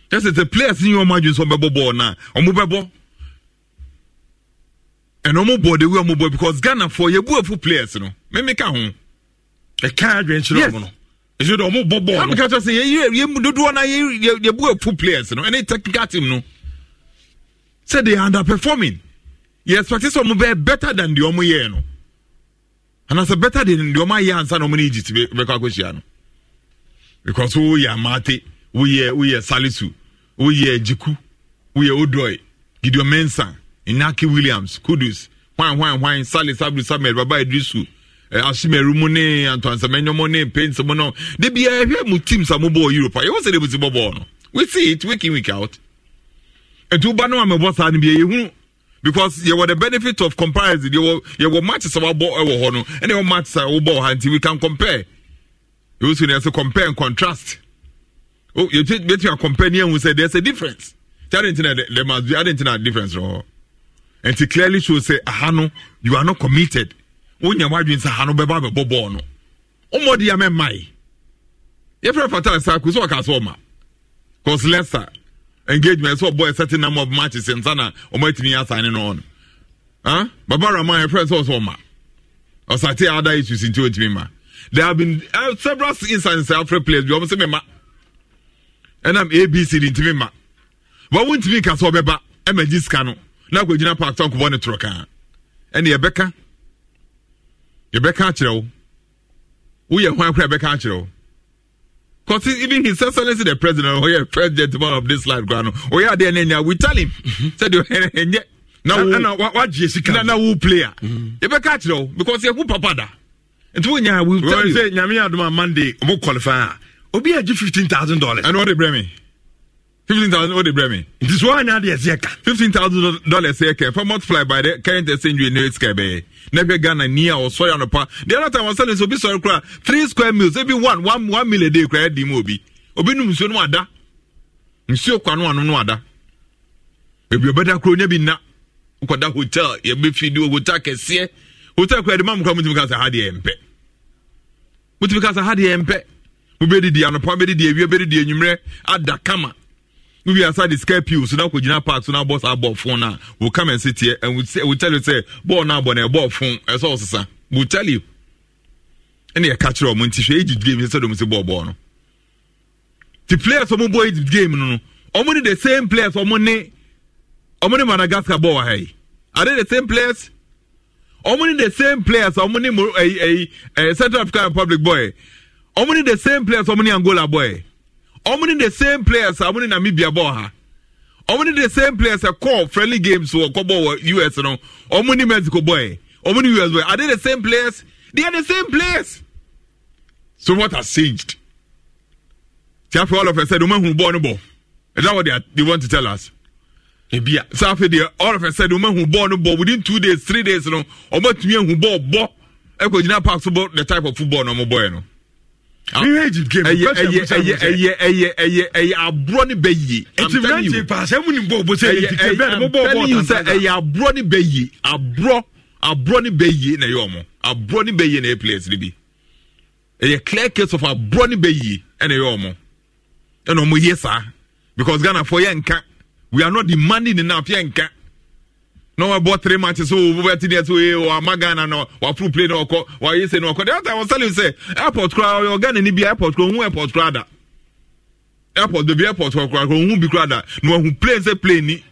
just as the players ni wɔn adwene sɛ wɔn bɛbɔ bɔɔl na wɔn bɛbɔ ɛna ɔmo bɔ de wi ɔmo bɔ because ghana fo yɛbu afu players no mímí ka ho ɛka adwankyerɛ ɔmo no ɛsɛ de ɔmo bɔ bɔɔl no ɛka kyerɛ sɛ yɛyɛ yɛmu dodoɔ na yɛbu afu players no ɛne technical team no sɛ they are underperforming yɛ expect sɛ ɔmo bɛyɛ better than deɛ ɔmo yɛɛ no And as a better than deɛ ɔmo ayɛ ansa na ɔmo ne egypt bɛkɔ akɔhyia no because woyɛ amate woyɛ woyɛ salisu woyɛ jiku woyɛ odoi gideon mensah inaki williams kudus hwan hwan hwan sale sabri samuel baba idrisu eh, asimeru mu ne antoansamenya mu ne paint mu no de bi eh, ɛhwɛ mu teams a mo bɔ europe a yɛwɔ sɛ de busi bɔ bɔɔl no we see it week in week out And ba banu ame mɛbɔ ni no bi eh, yɛhunu because yɛwɔ the benefit of comparison You yɛwɔ matches a wabɔ ɛwɔ eh, hɔ no You yɛwɔ matches a wobɔ ha nti we can compare You yɛwɔ so yɛsɛ compare and contrast oh yɛtumi a companion who yɛhu there's a difference ti adantina there must be a difference wɔ oh nti clearly show say, aha no you are not committed wonya wadwen sɛ aha no bɛba bɛbɔ bɔɔl no ɔmmɔ de ama mmae yɛfrɛ fatal sa ko sɛ ɔka sɛ ɔma cause lesser engagement sɛ ɔbɔ a certain number of matches nsa na ɔma atumi asane no ɔno huh? baba rama yɛfrɛ sɛ ɔsɛ ɔma ɔsate other issues nti ɔntumi ma there have been uh, several instances after players bi ɔmo sɛ mema ɛnam abc de ntumi ma but wontumi ka sɛ ɔbɛba ɛma gyi sika no na akɔgyina park fa nkɔbɔ ne torɔ kaa ɛne yɛbɛka yɛbɛka akyerɛ wo woyɛ hwan koraa yɛbɛka akyerɛ wo Because even his excellency the president, or yeah, president of this land, Grano, or yeah, then we tell him, said you and yet. Now, now, what na now who player? You better catch though, because you're who papada. And when you we tell you, Yamia, Monday, who qualify, will be at you fifteen thousand dollars. And what a bremy fifteen thousand o de brɛ mi. nti so wàá nyà de ɛsɛ ka. fifteen thousand dollars yɛ kɛ fɔ multiply by the current exchange rate n'oye sikɛ bɛɛ n'ɛfɛ ghana ni a ɔsɔ yan nɔpa the other time ɔsɛ nisɔn obi sɔrɔ kura three square meals ebi one one one meal a day kura yɛ di mu obi obi num nsuo no ada nsuo kwa no ano no ada ebi ɔbɛda kuro nye bi na nkɔda hotel yɛ bɛ fi di o hotel kɛseɛ hotel kura yɛ de ma mu kura mutumi kasa ha deɛ mpɛ mutumi kasa ha deɛ mpɛ mo bɛ didi anɔpa bɛ didi ewia bɛ didi enyimrɛ ada kama wowie asa de sky pio so na kɔgyina park so na abɔ saa bɔɔfo no a wo come and sit here and we tell you sɛ bɔɔl no abɔ na ɛbɔɔfo ɛsɛ wo sesa we tell you ɛne yɛka kyerɛ ɔmo nti hwɛ egypt game sɛ dɔm si bɔɔbɔɔ no ti players ɔmo bɔ egypt game no no ɔmo the same players ɔmo ne ɔmo ne madagascar bɔɔl ha yi are they the same players ɔmo ne the same players ɔmo ne mo ɛyi eh, ɛyi eh, eh, central african republic bɔɔl ɔmo ne the same players ɔmo ne angola bɔɔl ɔmo ne the same players a ɔmo ne namibia bɔɔ ha ɔmo ne the same players a kɔɔ friendly games wɔ kɔbɔ wɔ us no ɔmo ne mexico bɔɛ ɔmo ne us bɔɛ are they the same players they are the same players so what has changed ti afei all of us said ɔmo ehun bɔɔ no bɔ is that what they, are, they want to tell us ebi a saa afei deɛ all of us said ɔmo ehun bɔɔ no bɔ within two days three days no ɔmo atumi ehun bɔɔ bɔ ɛkɔ gyina park so bɔ the type of football na ɔmo bɔɛ no ɛyɛ aborɔ ne bɛyie ɛyɛ aborɔ ne bɛyie aborɔ aborɔ ne bɛyie na ɛyɛ ɔmo aborɔ ne bɛyie na ɛyɛ players no bi ɛyɛ clear case of aborɔ ne bɛyie ɛna ɛyɛ ɔmo ɛna ɔmo yɛ saa because ghana fo yɛ nka we are not demanding enough yɛ nka na wabɔ three matches so oh, wobɛte neɛ sɛ wama ghana no waforo play no ɔkɔ wayɛ sɛ no ɔkɔ deɛ wata wɔsɛle sɛ airport koraa ɔyɛ ɔghana ni bia airport koraa ɔhu airport koraa da airport baabi airport koraa koraa ɔhu bi koraa da na wahu plane sɛ plane ni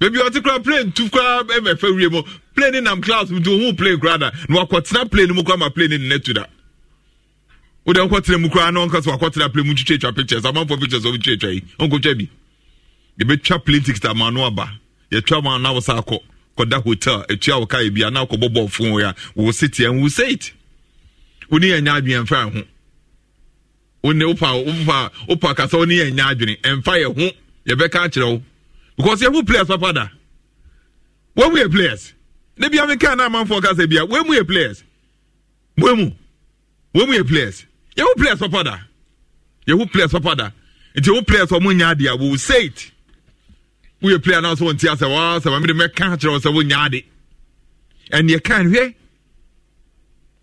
baabi ɔte koraa plane tu koraa ɛmɛfɛ wie mu plane nam class mu nti ɔhu plane koraa da na wakɔtena plane mu koraa ma plane ne nɛtu da wode nkɔtena mu koraa na ɔnka sɛ wakɔtena plane mu twitwatwa pictures amanfoɔ pictures ɔbɛtwatwa yi ɔnkɔtwa bi yɛbɛtwa plane ticket ama no aba yɛtwa mu ana wosa akɔ kɔda hotel etua wo kaa ebi ana akɔbɔ bɔɔfo wo ya wo si tia wo se it wo ni yɛ nya adwene mfa ho wo ne wopa wopa wopa kasa wo ni yɛ nya adwene mfa yɛ ho yɛbɛka akyerɛ wo because yɛhu players papa da wɔn mu yɛ players ne bi ameka na amanfoɔ kasa bi a wɔn mu yɛ players wɔn mu wɔn mu yɛ players yɛhu players papa da yɛhu players papa da nti yɛhu players wɔn nya adeɛ wo se it woyɛ player no sɛ wɔnti asɛ waa sɛ mamede mɛka kyerɛ wɔ sɛ wonyaa de ɛneɛ ka nhwɛ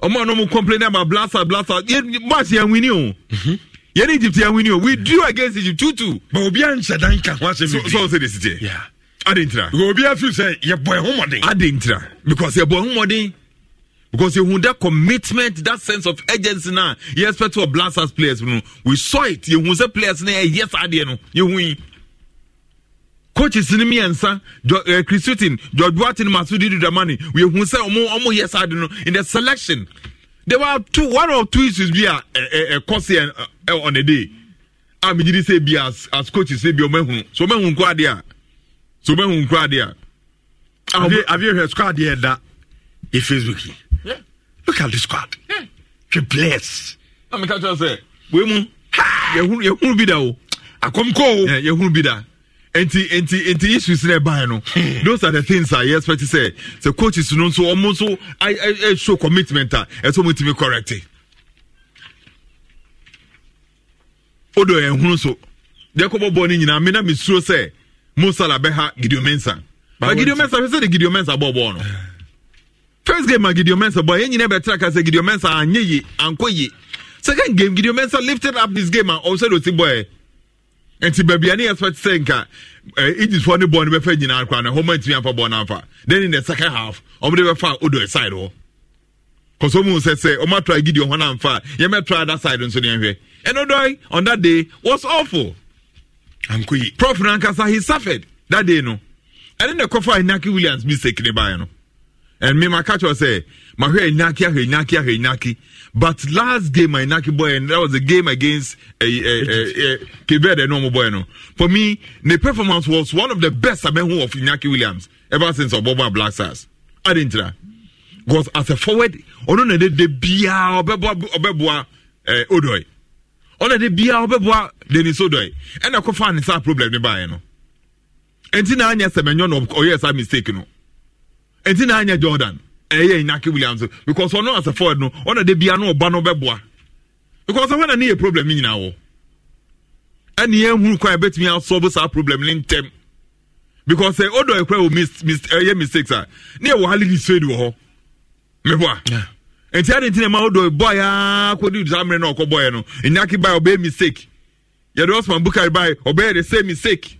ɔma no mu complain about blasa blasa match yɛnwini o mhm. yɛne egypt yɛnwini o we drew against egypt two two but obia nhyɛ dan ka ho asɛm sɛ sɛ de siteɛ adentira obia feel sɛ yɛbɔ ɛho mmɔden adentira because yɛbɔ ɛho mmɔden because you that commitment that sense of urgency now you expect to blast us players no we saw it you say players na yes adeɛ no you win coaches ni mmiɛnsa eh, chris hilton george watin masudi dudamani yɛhu sɛ ɔmo ɔmo yɛ saa de no in the selection there were two one or two issues bi a ɛkɔ eh, eh, on a day a ah, megyiri sɛ bi as as coaches bi ɔmo ehunu so ɔmo ehunu nkɔ adeɛ a so ɔmo ehunu nkɔ adeɛ a. abi abi ehwɛ squad here that yɛ facebook yi yeah. look at the squad yeah. the players. na ah, mi ka kyerɛ sɛ wei mu yɛhunu yɛhunu bi da o. akɔm ah, kɔ o yɛhunu bi da nti nti nti issues na ɛban no hmm. those are the things I yɛ expect sɛ sɛ coaches no nso ɔmo nso I I show commitment a ɛsɛ ɔmo tumi correct o do yɛn hunu so deɛ kɔbɔ bɔ ne nyinaa mi na mi suro sɛ musala bɛha gideon mensa but gideon mensa fɛ sɛ de gideon mensa bɔ bɔɔ no eh. first game a gideon mensa bɔ yɛn nyinaa bɛ tra ka sɛ gideon mensa anyɛ ye ankɔ ye second game gideon mensa lifted up this game a ɔsɛ de o ti bɔ yɛ nti baabi a ne yɛsɛ sɛ nka egyptfoɔ ne bɔɔl no bɛfa nyinaa koraa na homa ntumi amfa bɔɔl no amfa then in the second half ɔmo de bɛfa odo side hɔ kɔsɔ mu sɛ sɛ ɔmo atɔ agidi ɔmo na amfa yɛmɛ tɔ ada side nso ne nhwɛ ɛno dɔn on that day was awful ankoyi prof nankasa he suffered that day no ɛne na ɛkɔfa inaki williams mistake ne baa no and me my catch was say eh, my hair inaki hair inaki inaki but last game my inaki boy and that was a game against uh, uh, uh, uh, Quebec normal boy no for me the performance was one of the best I've been mean, of Inaki Williams ever since Oboba Black Stars I didn't know because as a forward ono na de de bia obeboa obeboa eh odoi ono de bia obeboa Dennis Odoi and akọ fa ne sa problem ne bae no enti na anya semenyo no oyesa mistake you know ɛnti na anyɛ jordan ɛyɛ nyake williams because ɔno as a forward no ɔna de bia no ɔba no bɛboa because ɔhɔ na ne yɛ problem ne nyinaa wɔ ɛne yɛnhunu kwan yɛbɛtumi asɔbo saa problem ne ntɛm because sɛ ɔdɔ ɛkora wɔ ɛyɛ mistakes a ah. ne yɛwɔ ha lili suedi wɔ hɔ meboa nti adi ntina ma ɔdɔ bɔɔ yaa kɔdi saa mmerɛ na ɔkɔ bɔɔɛ no nyake ba ɔbɛyɛ mistake yɛde ɔsman bukari ba ɔbɛyɛ the same mistake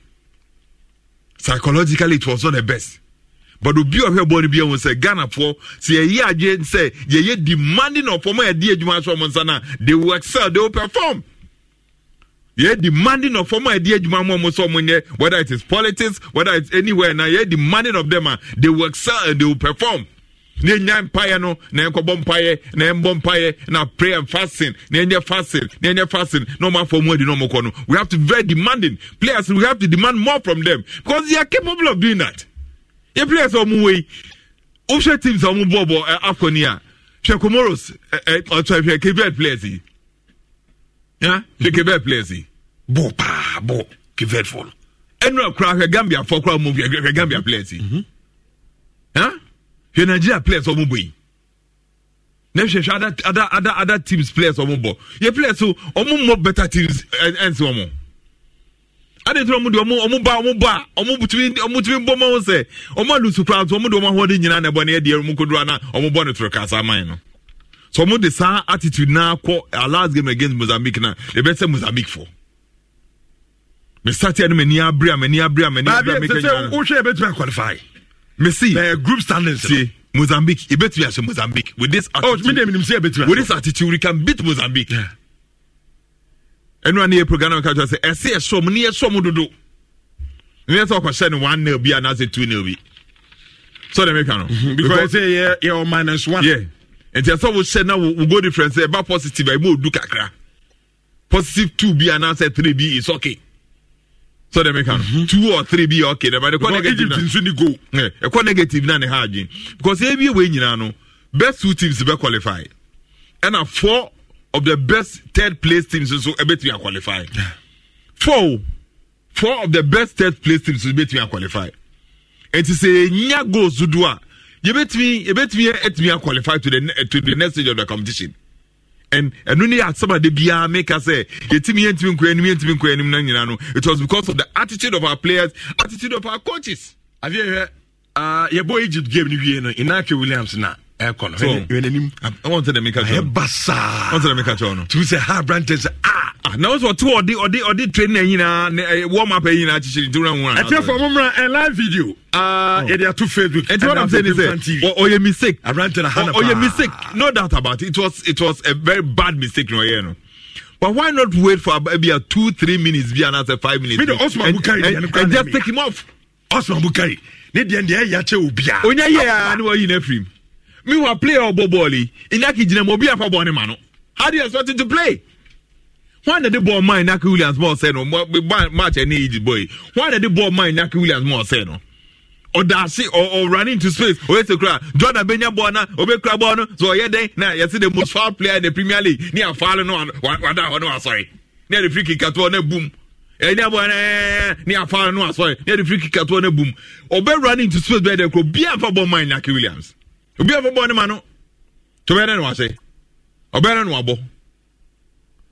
psychologically it was not the best but obi a ɔhwɛ bɔɔl no bi ɛwɔ sɛ ghana fo sɛ yɛyɛ adwe sɛ yɛyɛ demanding of ɔmo a yɛde adwuma so ɔmo nsa na they will excel they will perform yɛyɛ demanding of ɔmo a yɛde adwuma mo ɔmo so ɔmo nyɛ whether it is politics whether it is anywhere na yɛyɛ demanding of them ah, they will excel and they will perform na ɛnya mpaeɛ no na ɛnkɔbɔ mpaeɛ na ɛmbɔ mpaeɛ na prayer and fasting na ɛnyɛ fasting na ɛnyɛ fasting na ɔmo afɔ ɔmo adi na ɔmo kɔ no we have to be very demanding players we have to demand more from them because they are capable of doing that yɛ players ɔmo wei wohwɛ teams ɔmo bɔɔbɔ ɛ akɔni a hwɛ comoros ɛ ɛ ɔtɔ hwɛ kebet players yi ya hwɛ kebet players yi bɔ paa bɔ kebet fɔ no ɛnura kura hwɛ gambia fɔ kura ɔmo hwɛ gambia players yi eh? mm-hmm. ya hwɛ nigeria players ɔmo bɔ yi na hwɛ hwɛ ada ada other teams players ɔmo bɔ yɛ players so ɔmo mɔ better teams ɛnsi eh, ɔmo adi tí ɔmo di ɔmo ɔmo ba ɔmo ba ɔmo tumi ɔmo tumi bɔ ɔmo sɛ ɔmo alusu kura so ɔmo di ɔmo ahoɔden nyinaa na ɛbɔ ne ɛdi ɛmu kodoro ana ɔmo bɔ ne toro kasa man no so ɔmo de saa attitude naa kɔ our last game against mozambique na ebe sɛ mozambique fo mɛ sati ɛnu mɛ ni abiri a mɛ ni abiri a mɛ ni abiri a mɛ kɛ nyinaa. baabi ɛsɛ mesi uh, eh, group standings you know, Mozambique ebetumi ase Mozambique with this oh, attitude oh mi de mi nim si ebetumi ase with this attitude we can beat Mozambique ɛnu ani yɛ program na kankan sɛ ɛsi ɛsɔ mu ni ɛsɔ mu dodo ne yɛ sɛ ɔkɔhyɛ ni one nail bi anaasɛ two nail bi sɔ de mi ka no. Mm-hmm. because ɛsɛ yɛ yɛ ɔ minus one. Yeah. nti ɛsɛ wo hyɛ na wo go difference ɛba positive ɛmu odu kakra positive two bi anaasɛ three bi is okay so dem ka no mhm. two or three bi okay dem ɛkɔ negative na nso ni goal ɛkɔ negative na ne ha adwin because ebi ewe nyinaa no best two teams bɛ qualify ɛna four of the best third place teams nso e a aqualify four four of the best third place teams nso ɛbɛtumi e aqualify ɛti sɛ enya goals dodo a yɛbɛtumi yɛbɛtumi a e aqualify to the to the next stage of the competition and ɛno ne yɛ asɛm ade biara meka sɛ yɛtumi yɛntumi nkɔ anim yɛntumi nkɔ anim no nyina no it was because of the attitude of our players attitude of our coaches afei hwɛ yɛbɔ egypt game no wie no inake williams na ɛkɔ no ɛnanim wɔntɛ dɛ meka kyɛ basaa wɔntɛ dɛ meka kyɛ no tumi sɛ ha abrantɛ sɛ a na wɔsɛ ɔte ɔde ɔde ɔde train na nyinaa ne warm up nyinaa kyekyere nti wona nwona ɛtiɛfo mo mmra ɛ live video yɛde ato facebook ɛnti what i'm saying is sɛ ɔyɛ mistake abrantɛ na ha na paa ɔyɛ mistake no doubt about it it was it was a very bad mistake na ɔyɛ no but why not wait for maybe two three minutes be another five minutes bi and just take him off. Osman Bukari ne deɛ deɛ ɛyɛ akyɛ obiara. Onye yɛ a ne wɔyi n'afirim meanwhile player ɔbɔ bɔɔl yi eh? inyaki gyina mu obi afa bɔɔl ne ma no how do you expect him to play wọn na de bɔɔl maa inyaki williams ma ɔsɛ no match ɛne egypt boy wọn na de maa inyaki williams ma ɔsɛ no ɔda ase running to space oye se kura jordan benya bɔɔl na obe kura bɔɔl no so ɔyɛ den na yɛsi the most foul player in the premier league Ni afaale no wada hɔ no asɔre ne yɛ de free kick atoɔ ne eh, boom ɛni abɔ ɛnɛ ne afaale no asɔre ne yɛ free kick atoɔ ne eh, boom ɔbɛ running to space bɛɛ de kuro bia nfa bɔ maa inyaki williams obi a bɔbɔ ne ma no to bɛyɛ dɛ no ase ɔbɛyɛ dɛ no abɔ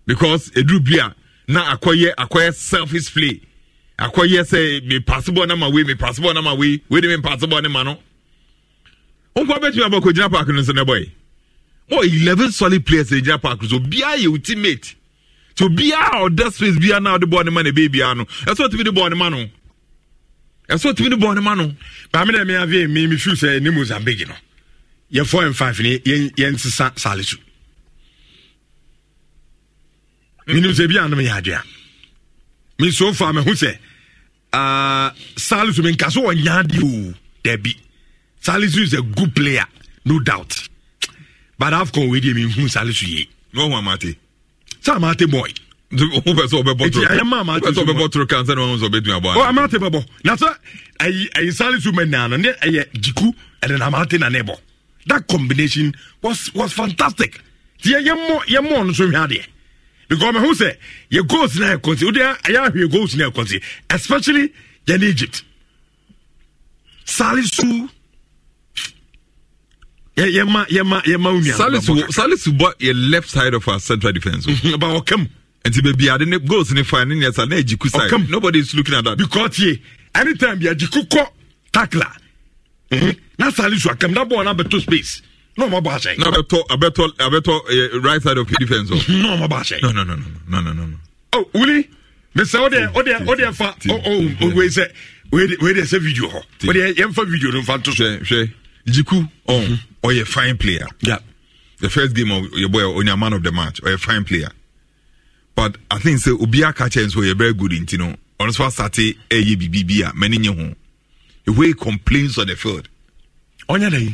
because eduru bi a na akɔyɛ akɔyɛ selfish play akɔyɛ sɛ mi pasibɔ na ma wei mi pasibɔ na ma wei wei de mi pasibɔ ne ma no nkɔ bɛtumi abɔ ko gyina paaki no nso na ɛbɔ yi mo eleven solid players gyina paaki so obiara yɛ o teammate ti obiara a ɔda space biara na ɔde bɔɔl ne ma na ebe biara no ɛsɛ ɔtumi de bɔɔl ne ma no ɛsɛ ɔtumi de bɔɔl ne ma no baami na mi avie mi mi fi sɛ ɛni mozambique no yɛ four and five ni yɛn yɛn sisa saale so minimu sɛ ebi anam yɛ adua mi so fa mi ho sɛ aa saale so mi nka so wɔ nyaade o dɛbi saale so is a good player no doubt but afcon wey di mi hu saale so yie. n'o hu amate. sá amate boy. o fɛ sɛ o bɛ bɔ toro ɛti ayɛmɔ amate so bɔ o fɛ sɛ o bɛ bɔ toro kan sani wɔn sɔ bɛ dun abɔ. ɔ amate bɛ bɔ na sɛ ayi ayi saale so mɛ nana ne ɛyɛ jiku ɛdɛ na amate na ne bɔ. that combination was was fantastic ti yɛ mɔ yɛ mɔ no so hwɛ adeɛ because ɔmo ho sɛ yɛ goals na yɛ kɔnti o de ayɛ ahwɛ goals na yɛ especially yɛ Egypt Salisu yeah, yeah, ma yeah ma yeah ma onua Salisu Salisu bɔ yɛ left side of our central defence. But come, and nti baabi be ne goals in the ne nea and na yɛ jiku side nobody is looking at that. because tie anytime yɛ jiku kɔ tackler. Mhm. na salisu akam na bɔɔl na bɛtɔ space na ɔma bɔ ahyɛ. na abɛtɔ abɛtɔ abɛtɔ eh, right side of your defence. Mhm. na ɔma bɔ ahyɛ. no no no no no no no. ɔ oh, wuli bɛsɛ o deɛ o deɛ o deɛ fa o o o wei sɛ wei de wei de sɛ video hɔ o deɛ yɛn fa video no nfa to so. hwɛ hwɛ jiku ɔn mhm. ɔyɛ fine player. ya the first game of your boy ɔnya man of the match ɔyɛ fine player but i think sɛ obiara kakyɛ nso ɔyɛ very good nti no ɔno nso asate ɛyɛ bibi bi a mɛni nye ho the way complains on the field. Onya day.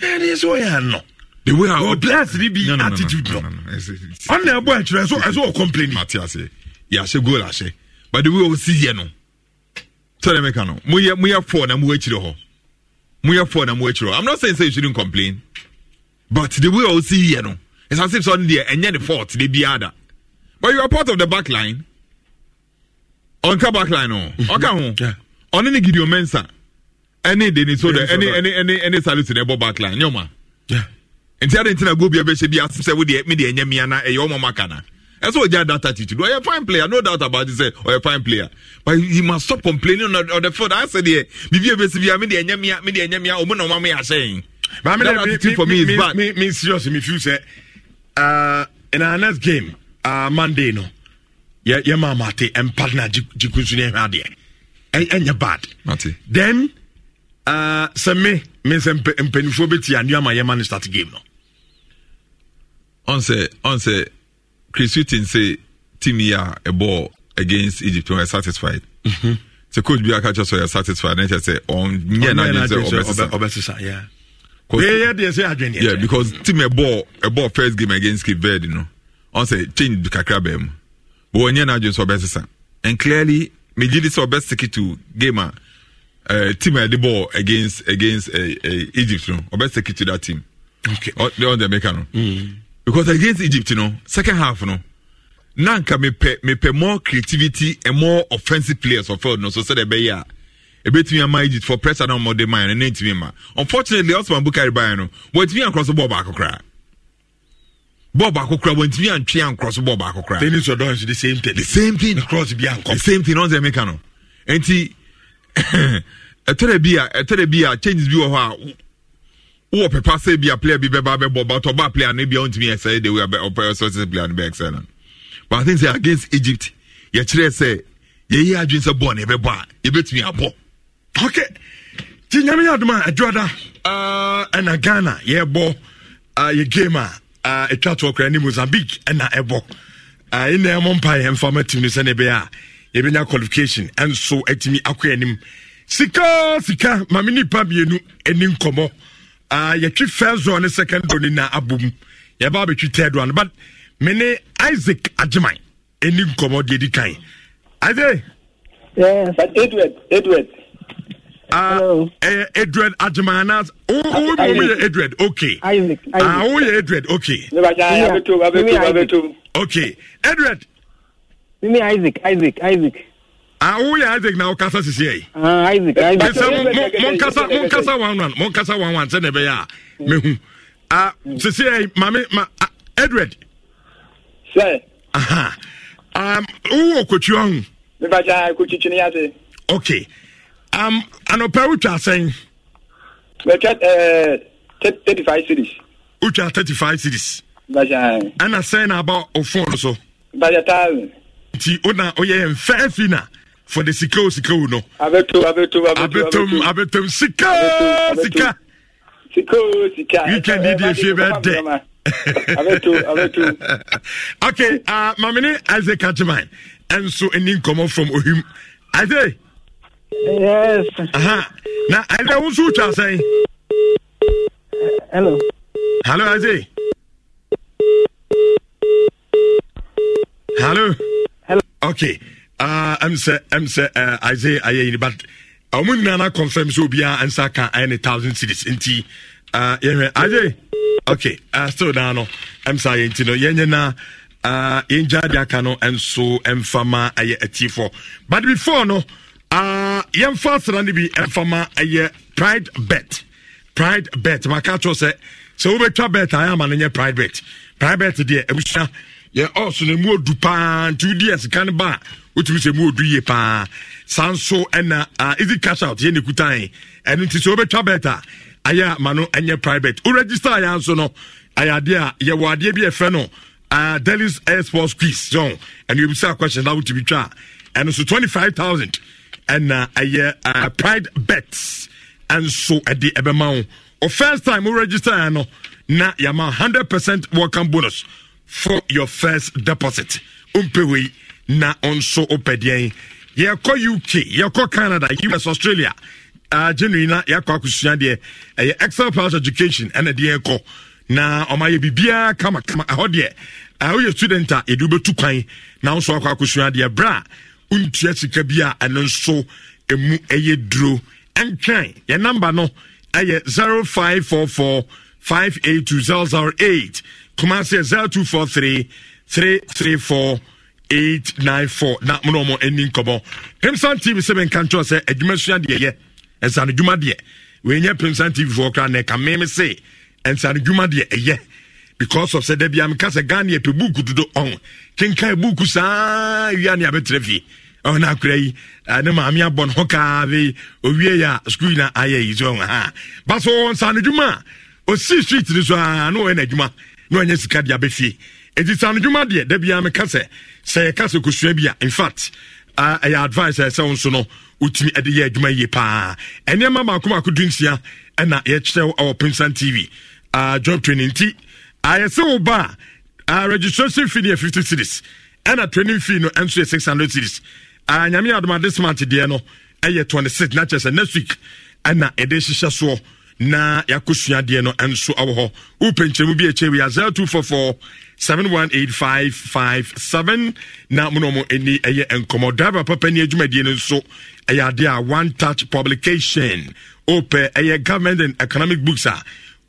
Yeah, this way I know. The way I oh, bless the be no, no, No, no, no, no. On the boy, I saw I saw complaining. Matthias, yeah, she goal, I say. But the way we see here no. Tell me, Kano. Mo ye mo four na mo ekyire ho. Mo ye four na mo ekyire. I'm not saying say you shouldn't complain. But the way we see here no. It's as if suddenly enye the fault they be other. But you are part of the back line. Onka back line, oh. Mm-hmm. Okay, ɔne ne gideon mensa ɛne denis soda ɛne ɛne ɛne ɛne salisi na ɛbɔ backline nyɛ ɔma nti adi ntina goal bi a bɛhyɛ bi asem sɛ wodeɛ mi deɛ ɛnyɛ mia na ɛyɛ ɔmo maka na ɛsɛ ɔgya that attitude ɔyɛ fine player no doubt about it sɛ ɔyɛ fine player but you must stop complaining on, on the field asɛ deɛ bibi ebesi bi a mi deɛ ɛnyɛ mia mi deɛ ɛnyɛ mia ɔmo na ɔmo mi ahyɛn that attitude for me is bad. mi mi serious mi feel sɛ uh, in our next game uh, monday no yɛ yɛ maa maa te ɛmpa na jikunsu ne ɛhwɛ adeɛ ɛnyɛ bad then uh, sɛ me me sɛ mpanimfoɔ bɛti anua ma yɛma no start game no ɔn sɛ ɔn sɛ chris wheaton sɛ team yi a ɛbɔ against egypt no ɛ satisfied mm-hmm. sɛ coach bi aka kyerɛ sɛ ɔyɛ satisfied na kyerɛ sɛ ɔnyɛ n'adwene sɛ ɔbɛsesa yɛyɛ deɛ sɛ adwene yɛ because team ɛbɔ ɛbɔ first game against cape verde no ɔn sɛ change kakra bɛn mu but ɔnyɛ n'adwene sɛ ɔbɛsesa and clearly megye di sɛ ɔbɛseke to game a uh, team a yɛde bɔɔ against against uh, uh, egypt no ɔbɛseke to that team okay ɔde ɔde meka no mm. because against egypt no second half no na nka mepɛ mepɛ more creativity and more offensive players ɔfɛl no so sɛdeɛ ɛbɛyɛ a ebetumi ama egypt for pressure na ɔmɔde man no ne ntumi ma unfortunately osman bukari ban no wɔntumi akɔrɔ so bɔɔl baako koraa ball baako kura wɔn ntumi antwi ankorɔ so ball baako kura. tennis or dance the same thing. the same thing. the cross bi ankɔ. the same thing ɔnze meka no nti ɛtɛrɛ bi a ɛtɛrɛ bi a changes bi wɔ hɔ a wowɔ pɛpa sɛ bi a player bi bɛba bɛbɔ but ɔba player no bi a ɔntumi ɛsɛ de wei a ɔpɛ ɔsɛ sɛ player no bɛ ɛsɛ no but i think say against egypt yɛkyerɛ sɛ yɛyɛ adwene sɛ bɔɔl na yɛbɛbɔ a yɛbɛtumi abɔ. okay ti nyame yɛ adoma adwoada ɛna uh, ghana yɛbɔ uh, yɛ game a ɛtwa ah, toɔ kora ne mozambique ɛna ɛbɔ ɛna ɛmɔ mpa yɛ mfa ma tim no sɛne ɛbɛyɛ a yɛbɛnya qualification ɛnso atumi akɔ anim sika sika maame nipa mmienu ani nkɔmmɔ ah, yɛtwi first zone ne second zone na abɔ mu yɛba abɛtwi third one but mene isaac agyeman ani nkɔmmɔ deɛ di kan isaac. Yeah, but Edward, Edward. Hello. Uh, eh, Edred Ajmana. Oh, oh, oh, Edred. Okay. Isaac. Ah, oh, yeah, Edred. Okay. Okay. Edred. Mimi Isaac. Isaac. Isaac. Ah, oh, yeah, Isaac. Now, Kasa Sisi. Ah, Isaac. Eh, Isaac. Monkasa, Monkasa, one one. Monkasa, one one. Send mm. me ya. Mehu. Ah, Sisi, Mami, Ma, ah, Edred. Sir. Aha. Um, oh, Kuchuang. Mibajah, Kuchichini Yase. Okay. okay um, anɔpɛ wotwa asɛn mɛtwa eh, thirty five series wotwa thirty five series eh. ɛna sɛn na aba ɔfon so nti wona woyɛ mfɛɛ fi na for the sikao sikao no abɛtom abɛtom sika sika weekend de afie bɛdɛ okay uh, ah, mamene isaac agyemine ɛnso ɛni nkɔmmɔ from ohim isaac Yes. Aha. Na ẹ̀dá wọn sùn twa sẹ́yìn. Hello. Hello Isaac. Hello. Hello. Okay. I'm uh, sir, I'm sir, uh, Isaac Ayeyini, but ọmọ nyinaa na confirm sɛ obiara nsa ka ɛyɛ ne thousand cities nti uh, yɛhwɛ Isaac. Okay. Uh, still down no. I'm sorry. Nti no yɛnyɛ na. Uh, yɛngya de aka no nso mfama ɛyɛ atifoɔ but before no Ah, yɛmfa asra no bi ɛmfama ɛyɛ pride bet pride bet maka kyerɛ sɛ sɛ wobɛtwa bet a ɛama no nyɛ pride bet pride bet deɛ abusua yɛ ɔso no mu ɔdu paa nti wodi asika no ba a wotumi sɛ mu ɔdu yie paa saa nso ɛna ah, easy cash out yɛne kutae ɛno nti sɛ wobɛtwa bet a ayɛ a no ɛnyɛ pride bet woregister yɛ nso no ayɛ adeɛ a yɛwɔ adeɛ bi ɛfrɛ no uh, ah, Dallas Air Force Quiz John and ɛne ɛbisa question na wotumi twa ɛno so 25000 ɛna ɛyɛ uh, pride bets nso ɛde ɛbɛma wo first time wo register no na yɛma 100 percent welcome bonus for your first deposit ompɛ wei na ɔnso wopɛ deɛn yɛkɔ uk yɛkɔ canada us australia uh, january na yɛakɔ akosua deɛ ɛyɛ excel pals education ɛna deɛ ɛkɔ na ɔmayɛ biribiaa kamakama ɛhɔ deɛ uh, woyɛ student a yɛde wobɛtu kwan na wo nso akɔ akosua deɛ berɛ a wontua sika bi a ɛno nso ɛmu ɛyɛ duro ɛntwɛn yɛ namba no ɛyɛ 0544 582008 kumase 0243 334 894 na mo ne ɔmo ani nkɔmmɔ pimsan tv sɛ menka nkyɛw sɛ adwuma sua deɛ yɛ ɛnsane dwuma deɛ wɔnyɛ pimsan tv foɔ kora na ɛka meme se ɛnsane dwuma deɛ ɛyɛ because of sɛ da amika meka sɛ ghana yɛpɛ buuku dodo ɔn kenkae buuku saa wia ne abɛtrɛ fie ɔno oh, akora yi ah, ne maame abɔ ne ho kaa bi owie yɛ a sukuu na ayɛ yi so ha ba so nsanodwuma a osii street no so a na ɔyɛ n'adwuma na ɔnyɛ sika de abɛfie eti sanodwuma deɛ da biara meka sɛ sɛ yɛka bi a infact ɛyɛ advice a ɛsɛ wo nso no wotumi de yɛ adwuma yie paa ɛnneɛma baako baako du nsia ɛna yɛkyerɛ wɔ pinsan tv job training nti ayɛ sɛ wo ba a registration fee no yɛ 50 cities ɛna training fee no nso yɛ hundred cities Ah, nyame adomade smart deɛ no ɛyɛ 26 na kyerɛ sɛ next week ɛna ɛde hyehyɛ soɔ na yɛakɔsua deɛ no nso awɔ hɔ wopɛnkyerɛmu bi akyɛ wei a 0244 718557 na mono mo ani ɛyɛ nkɔmmɔ driver papani adwumadie no nso ɛyɛ adeɛ a one touch publication opɛ ɛyɛ government and economic books a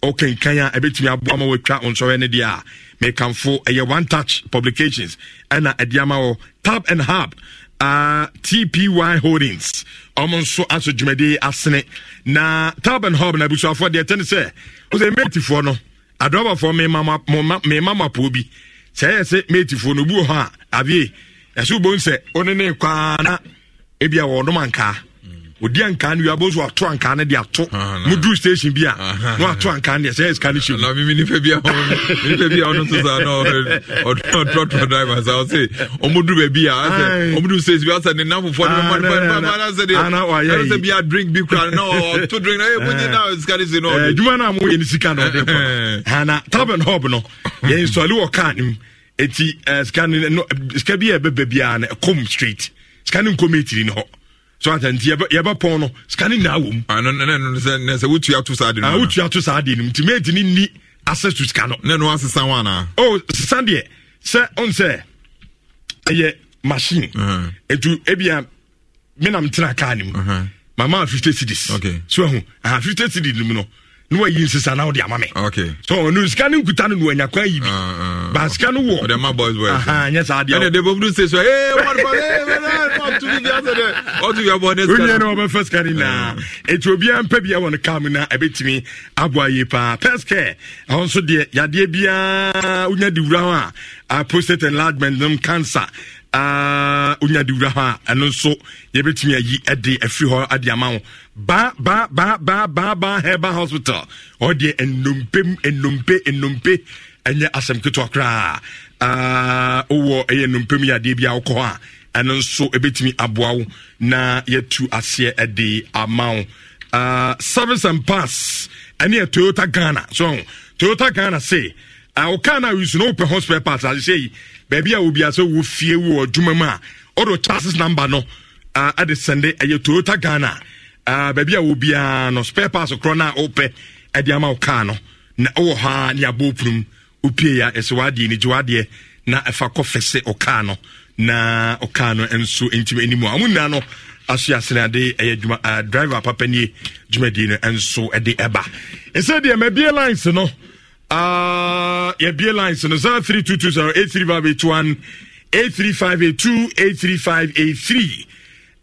ɔkenkan a ɛbɛtumi aboa ma wɔatwa nsɔre no deɛ a mekamfo ɛyɛ one touch publications ɛna ɛde ama wɔ tab and hab uh, tpy holdings ɔmo nso aso dwumadi asene na talban hob na abusuafoɔ deɛ ɛte ne sɛ wosɛ metifoɔ no adrɔbafoɔ mema mo apoɔ bi sɛ ɛyɛ sɛ metifoɔ no obi wɔ hɔ a avie ɛso wobom sɛ wone ne kwaa na ebia wɔnom ankaa odi ankaa no wiabɔ so ato ankaa no de ato moduru station bi a na wato ankaa no deɛ sɛ ɛsika no hyɛ mu mimi nipa bi nipa bi a ɔno nso saa na ɔtrɔtrɔ driver saa ɔse ɔmoduru baabi a asɛ ɔmoduru station bi asɛ ne nam fofoɔ no bɛma no bɛma no sɛ bia drink bi kora na ɔto drink na ɛmɔgye na sika no se no adwuma no a moyɛ no sika no ɔde na taben hob no yɛnsɔle wɔ kaa no mu ɛti sika bi a ɛbɛba biara no ɛkɔm straight sika no nkɔm ɛtiri no hɔ so ata nti yɛbɛpɔn no sika ne nyinaa wɔ mu ah, sɛ wotua to saa de nowotua ah, to saa de no nti mɛntimi nni access to sika no ne no asesa wo anaa o oh, sesa deɛ sɛ on sɛ ɛyɛ machine uh-huh. etu ebia menam tena kaa ne mu uh-huh. mama 50 cities so ahu 50 cities no mu no na wayi nsesa na wode ama me so no sika no nkuta no na wanyakwa yi bi ah, ah, ah. ba sika no wɔ nyɛ saa deɛwonyɛ sika no nyinaa ɛnti obiaa mpɛ bia wɔ no kar mu na ɛbɛtumi aboa yie paa pɛskɛ ɛhɔ nso deɛ yadeɛ biaa wonya de wura ho a prostate enlargement nom cancer wonya ah, de wura hɔ a ɛno nso yɛbɛtumi ayi de afiri hɔ ade ama wo ba herba hospital ɔdeɛ nnompe nnompe nnompe ɛnyɛ asɛm ketewa koraa wowɔ ɛyɛ nnompe mu yadeɛ bi a wokɔ hɔ a ɛno nso ɛbɛtumi aboa wo na yɛtu aseɛ de ama wo ah, service and pass ɛne yɛ toyota ghana so toyota ghana se uh, ah, wo a wisu no wopɛ hospital pass ade sɛ yi baabi a obi ase wo fie wɔ adwuma mu a ɔdɔ charles number no ɛde sɛnde ɛyɛ toyota ghana baabi a obiara no spare parts korɔ no a ɔpɛ ɛde ama wo kaa no na ɔwɔ hɔ a ne abɔ opunum opie a ɛsɛ wadeɛ ne gye wadeɛ na ɛfa kɔ fɛsɛ ɔkaa no na ɔkaa no nso ntim anim a ɔmo nyinaa no aso asenade ɛyɛ dwuma driver papa nie dwumadie no nso ɛde ɛba ɛsɛ deɛ mabie lines no uh, yɛbie lines no 0322083581 83582 83583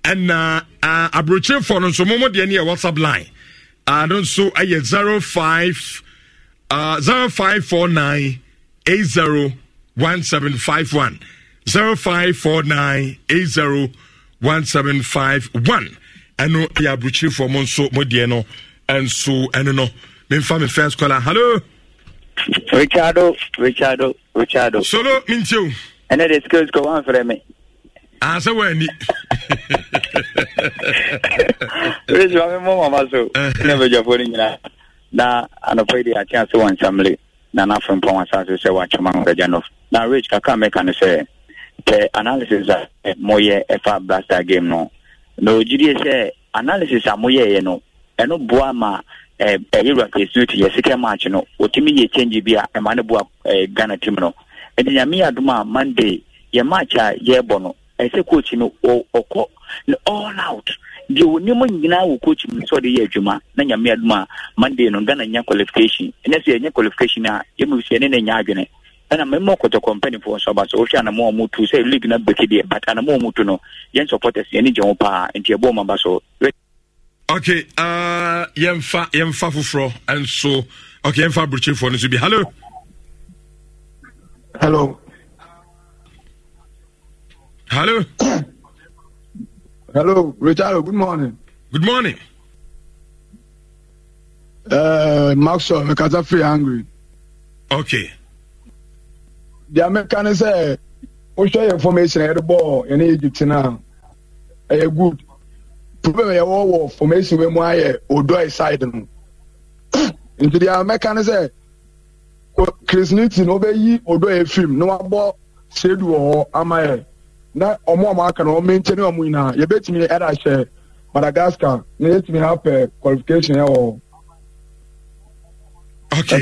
ɛna uh, uh aburokyerefo no nso momo deɛ ne yɛ whatsapp line uh, uh, zero five uh, no nso ɛyɛ 05 uh, 0549 801751 0549 801751 ɛno ɛyɛ aburokyerefo mo nso mo deɛ no ɛnso ɛno no memfa me first caller hello richardo richardo richardo. solo mi n ɛnɛ de skills ko wan fɛrɛ mi. Ah, eh. a sɛ wɔ ani. rich maa mi mú mama so ɛnna bɛ jɔ foni na anɔpɔ yi de a ti a se wɔn na n'a fɛn pɔn wasa so sɛ wa caman wɛrɛ jan na rich kaka mi kan sɛ tɛ analysis a eh, mo yɛ e ɛfa blaster game no na o jiri sɛ analysis a mo yɛ no ɛno e bua ma yɛwura pɛsuti yɛ sika match ah, no ɔtumi yɛ change bi a ɛma no boa ghana tim no ɛnti nyame yɛ adom a monday yɛ match a yɛrebɔ no ɛsɛ coach no ɔkɔ ne all out deɛ onim nyinaa wɔ coach mu sɛ ɔde yɛ adwuma na nyame adom a monday no ghana nya qualification ɛnɛ sɛ yɛnya qualification a yɛmu sɛ ɛne ne nya adwene ɛna mɛma kɔtɔ kɔmpanifoɔ nso aba sɛ wohwɛ anama ɔmo tu sɛ league no bɛki deɛ but anama ɔmo tu no yɛn supporters yɛne gye ho paa nti ɛbɔɔ ma ba so okay uh, yɛmfa yɛmfa and so. okay yɛmfa aburukyefoɔ no nso bi hello. hello. hello. hello richard good morning. good morning. Uh, maxwell uh, mekasa feel angry. okay. deɛ meka ne sɛ wohwɛ information a yɛde bɔɔ yɛne egypt no a good problem yɛwɔ wɔ formation wei mu ayɛ odoi side no nti deɛ mɛka ne sɛ krisniti na ɔbɛyi odoi efim na wabɔ seedu wɔ hɔ ama yɛ na ɔmo a mo aka na ɔmo nkyɛn ne ɔmo nyinaa yɛbɛtumi ɛda hyɛ madagascar na yɛtumi apɛ eh, qualification yɛ wɔ hɔ. Okay.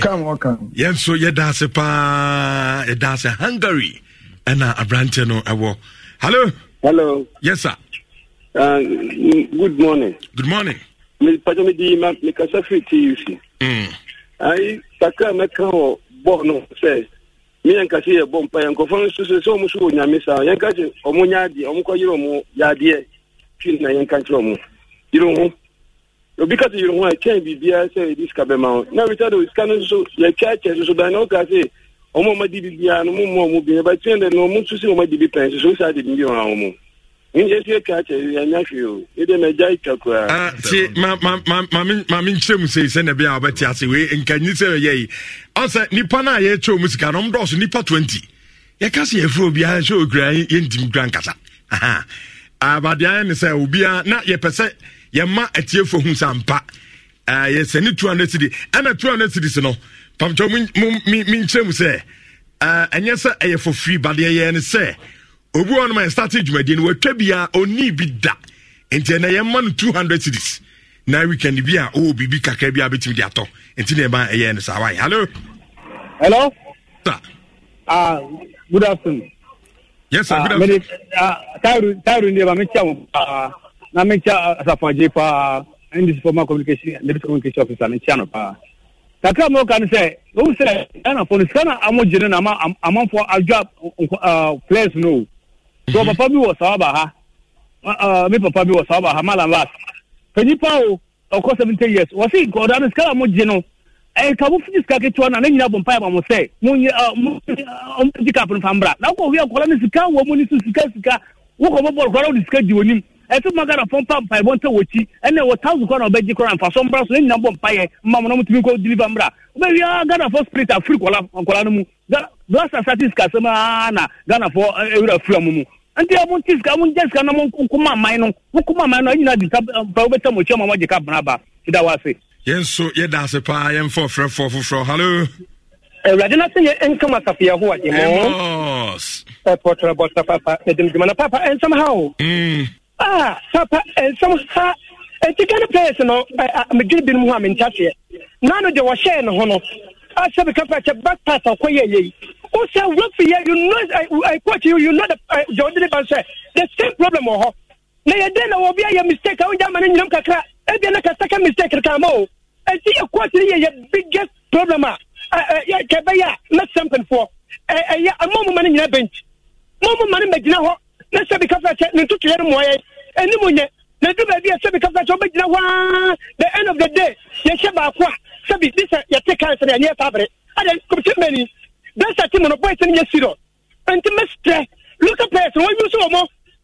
Yẹn nso yɛda ase paa yɛda ase Hungary ɛna aberanteɛ no ɛwɔ. Hello. Hello. Yes sir. Uh, good morning. Good morning. Mepagya mi di ma mekasa firi TUC. Mm. Ayi kakra mɛka wɔ bɔɔl no sɛ mi yɛn kasi yɛ bɔ mpa yɛn nkɔfɔ nso sɛ sɛ ɔmo so wɔ nyame saa yɛn kasi ɔmo nya adeɛ ɔmo kɔ yere ɔmo yadeɛ fi na yɛn ka kyerɛ ɔmo yere ho obi ka te yere ho a kyɛn biribiara sɛ yɛde sika bɛma ho na wita do sika no nso yɛtwa kyɛ soso dan na ɔka sɛ ɔmo ɔmo adi biribiara no mo mo ɔmo bi yɛ ba tiɛn dɛ na ɔmo nso sɛ ɔmo adi bi pɛn soso sɛ adi bi bi ɔmo. Ah, mame nkyerɛ mu sei sɛ na bia wobɛte ase wei nkanyi sɛ yɛyi ɔsɛ nnipa no a yɛkyerɛ mu sika no ɔmdɔɔso nnipa 20 yɛka sɛ yɛfrɛ obiara sɛ ɔkura yɛntim kura nkasa abadeɛ ne sɛ obiara na yɛpɛ sɛ yɛma atiefo hu sɛ mpa ah, yɛsɛne 200 cedi ɛna 200 cedis no pamkyɛ menkyerɛ mu sɛ ah, ɛnyɛ sɛ ɛyɛ fofiri badeɛ yɛ ne sɛ obi wɔn ma ɛstarte dwumadie no wɔatwa bi a ɔni bi da nti ɛnɛ yɛn mma no two hundred cities na weekend bi a ɔwɔ biribi kakra bi a bɛtumi de atɔ nti na ɛba ɛyɛ no saa wae hallo hello sa ah good afternoon yes sir ah, good afternoon ah tairu tairu ne ba me kya mo paa ah, na me kya asafagye paa ah, ndc former communication deputy communication officer me kya no paa kakra mo kan sɛ o sɛ ɛna fɔ no sika na amogye no na ama amanfoɔ adwa ah, players no so papa bi wɔ saa aba ha me papa bi wɔ saa aba ha malam las panyipa o ɔkɔ seventy years wɔsi nkɔda no sika a mo gye no ɛka mo fi sika ketewa na ne nyinaa bɔ mpa yɛ ma mo sɛ mo nye uh, mo mo ti kaapo nfa mbra na kɔ hwi akɔla ne sika wɔ mo ni so sika sika wokɔ mo bɔl kɔla o de sika di wɔnim ɛti mo agada fɔ mpa mpa ɛbɔ nta wɔ akyi ɛna ɛwɔ thousand kɔla na ɔbɛgye kɔla nfa so mbra so ne nyinaa bɔ mpa yɛ mma mo na mo tumi kɔ deliver mbra agada fɔ spirit afiri kɔla nkɔla no mu ghana sasa ti sika sɛm aa na ghana fɔ eh, ewura fura mo mu nti ɛmu nti sika mu nkyɛ sika na mu nkuma aman no nkuma aman no ɛnyina di ta ba eh, wo bɛ tɛ mu a mo bana ba sida wa se. yẹn nso yẹ da ase paa yẹn fọ fẹrẹ fọ foforọ halo. Eh, awurade na se yɛ nkama safiya ho a yɛ mɔ. ɛpɔtɔrɔ bɔtɔ papa ɛdɛm dwuma na papa ɛnsɛm ha o. Mm. aa ah, papa ɛnsɛm ha ɛti eh, gani players no ɛɛ ah, medwiri binom ho a me ntaseɛ nanu de wɔhyɛ ne ho no asɛbi kapa kyɛ back pass yɛ yi o sẹ wúlò fi yẹ you know ẹ coach you You know the jọ̀wọ́dínlẹ̀ bá ń sẹ the same problem wọ̀ họ na yẹ dẹ́n na wọ́n bí yẹ mistake àwọn jàmbá ni nyinam kakra ẹ bí ẹ na ka second mistake kankan mọ́ o ẹ ti yẹ coach ni yẹ yẹ biggest problem a yẹ kẹbẹ yẹ a na sẹ́mpin fọ ẹ ẹ yẹ mọ́ mu ma ni nyina bench mọ́ mu ma ni ma gyina hɔ na sẹ́bi kafa kyɛ ne tutu yɛ ni mọ́ yɛ ɛni mu nyɛ na du baabi a sɛbi kafa kyɛ ɔbɛ gyina hɔ the end of the day yɛ hyɛ baako a sɛbi disɛ yɛ te kan sɛ yɛ ni yɛ taabere adi kɔmpiuta mɛni desert mu no boys no yɛ serious nti mestrɛ local players no wɔyi so wɔ mɔ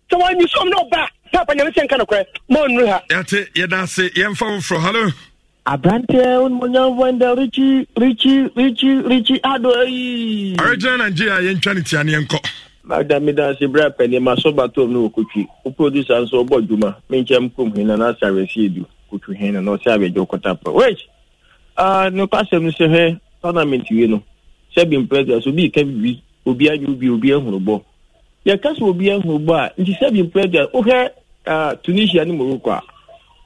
sɛ wɔanyi so wɔ m na ɔba papa nyame sɛ nka nokorɛ ma ɔnnuru ha yɛte yɛda ase yɛmfa woforɔ hallo abranteɛ wonimonyamfoɔ ndɛ richi richi richi richi ado ayi original nigeria yɛntwa ne tia ne yɛnkɔ magda meda ase berɛ apɛne masɔ batom no wɔ kotwi wo producer nso ɔbɔ adwuma menkyɛm kom hena na asa awɛsie du kotwi hena na ɔsɛ abɛgye wo kɔtapɛ wei nokwasɛm no sɛ hwɛ tournament wie no sɛbi mprɛdras obi ka bibi obi anyi obi obi ahurubɔ yɛka kasi obi ahurubɔ a nti sɛbi mprɛdras wohɛ uh, tunisia ni morocco a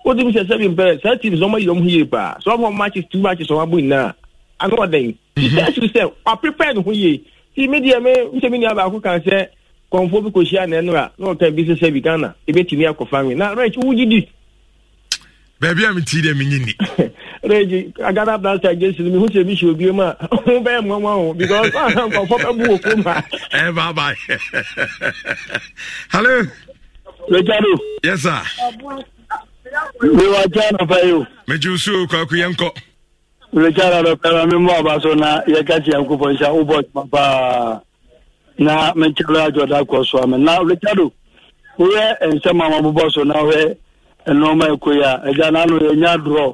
wodi mu sɛ sɛbi mprɛdras saa teams ɔma yɛ ɔmo yie paa so ɔmo matches two matches ɔmo abo nyinaa ano ɔdɛn sɛsu sɛ ɔprepare ne ho yie ti mi deɛ mi nsɛm nia baako kan sɛ kɔnfo bi kɔhyia na ɛno a na ɔka bi sɛ sɛbi ghana ebetumi akɔfa nwi na rɛkyi wugyi di baabi a meti dɛ menye ni regi agana blasta agency no mehu sɛ bi hyɛ obiom a ho bɛyɛ mmoama ho because ana nkɔfɔ bɛbu wɔ kom a ɛ baabae hallo regado yes sir mewɔ agya anɔpa yi o megye wosuo kwaako yɛnkɔ richard adɔpɛma memmɔ aba so na yɛka te nyankopɔn hyɛ wobɔ adwuma paa na menkyɛlɛ adwɔda kɔ so a na richardo woyɛ nsɛm a mabobɔ so na wohɛ nneɛma ɛkɔ yi a ɛgya n'ano yɛnya dorɔ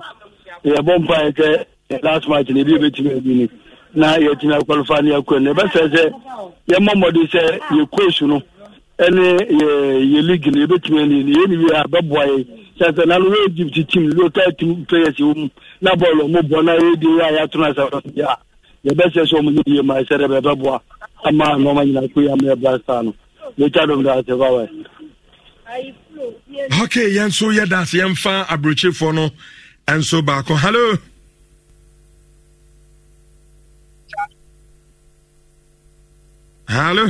yɛbɔ mpa yɛ sɛ last match na ebi ebetumi ebi ni na yɛtumi akɔlifa ne yɛkɔ ne ɛbɛsɛ sɛ yɛmɔ mmɔden sɛ yɛ coach no ɛne yɛ yɛ league no yɛbɛtumi ani ne yɛ ne a bɛboa yɛ sɛ n'ano yɛ egypt team local team players wɔ mu na bɔɔl ɔmo bɔ na yɛ di yɛ a yɛato na asafo yɛ a yɛbɛsɛ sɛ ɔmo ama nneɛma nyinaa kɔ yi ama yɛ okay yɛn nso yɛ da ase yɛmfa aburokyefoɔ no nso baako hallo. hallo.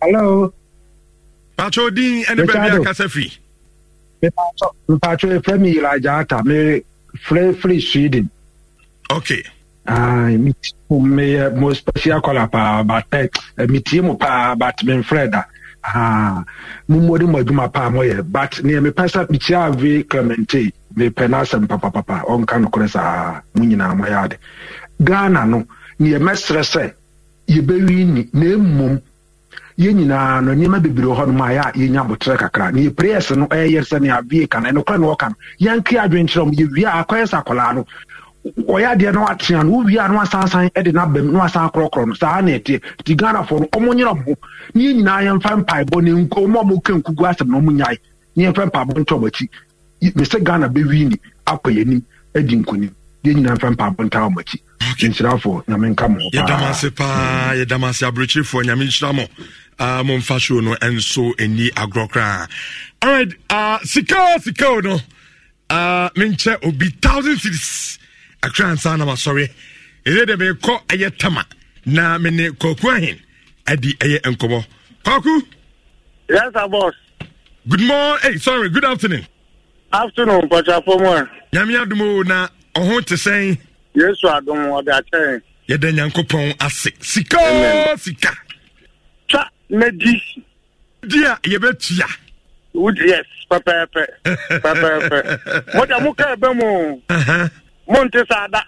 hallo. pàtó din ɛni bɛbi akasa firi. mpatwo efra mi yira agya ata mi fere firi sweden. okay. mi ti mu mi yɛ mo special colour paa but eh, mi ti mu paa but mi n fere da. Ah, mommɔde mu adwuma paa mɔyɛ but neɛ mepɛ sa mekyia ave clemente mepɛ no asɛm papapapa ɔnka nokorɛ saa mo nyinaa mɔyɛ ade ghana no neɛ mɛserɛ sɛ yɛbɛwi ni na mmom yɛn nyinaa no nneɛma bebree hɔ nom ma yɛ a yɛnya abotrɛ kakra na yɛprayers no ɛyɛ sɛnea avie ka no ɛnokorɛ na wɔka no yɛnke adwenkyerɛ m yɛwie a akɔyɛ sɛ akɔlaa no ɔyɛ adeɛ na watea no wowie na wasansan de no aba mu na wasan korɔkorɔ no saa na ɛteɛ nti ghanafoɔ no ɔmo nyina mo ne yɛ nyinaa yɛmfa mpaebɔ ne nko ɔmo a moka nkugu asɛm na ɔmo nyae ne yɛmfa mpaebɔ ntɔ ɔmo akyi mesɛ ghana bɛwii ni akɔ yɛnim adi nkonim yɛn nyinaa mfa mpaebɔ ntaa ɔmo akyi nkyirafoɔ nyame nka mo yɛdam ase paa yɛdam ase aberɛkyirifoɔ nyame nhyira mo momfa show no ɛnso ɛni agorɔ koraa alright uh, sika sikao no uh, menkyɛ obi thousand cities akra ansa na masɔre ɛdɛ dɛ merekɔ ɛyɛ tama na mene kwaku ahen adi ɛyɛ nkɔmmɔ kwaku yes sir boss good morning hey, sorry good afternoon afternoon pɔtwafo mu a nyame adom o na ɔho te sɛn yesu adom ɔde akyɛn yɛda nyankopɔn ase sika sika twa mɛdi di a yɛbɛtua yes pɛpɛɛpɛ pɛpɛɛpɛ mɔgya moka ɛbɛ mu mo n ada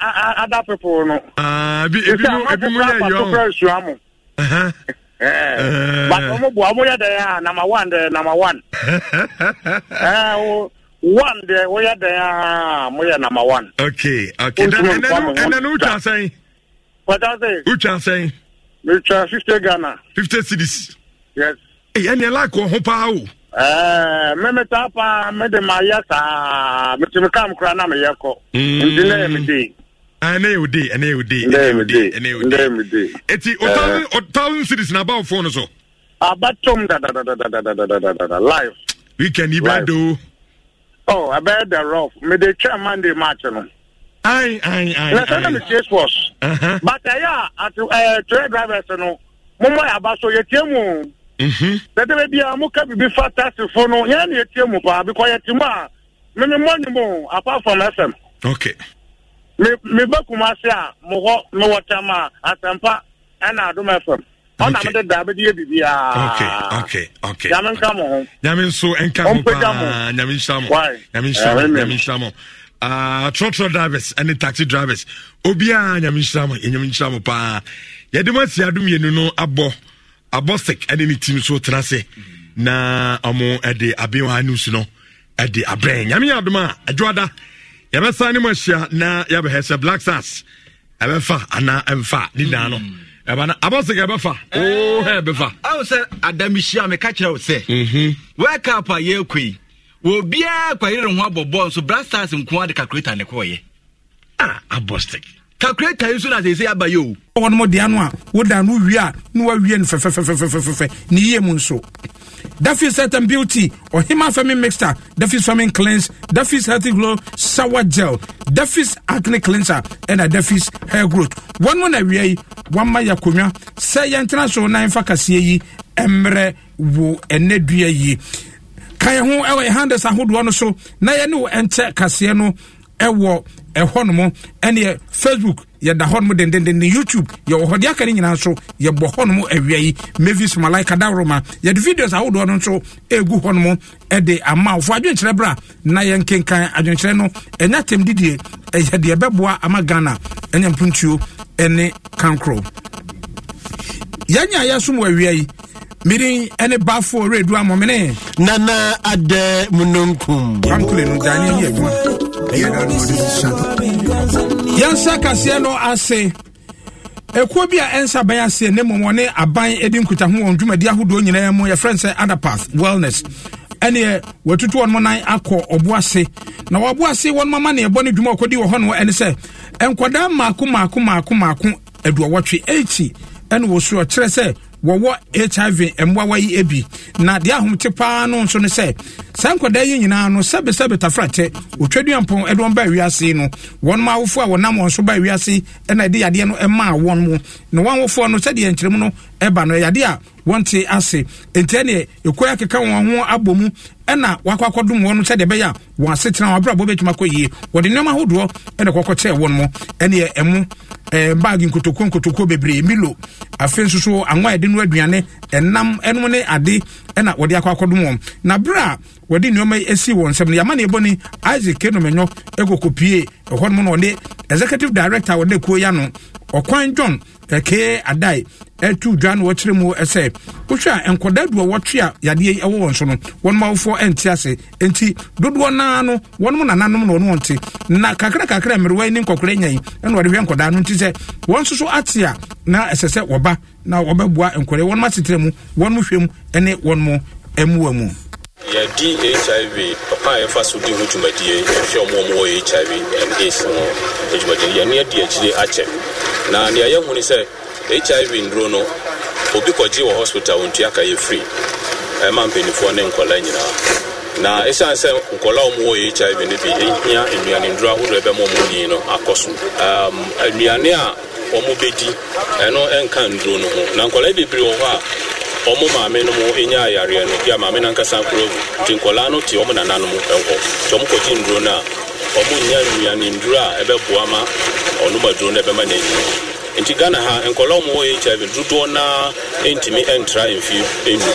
ada pipo no. Ah, ebi ebi mu ebi mu yɛ yɔn. ɛsɛ eh, ɔmo sua mo. but bu ɔmo yɛ dɛ nama one dɛ nama one. ɛɛ eh, one dɛ o yɛ dɛ mo yɛ nama one. okay okay ɛnɛnu ɛnɛnu utwa sɛn. wata se. utwa sɛn. mi twa fifty ghana. fifty cedis. yes. ɛyɛ ni ɛ laako ho paa o. mmemme saa paa mmede ma yɛ saa metumi kam kora na meyɛ kɔ nti na yɛ mede ɛnɛ yɛ ode ɛnɛ yɛ ode ɛnɛ yɛ ode eti o thousand series na abawo fone so. abatom dadadadadadadada live. weekend yi b'a do. oh abɛɛ the rough mede twɛ monday match no. ayi ayi ayi. na sɛ na mi tie sports. bata yɛ a ati ɛɛ ture drivers no mo mɔ yaba so yɛ tie mu. tẹtẹ bẹbi a mo kẹbi bi fa taasi fo no yẹn ni etie mu paa bikọ yẹ ti mu a mímí mọ ni mo apart from fm. okay. mi mi bẹ kumasi a mo họ mi wọ tam a asampa ẹna adum fm. trotro drivers ɛne taxi drivers obiaa nyame nhyira mo yɛnyame nhyira mo paa yɛde mu asi adom yɛnu no abɔ abosik ɛne ne tim so tena ase na ɔmo ɛde abewa news no ɛde abrɛn nyame yɛ adom a adwoada yɛbɛsan ne mu ahyia na yɛbɛhɛ sɛ black stars ɛbɛfa anaa ɛmfa ne daa no ɛba hmm. na abosik ɛbɛfa eh. oo oh, hɛ ɛbɛfa awo sɛ adamihyia meka kyerɛ wo sɛ mhm. wɛkap a yɛkɔ yi wɔbiaa kwayere ho abɔbɔɔ nso black stars nko ade calculator ne kɔɔyɛ ah, abosik calculator yi nso na sese aba yi o. wɔn mo deɛ no a woda no wie a na wawie no fɛfɛfɛfɛfɛfɛ ne yie mu nso Duffy's Health and Beauty, or Hima Family Mixer, Duffy's Family Cleanse, Duffy's Healthy Glow Sour Gel, Duffy's Acne Cleanser, and a Duffy's Hair Growth. One one away, one my yakunya, say international nine fakasie yi, emre wo eneduye yi. Kaya ho ɛwɔ handles ahodoɔ no so na yɛne wo ɛnkyɛ kaseɛ no ɛwɔ ɛhɔ nom ɛneɛ facebook yɛda hɔ nom dendenden youtube yɛwɔ hɔ deɛ aka no nyinaa nso yɛbɔ hɔ nom awia yi mavis malaika dawroma yɛde videos ahodoɔ no nso ɛgu hɔ ɛde ama wofo adwenkyerɛ berɛ a na yɛnkenkan adwenkyerɛ no ɛnyɛ atɛm didie ɛyɛ deɛ ɛbɛboa ama ghana ɛnyɛ mpontuo ɛne kankorɔ yɛnya yɛsom wɔ awia yi mirin ɛne bafo redu amɔmene nana adɛ munonkum kwankule no daneɛ adwuma yɛnsa kaseɛ no ase ɛkuo bi a ɛnsa bɛn aseɛ ne mmom wɔne aban ɛdi nkutaho wɔn dwumadi ahodoɔ nyinaa mu yɛfrɛ sɛ adapath wellness ɛneɛ watutu wɔn nan akɔ ɔbo ase na wɔabo ase wɔn ama ne ɛbɔ dwuma ɔkɔdi wɔ wɔwɔ hiv mmoawa yi bi na deɛ ahomte paa no nso no sɛ saa nkwadaa yi nyinaa no sɛbesɛbe tafrakyɛ otwaduampɔn ɛde wɔn baa wiase no wɔn awofoɔ a wɔnam wɔn so baa wiase ɛna ɛde yadeɛ no maa wɔn mu na wɔn awofoɔ no sɛdeɛ nkyerɛmu no ɛba no yade a wɔnte ase nti ɛneɛ ɛkwan akeka wɔn ho abɔ mu ɛna wakɔ akɔdom wɔn no sɛdeɛ ɛbɛyɛ a wɔn asetena wɔn abrabɔ bɛtuma kɔ yie wɔde nneɛma ahodoɔ ɛna kɔkɔ kyɛɛ wɔn mo ɛneɛ ɛmo ɛɛ baagi nkotokuo nkotokuo bebree milo afei nso so anwa yɛde no aduane ɛnam ɛnum ne ade ɛna wɔde akɔ akɔdom wɔn na bere a wɔde nneɛma yi esi wɔn nsam no yamma na ebɔ ni isaac kenomenyo ɛkɔkɔ pie ɛhɔ nom na ɔde executive director a wɔde kuo ya no ɔkwan john ɛkɛɛ adai ɛtu dwa no wɔkyerɛ mu sɛ wohwɛ a nkɔda du a wɔtwe a yadeɛ ɛwɔ wɔn so no wɔn awofoɔ ɛnte ase nti dodoɔ naa no wɔn nananom na wɔn wɔnte na kakra kakra mmerewa ne nkɔkora nya yi ɛna wɔde hwɛ nkɔda no nti sɛ wɔn nso so ate a na ɛsɛ sɛ wɔba na wɔbɛboa nkɔda wɔn asetena mu wɔn mu hwɛ mu ne wɔn mu ɛmuwa mu. yɛdi hiv papa a yɛfa so di ho dwumadie ɛhwɛ ɔmo ɔmo wɔ hiv and aids no dwumadie yɛne adi akyire akyɛ na nea yɛhu ne sɛ hiv nduro no obi kɔgye wɔ hospital wɔntua ka yɛ firi ɛma eh, mpanimfoɔ ne nkɔla nyinaa na ɛsiane sɛ nkɔla a ɔmwɔ hiv no bi ɛhia nnuane nduro ahodoɔ ɛbɛma ɔmo nii no akɔ so nnuane a ɔmo bɛdi ɛno ɛnka nduro no ho na nkɔla bebree wɔ hɔ a ɔmo maame no mu ɛnya ayareɛ no bia maame no ankasa nkoro agu nti nkɔla no te ɔmo nana no mu ɛnkɔ nti ɔmo kɔgye nduro no a ɔmo nya nnuane nduro a ɛbɛboa ma ɔnom aduro no ɛbɛma n'ani nti ghana ha nkɔla mu wɔ hiv dodoɔ na ntumi ntra mfio ɛnu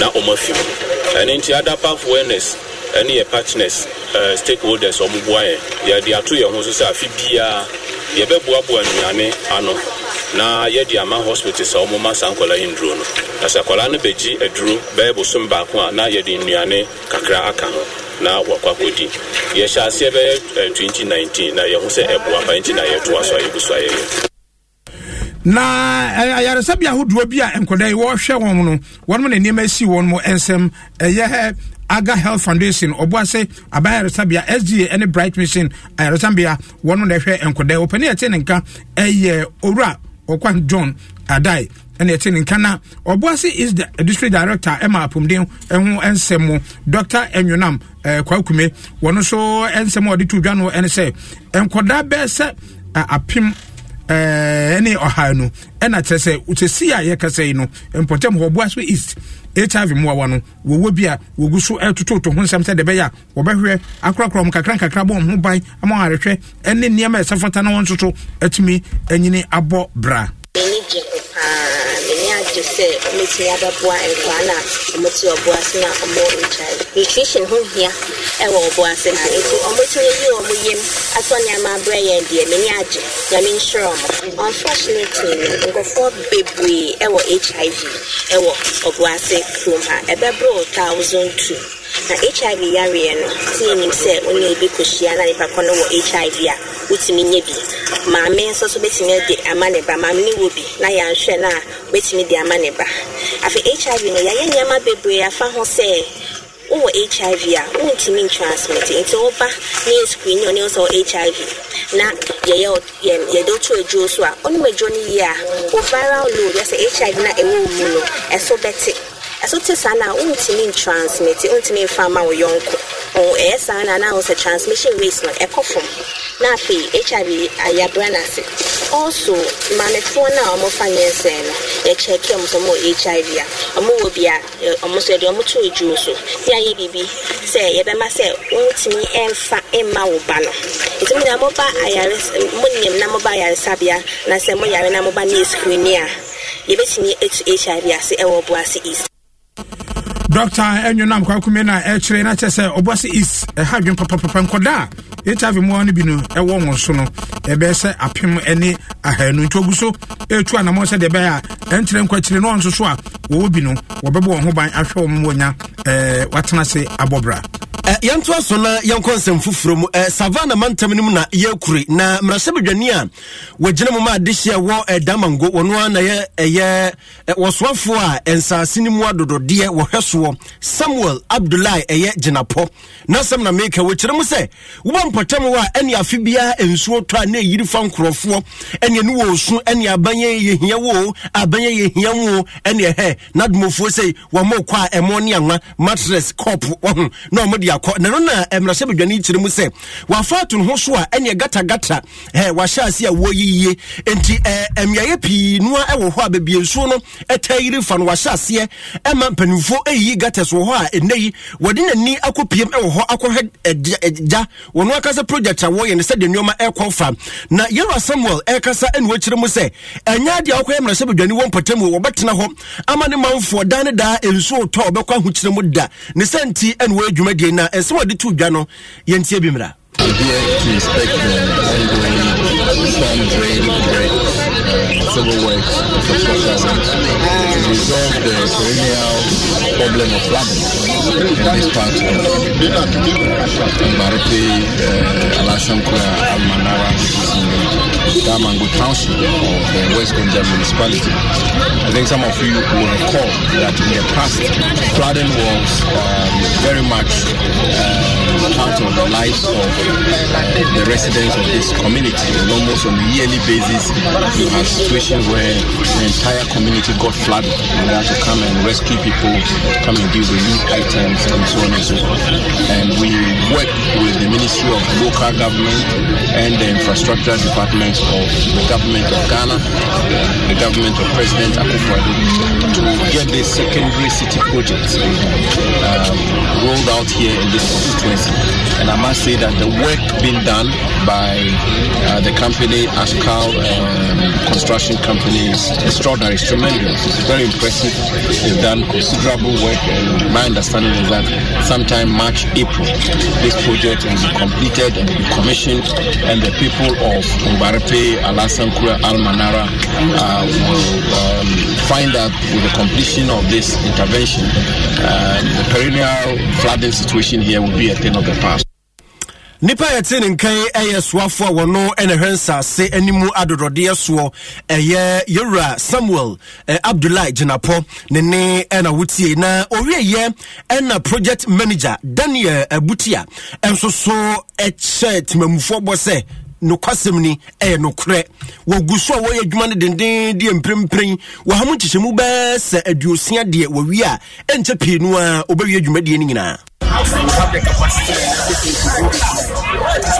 na afi fim ɛne nti adapa awareness ɛne yɛ partners uh, stakeholders ɔmo boa yɛ yɛde ato yɛn ho so sɛ afe biara yɛbɛboaboa nnuane ano na yɛde ama hospital sɛ ɔmo ma saa nkɔla yi nduro no na sɛ akɔla no bɛgye aduro bɛyɛ bosom baako a na yɛde nnuane kakra aka ho na wakɔ akɔdi yɛhyɛ aseɛ bɛyɛ 2019 eh, na yɛho sɛ ɛboa pa nti na yɛtoa so a yɛgu so ayɛyɛ na ayaresabea ahodoɔ bi a nkɔda yi wɔrehwɛ wɔn no wɔn na nneɛma si wɔn mo nsɛm ɛyɛ aga health foundation ɔboa sɛ aba ayaresabea sda ne bright mission ayaresabea wɔn na ɛhwɛ nkɔda yi ɔpanin ɛte ne nka ɛyɛ owura ɔkwan john adai ɛna ɛte ne nka na ɔboa is the district director ɛma apɔmuden ɛho nsɛm mo dr enyonam ɛɛ kwakume wɔn nso nsɛm a ɔde to dwa no ɛne sɛ nkɔda bɛɛ sɛ apim ɛne eh, ɔha no ɛna kyerɛ sɛ sɛsii a yɛkɛsɛ yi no mpɔtam hɔ boa so east hiv mmoawa no wɔwɔ bi a wɔgu so tototo ho nsɛm sɛ de bɛyɛ a wɔbɛhwɛ akorakora mu kakra nkakra bɔ ɔmo ho ban ama ɔharehwɛ ne nneɛma ɛsɛ fata no wɔn nso so atumi anyini abɔ braa. m'ani gye ho paa m'ani agye sɛ ɔmɛtumi abɛboa nkɔa no a ɔmɔte ɔboa ase na ɔmɔ nkyae nutrition ho hia ɛwɔ ɔboa ase na nti ɔmɔtumi yi ɔmo yam asɔ nneɛma abrɛ yɛn deɛ m'ani agye nyame nhyerɛ ɔmo unfortunately no nkɔfoɔ bebree ɛwɔ hiv ɛwɔ ɔboa ase kurom ha ɛbɛbrɛ o thousand two na hiv yareɛ no tinim sɛ wonya bi kɔhyia na nipa kɔ no wɔ hiv a wotumi nyɛ bi maame nso so bɛtumi de ama ne ba maame ne wɔ bi na yɛanhwɛ no a wobɛtumi de ama ne ba afei hiv no yɛayɛ nneɛma bebree afa ho sɛ wowɔ hiv a wontumi ntransmit nti woba ne yɛ screen ɔne sɛ hiv na yɛyɛ yɛde woto adwuro so a ɔnom adwuro no yie a wo viral load ɛsɛ hiv no a ɛwɔ mu no ɛso bɛte ɛso te saa na wontumi ntransmit wontumi mfa ma wo yɔnko ɛyɛ saa na anaho sɛ transmission waste no ɛkɔ fam na afei hiv ayabra no ase also no a ɔmofa nyɛnsɛn no a ɔmo ɔmo too so ne ayɛ biribi sɛ yɛbɛma sɛ wontumi ɛmfa wo na moba ayares mo na moba ayaresabea na sɛ na hiv ase ɛwɔ dɔkta ɛnwonam kwakumi eh, no ɛkyerɛ na kyɛ sɛ ɔbɔse is ɛha eh, dwen papapapa nkɔda a hiv mmoa no bi no ɛwɔ wɔn so no ɛbɛyɛ sɛ apem ne ahanu nti ogu so ɛtu anammɔ sɛdeɛ ɛbɛyɛ a ɛnkyerɛ nkwakyire na ɔnso so a wɔwɔ bi no wɔbɛbɔ wɔn ho ban ahwɛ wɔn wɔnya ɛɛ watena ase abɔbra yɛntoa so na yɛnkɔ nsɛm foforɔ mu savanna mantam no mu na yɛkure na mmarahyɛ badwani a wɔgyina mu ma adehye ɛwɔ damango wɔno a na ɛyɛ wɔsoafoɔ a ɛnsase no mu adododeɛ wɔhwɛ soɔ samuel abdullahi ɛyɛ gyinapɔ na sɛm na meka wɔkyerɛ mu sɛ wobɔ mpɔtam wɔ a ɛne afe biara nsuo tɔ a na ɛyiri fa nkurɔfoɔ ɛne ɛne wɔ osu ɛne abɛnyɛ yɛhia wo abɛnyɛ yɛhia wo ɛne ɛhɛ na domofoɔ sɛ wɔma kɔ a ɛmo ne anwa matress cop ɔho na ɔmo de akɔ na no na eh, mmarahyɛ badwane kyerɛ mu sɛ wafa ato ne ho so a ɛne gata ɛ eh, wahyɛ ase a wɔyi yie nti ɛɛ eh, mmeayɛ pii noa ɛwɔ hɔ a baabi nsuo no ɛta yiri fa no wahyɛ aseɛ ɛma mpanimfoɔ ɛyiyi gatas wɔ akasa project a wɔyɛ no sɛdeɛ nneɔma ɛkɔ fa na yɛwura samuel ɛkasa ɛne mu sɛ ɛnyɛ adeɛ wokɔyɛ mmarahyɛ badwane wɔ mpɔtam wɔ wɔbɛtena hɔ ama ne manfoɔ da ne daa nsuo tɔ wɔbɛkɔ ahokyerɛ mu da ne sɛ nti ɛne wɔ adwumadie na ɛnsɛm wɔde to dwa no yɛntie bi mmara Civil works and resolve the perennial problem of flooding in this part of Mbarete, uh, Alasankura, Almanara, Damangu Township of the West Gonja Municipality. I think some of you will recall that in the past, flooding was um, very much uh, part of the lives of uh, the residents of this community. And almost on a yearly basis, you have situations where the entire community got flooded and we had to come and rescue people, come and give relief items and so on and so forth. And we worked with the Ministry of Local Government and the Infrastructure Department of the Government of Ghana, the government of President Akufo-Addo, to get the secondary city project um, rolled out here in this constituency. And I must say that the work being done by uh, the company Ascal um, Construction Companies extraordinary, it's tremendous, it's very impressive. They've done considerable work, and my understanding is that sometime March, April, this project will be completed and be commissioned, and the people of Mbarape, Alasankura, Almanara uh, will um, find that with the completion of this intervention, uh, the perennial flooding situation here will be a thing of the past. nipa yɛte ne nkan ɛyɛ soafoɔ a wɔno ɛna hwɛ nsase anim adodɔdeɛ soɔ ɛyɛ yɛwura samuel eh, abdullahi gyinapɔ ne ne ɛna wotie na ɔwieyɛ ɛna project manager daniel abutia ɛnso so ɛkyɛ timamufoɔ bɔ sɛ nokwasɛm ni ɛyɛ nokorɛ wɔgu so a wɔyɛ adwuma no dendendeɛ mprempren wɔha mu nkyehyɛmu bɛɛ sɛ aduosia deɛ wɔwie a ɛnkyɛ pii no a wɔbɛwie adwumadeɛ no nyinaa You have the capacity and everything to do this.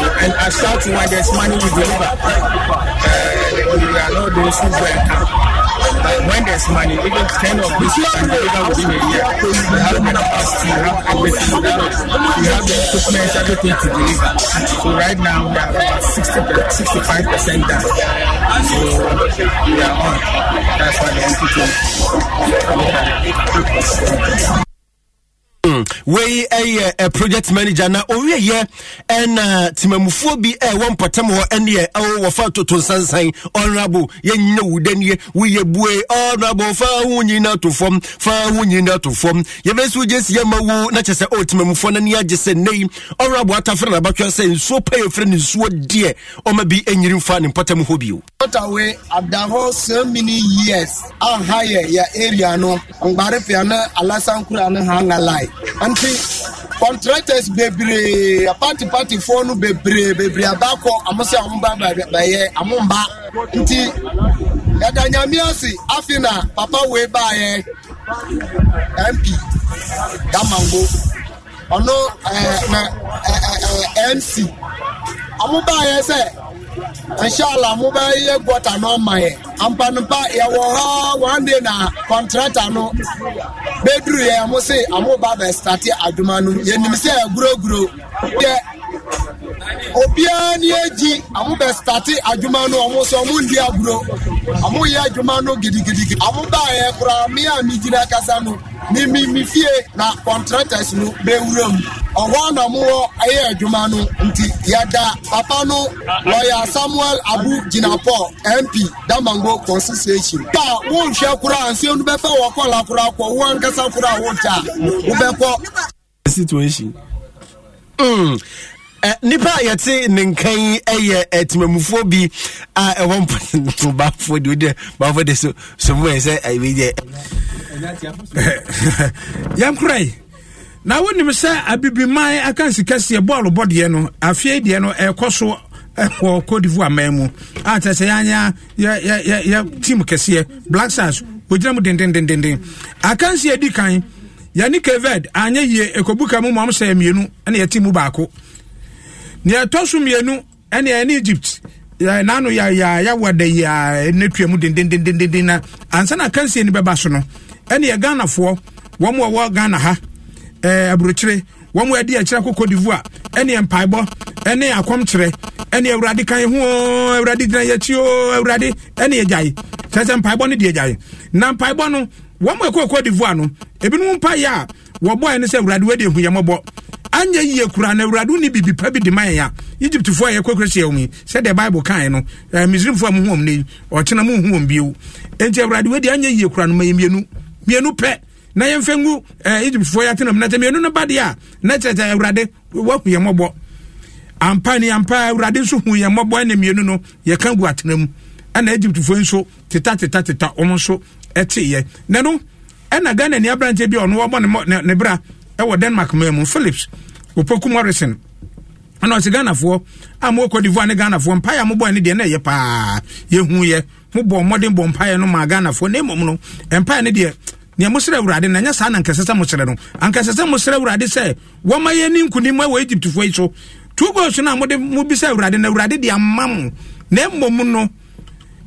So, and as such, when there's money, you deliver. Uh, we are not those who welcome. But when there's money, even 10 of this can deliver within a year. You have the capacity, we have everything, you have the equipment, everything to deliver. So right now we are about 60, 65% done. So we are on. That's why I want to do wei ɛyɛ eh, project manager na ɔwieyɛ ɛna ah, timamufoɔ bi ɛwɔ eh, mpɔtam hɔ ɛneɛ ɛwɔ wɔfa toto nsansan ɔnrabo yɛnyina wo danie woyɛ bue ɔnrabo fa ho nyina to fam fa ho nyina to fam yɛbɛ so gye si ma wo na kyɛ sɛ ɔ oh, timamufoɔ no ne agye sɛ nei ɔnrabo atafra na abatwa sɛ nsuo pa yɛfrɛ ne nsuo deɛ ɔma bi ɛnyiri mfa ne mpɔtam hɔ bio Away ada hɔ so many years aha yɛ ya area no ngbarefia ne alasankura ne hanga line nti contractors bebree party party foɔ no bebree bebree abakɔ ɔmo sɛ ɔmo ba bɛyɛ ɔmo mba nti yɛda nyame afi na papa wei baayɛ mp damango ɔno ɛɛ ɛɛ ɛɛ mc ɔmo baayɛ sɛ. inshallah mobile ihe gwọta n'ọmanye ampanpa yɛwɔ hɔ one day na kɔntrata no bɛduru yɛn mo se bɛ starte adwuma no yɛnim sɛ ɛguroguro deɛ obiara ni edi amu bɛ stati adwuma no ɔmo sɛ ɔmo ndi aguro ɔmo yɛ adwuma no gidigidi ɔmo ba yɛ kura mi a mi gyina kasa no mi mi mi fie na contractors no bɛ wura mu ɔhɔ na mo wɔ ɛyɛ adwuma no nti yɛda papa no lɔya samuel abu gyina paul mp damango constitution ta wɔnhwɛ kura nsuo no bɛfɛ wɔkɔ lakura kɔ wɔn ankasa kura wɔn ta wɔbɛkɔ. situation Mm. nipa a yɛte ne nka yi yɛ atimamufoɔ bi a ɛwɔ mpɔnto baafoɔ deɛ wodeɛ baafoɔ de so somu yɛ sɛ ɛwɛyɛ yɛnkora yi na wonim sɛ abibiman aka nsikɛseɛ bɔɔlo bɔdeɛ no afei deɛ no ɛkɔ so ya cote divoire aman mu a kyerɛ sɛ yɛanyɛ yɛ team kɛseɛ black stars wɔgyina mu dendendendenden akansi adi kan yɛne keved anyɛ yie ɛkɔbuka mu ma ɔmsɛ mmienu ɛne yɛte mu baako neɛ ɛtɔ so mmienu ɛne ɛne egypt n'ano yɛayɛwɔ da yia ɛnɛ tua mu dendendendenden na ansa na akansie no bɛba so no ɛne yɛ ghanafoɔ wɔn a wɔwɔ ghana ha ɛɛ aburokyire wɔn a ɛde akyerɛ koko divoa ɛne mpaebɔ ɛne akɔmkyerɛ ɛne awurade kan ho awurade gyina yɛkyi o awurade ɛne yɛgyae kyerɛ sɛ mpaebɔ no deɛ gyae na mpaebɔ no wɔn mu ɛkɔ ɛkɔ divoa no ebinom mpa yɛ a wɔbɔ yɛn sɛ awurade wadi ehu yɛn mɔbɔ anya yie kura na awurade ni bibi pa bi di ma yɛn ya egyptfoɔ a yɛ kɔ kura hyɛ sɛdeɛ bible kan no ɛɛ misrimfoɔ a mo hu wɔn ne ɔkyena mo hu wɔn bio nti awurade wadi anya yie kura no ma yɛ mienu mienu pɛ na yɛn fɛ ngu ɛɛ egyptfoɔ yɛ atena mu na sɛ mienu no ba deɛ a na kyerɛkyerɛ awurade wahu yɛn mɔbɔ ampa ni ampa awurade nso hu yɛn mɔbɔ ɛna mienu no yɛka gu atena mu ɛna egyptfoɔ nso teta teta teta wɔn nso ɛteyɛ na no ɛna ghana ni aberanteɛ bi a ɔno wɔbɔ ne bra ɛwɔ denmark maa mu phillips opoku morrison ɛna ɔsɛ ghanafoɔ a mo kɔ divoire ne ghanafoɔ mpaeɛ a mobɔɛ no deɛ na ɛyɛ paa yɛhu yɛ mobɔ mmɔden bɔ mpaeɛ no maa ghanafoɔ na mmom no mpaeɛ no deɛ nea mosrɛ awurade na ɛnyɛ saa na nkɛsɛ sɛ mosrɛ no ankɛsɛ sɛ mosrɛ awurade sɛ wɔma yɛni nkonim ɛwɔ egyptfoɔ yi so two goals no a mode mobisa awurade na awurade de ama mo na mmom no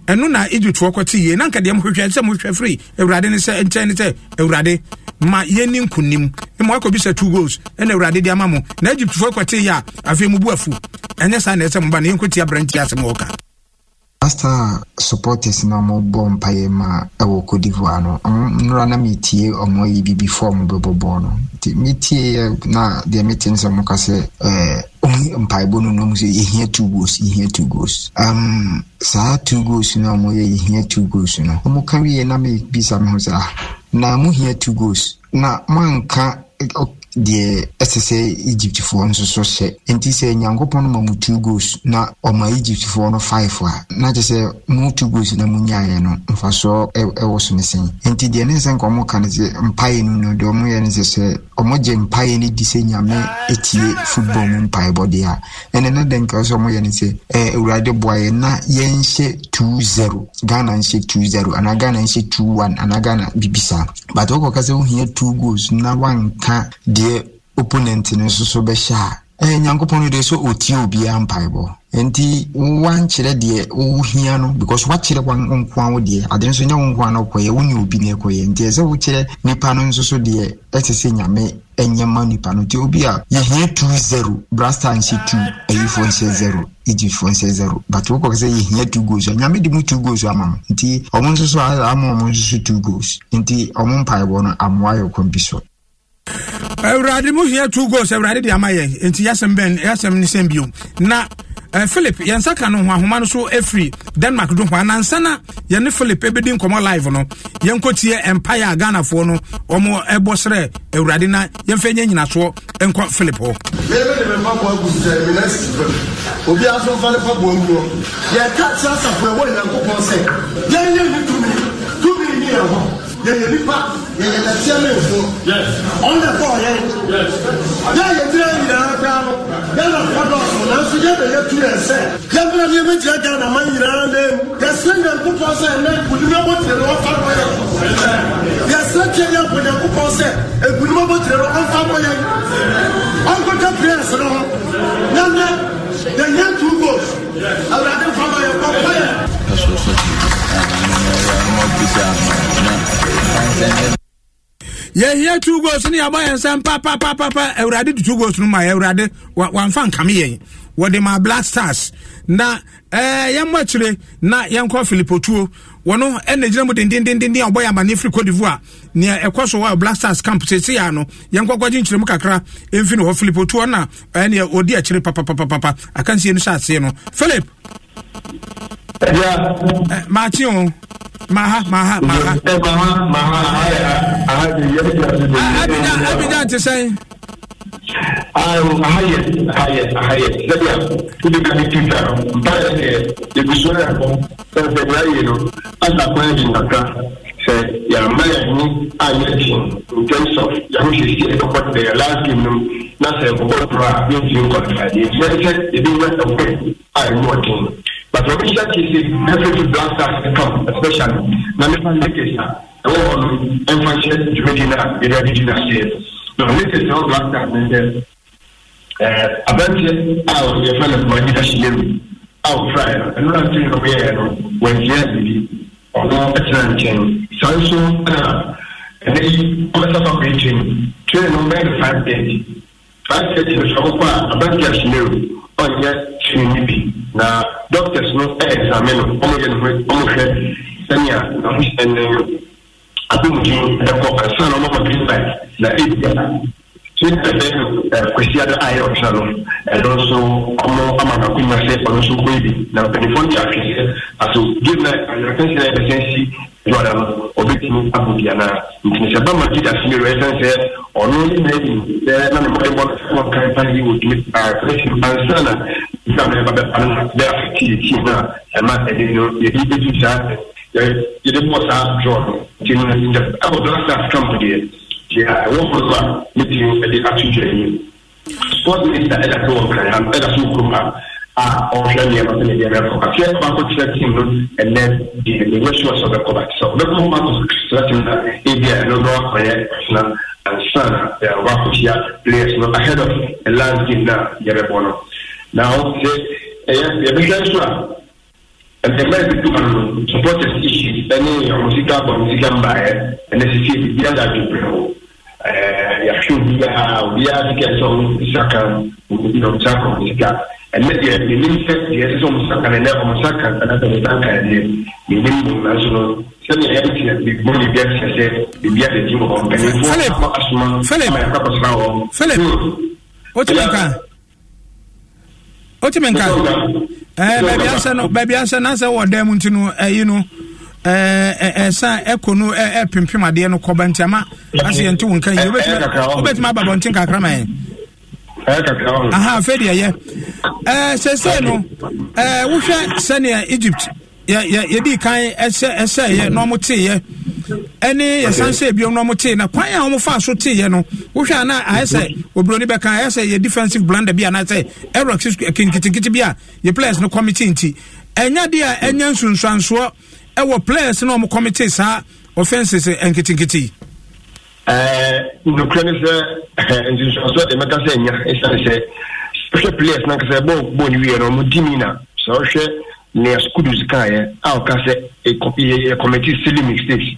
ɛno na egyptfoɔ kɔte yie na nkadeɛ mohwehwɛ sɛ mohwehwɛ firi awurade ne sɛ nkyɛn ne sɛ awurade ma yɛni nkonim ne moakɔ bi sɛ two goals ɛna awurade de ama mo na egyptfoɔ kɔte yie a afei mubu afu ɛnyɛ saa na ɛsɛ moba na yɛnkɔti aberanti asɛm wɔka asta supporters e na ɔmo bɔ mpaeɛ ma ɛwɔ cote d'ivoire no na metie ɔmo yi bibi fɔm bɛbɔbɔ no nti metie na deɛ mete n sɛ ɔmo ka sɛ ɛɛ mpaebɔ no nom sɛ yɛhia two goals yɛhia two goals um, saa two goals no ɔmo yɛ yɛhia two goals no ɔmo ka wie na mebisa me ho sɛ ah na mohia two goals na moanka deɛ ɛsɛ sɛ egyptfoɔ nso so hyɛ nti sɛ nyankopɔn ma mu two goals na ɔma egyptfoɔ no five a na kyɛ sɛ mu two goals na mu nyaeɛ no mfasoɔ ɛwɔ so ne sɛn nti deɛ ne nsɛ nka ɔmo ka no sɛ mpaeɛ no no deɛ ɔmo yɛ no sɛ sɛ ɔmo gye mpaeɛ no di sɛ nyame etie football mu mpaebɔ deɛ a ɛnɛ na dɛn ka sɛ ɔmo yɛ no sɛ ɛɛ awurade boa na yɛnhyɛ two zero ghana nhyɛ two zero anaa ghana nhyɛ two one anaa ghana bibi saa but ɔkɔ ka ohia two goals na wanka deɛ deɛ opponent no nso so bɛhyɛ a ɛɛ nyankopɔn no deɛ sɛ ɔtie obiara mpaebɔ nti wankyerɛ deɛ wohia no because wakyerɛ wankoa wo deɛ ade nso nyɛ wo nkoa no kɔyɛ wone obi ne ɛkɔyɛ nti ɛsɛ wokyerɛ nnipa no nso so deɛ ɛte sɛ nyame ɛnyɛ ma nnipa no nti obi a yɛhia 20 brasta nhyɛ 2 ayifoɔ nhyɛ 0 egyptfoɔ nhyɛ 0 but wokɔ sɛ yɛhia 2 goals a nyame de mu 2 goals ama mo nti ɔmo nso so ama ɔmo nso so 2 goals nti ɔmo mpaebɔ no amoa yɛ kwan bi so awurade mu hia two goals awurade de ama yɛn nti yɛsɛm bɛn yɛsɛm ne sɛm bio na uh, philip yɛn nsaka no ho ahoma no so afiri denmark do ho anansa na yɛne philip ɛbɛdi nkɔmmɔ live no yɛnkɔtie empire a ghanafoɔ no ɔmo ɛbɔ serɛ na yɛmfa nyɛ nyinasoɔ nkɔ philip hɔ me mpaboa sɛ obi mfa ne yɛka kyerɛ nyankopɔn sɛ yɛnyɛ ne tumi tumi yẹyẹ nipa yẹyẹ lẹsẹ mẹfọ ọn lẹ fọ yẹ yẹ yẹ tẹ nyinaa kaa no yẹ lọ fọ dọọsọ nanso yẹ bẹ yẹ tu yẹ sẹ yẹ bẹ yẹ bẹ gyina gyina nama nyinaa lẹ mu yẹ sẹ yẹ nkupọ sẹ ẹnẹ gbudumẹ bọ tẹ lọ ọfa bọ yẹ yẹ sẹ tiẹ yẹ bọ yẹ nkupọ sẹ egbudumẹ bọ tẹ lọ ọfa bọ yẹ ọnkọtẹ pẹlẹ sẹ lọ yẹ nẹ yẹ yẹ tu goals awurade fama yẹ kọ kọ yẹ. yɛhia two goals no yɛbɔ yɛn nsɛm papapapapa awurade de no ma awurade wamfa nkame yɛn wɔde ma black stars na ɛɛ akyire na tuo ɛna gyina mu a ɔbɔ yɛ amane firi cote divoire nea ɛkɔ so wɔ black stars camp ya no yɛn kɔkɔ gye kakra no hɔ tuo na ɛɛ nea papa akyire papapapapa akansie no hyɛ aseɛ no philip. maakye o maha maha maha maha maha aha aha aha abigya aha sɛn aha ahayɛ ahayɛ sɛbia wode ka ne tita no mpaɛ sɛ yɛgusuo yɛ akɔ sɛ sɛ brayɛ no asakɔ agye nkakra sɛ yɛama yɛhene anyɛ tim in terms of yɛhohyesie ɛbɛkɔ dɛ yɛ last game nom na sɛ nkɔkɔ dorɔ a yɛntumi nkɔntradeɛ sɛ sɛ yɛbi wɛ ɛwɛ a ɛmu ɔden but obi hyɛ kyesi ɛfiri black stars come, especially na nipa lakers a ɛwɔ hɔ no ɛnfa hyɛ dwumadi na yɛde adi gyina aseɛ na lakers ɛwɔ black stars ne sɛ ɛɛ abɛnteɛ a yɛfɛ no kɔn gyina hyɛ mu a ofura yɛ ɛno na ti na ɔyɛ yɛ no wɔnhyɛ bibi ɔno ɛtena nkyɛn saa nso ɛna ɛnɛ yi ɔbɛsa fa kɔ ekyir mu train no bɛyɛ five days, five thirty no so ɔkɔ a abɛnteɛ hyɛ mu ɔnyɛ train no bi na doctors no examine no wɔn yɛ nuhu wɔn hwɛ sɛnea ɛnɛ atomdin ɛkɔ ɛsan na wɔn ma green light na ebi a twin ɛfɛ ɛ kwesi adi a yɛ ɔtena no ɛno nso wɔn ama na kunyɛ sɛ ɔno nso kɔ ebi na mpanyinfoɔ no yɛ ahwɛ sɛ aso game na ɛnɛ kɛse na ɛbɛsɛn si jordan obetumi abodi ana nti sɛ bama juda simiro ɛsɛn sɛ ɔno ne na ɛdi sɛ na ne mɔde bɔ sɛ ɔkan pan yi wɔ tumi fɛsi ansa na juda mɛ ba bɛ pan bɛ afɛti yɛ tiim na ɛma ɛdi no yɛdi bɛtu saa yɛde bɔ saa jordan nti no nti ɛwɔ dɔla sa trump deɛ deɛ ɛwɔ hɔ so a ɔhwɛ nneɛma sɛ nneɛma ɛkɔ ba fiyɛ baako kyerɛ tim no ɛnɛ deɛ ne wɔsi wɔ sɛ ɔbɛkɔ ba sɛ ɔbɛkɔ mu baako kyerɛ tim na ebi a ɛno dɔɔ akɔyɛ ɛsena ansan a wakɔhyia players no ahead of the last game na yɛbɛbɔ no na ɔsɛ ɛyɛ yɛbɛhwɛ nso a ntɛmɛ yɛ tutu ano supporters issue. ɛne ɔmo sika bɔ ɔmo sika mbaayɛ ɛnɛ sisi ebi ada adwumbrɛ o ɛɛ yɛahwɛ obiara obiara sika ɛsɛ ɔmo sika kan obi na sika kɔ ɔmo ɛnɛ deɛ menim sɛ deɛ ɛsɛ sɛ ɔmo sa kan ɛnɛ ɔmo sa kan anasɛ ɔmo sa kan mo nanso no sɛdeɛ ɛyɛ ti na bibi mo bibi akyerɛ sɛ bibi ada di wɔ hɔ mpanimfoɔ asoma ama yɛkɔ akɔsra wɔ. philip wotumi nka wotumi nka ɛɛ baabi asɛ no baabi asɛ n'asɛ wɔ dan mu nti no ɛyi no ɛɛ ɛsan ɛkɔ no ɛɛ ɛpimpim adeɛ no kɔba nti ama asɛ yɛn ti wɔn kan yi wobɛtumi ababɔnten kakra ma yɛn. aha afei deɛ yɛ sɛsei no wohwɛ sɛnea egypt yɛdii kan ɛsɛeɛ na ɔmo teeɛ ɛne yɛsan sɛ biom na ɔmo tee na kwan a ɔmo faa so teeɛ no wohwɛ ana ayɛ sɛ oburoni bɛka ayɛ sɛ yɛ defensive blunder bi anaasɛ error kinkitikiti bi a yɛ players no committee nti ɛnya deɛ a ɛnya nsunsuansoɔ ɛwɔ players na ɔmo committee saa offences nkitikiti nukura eh, eh, ne sɛ nsusuaso e e, e eh, de mɛka sɛ nya ɛsiane sɛ wohwɛ players na kasɛ bɔ bɔ ne wieɛ no ɔmo di mi na sɛ wohwɛ nea schools kaeɛ a woka sɛ yɛ committee silly mistakes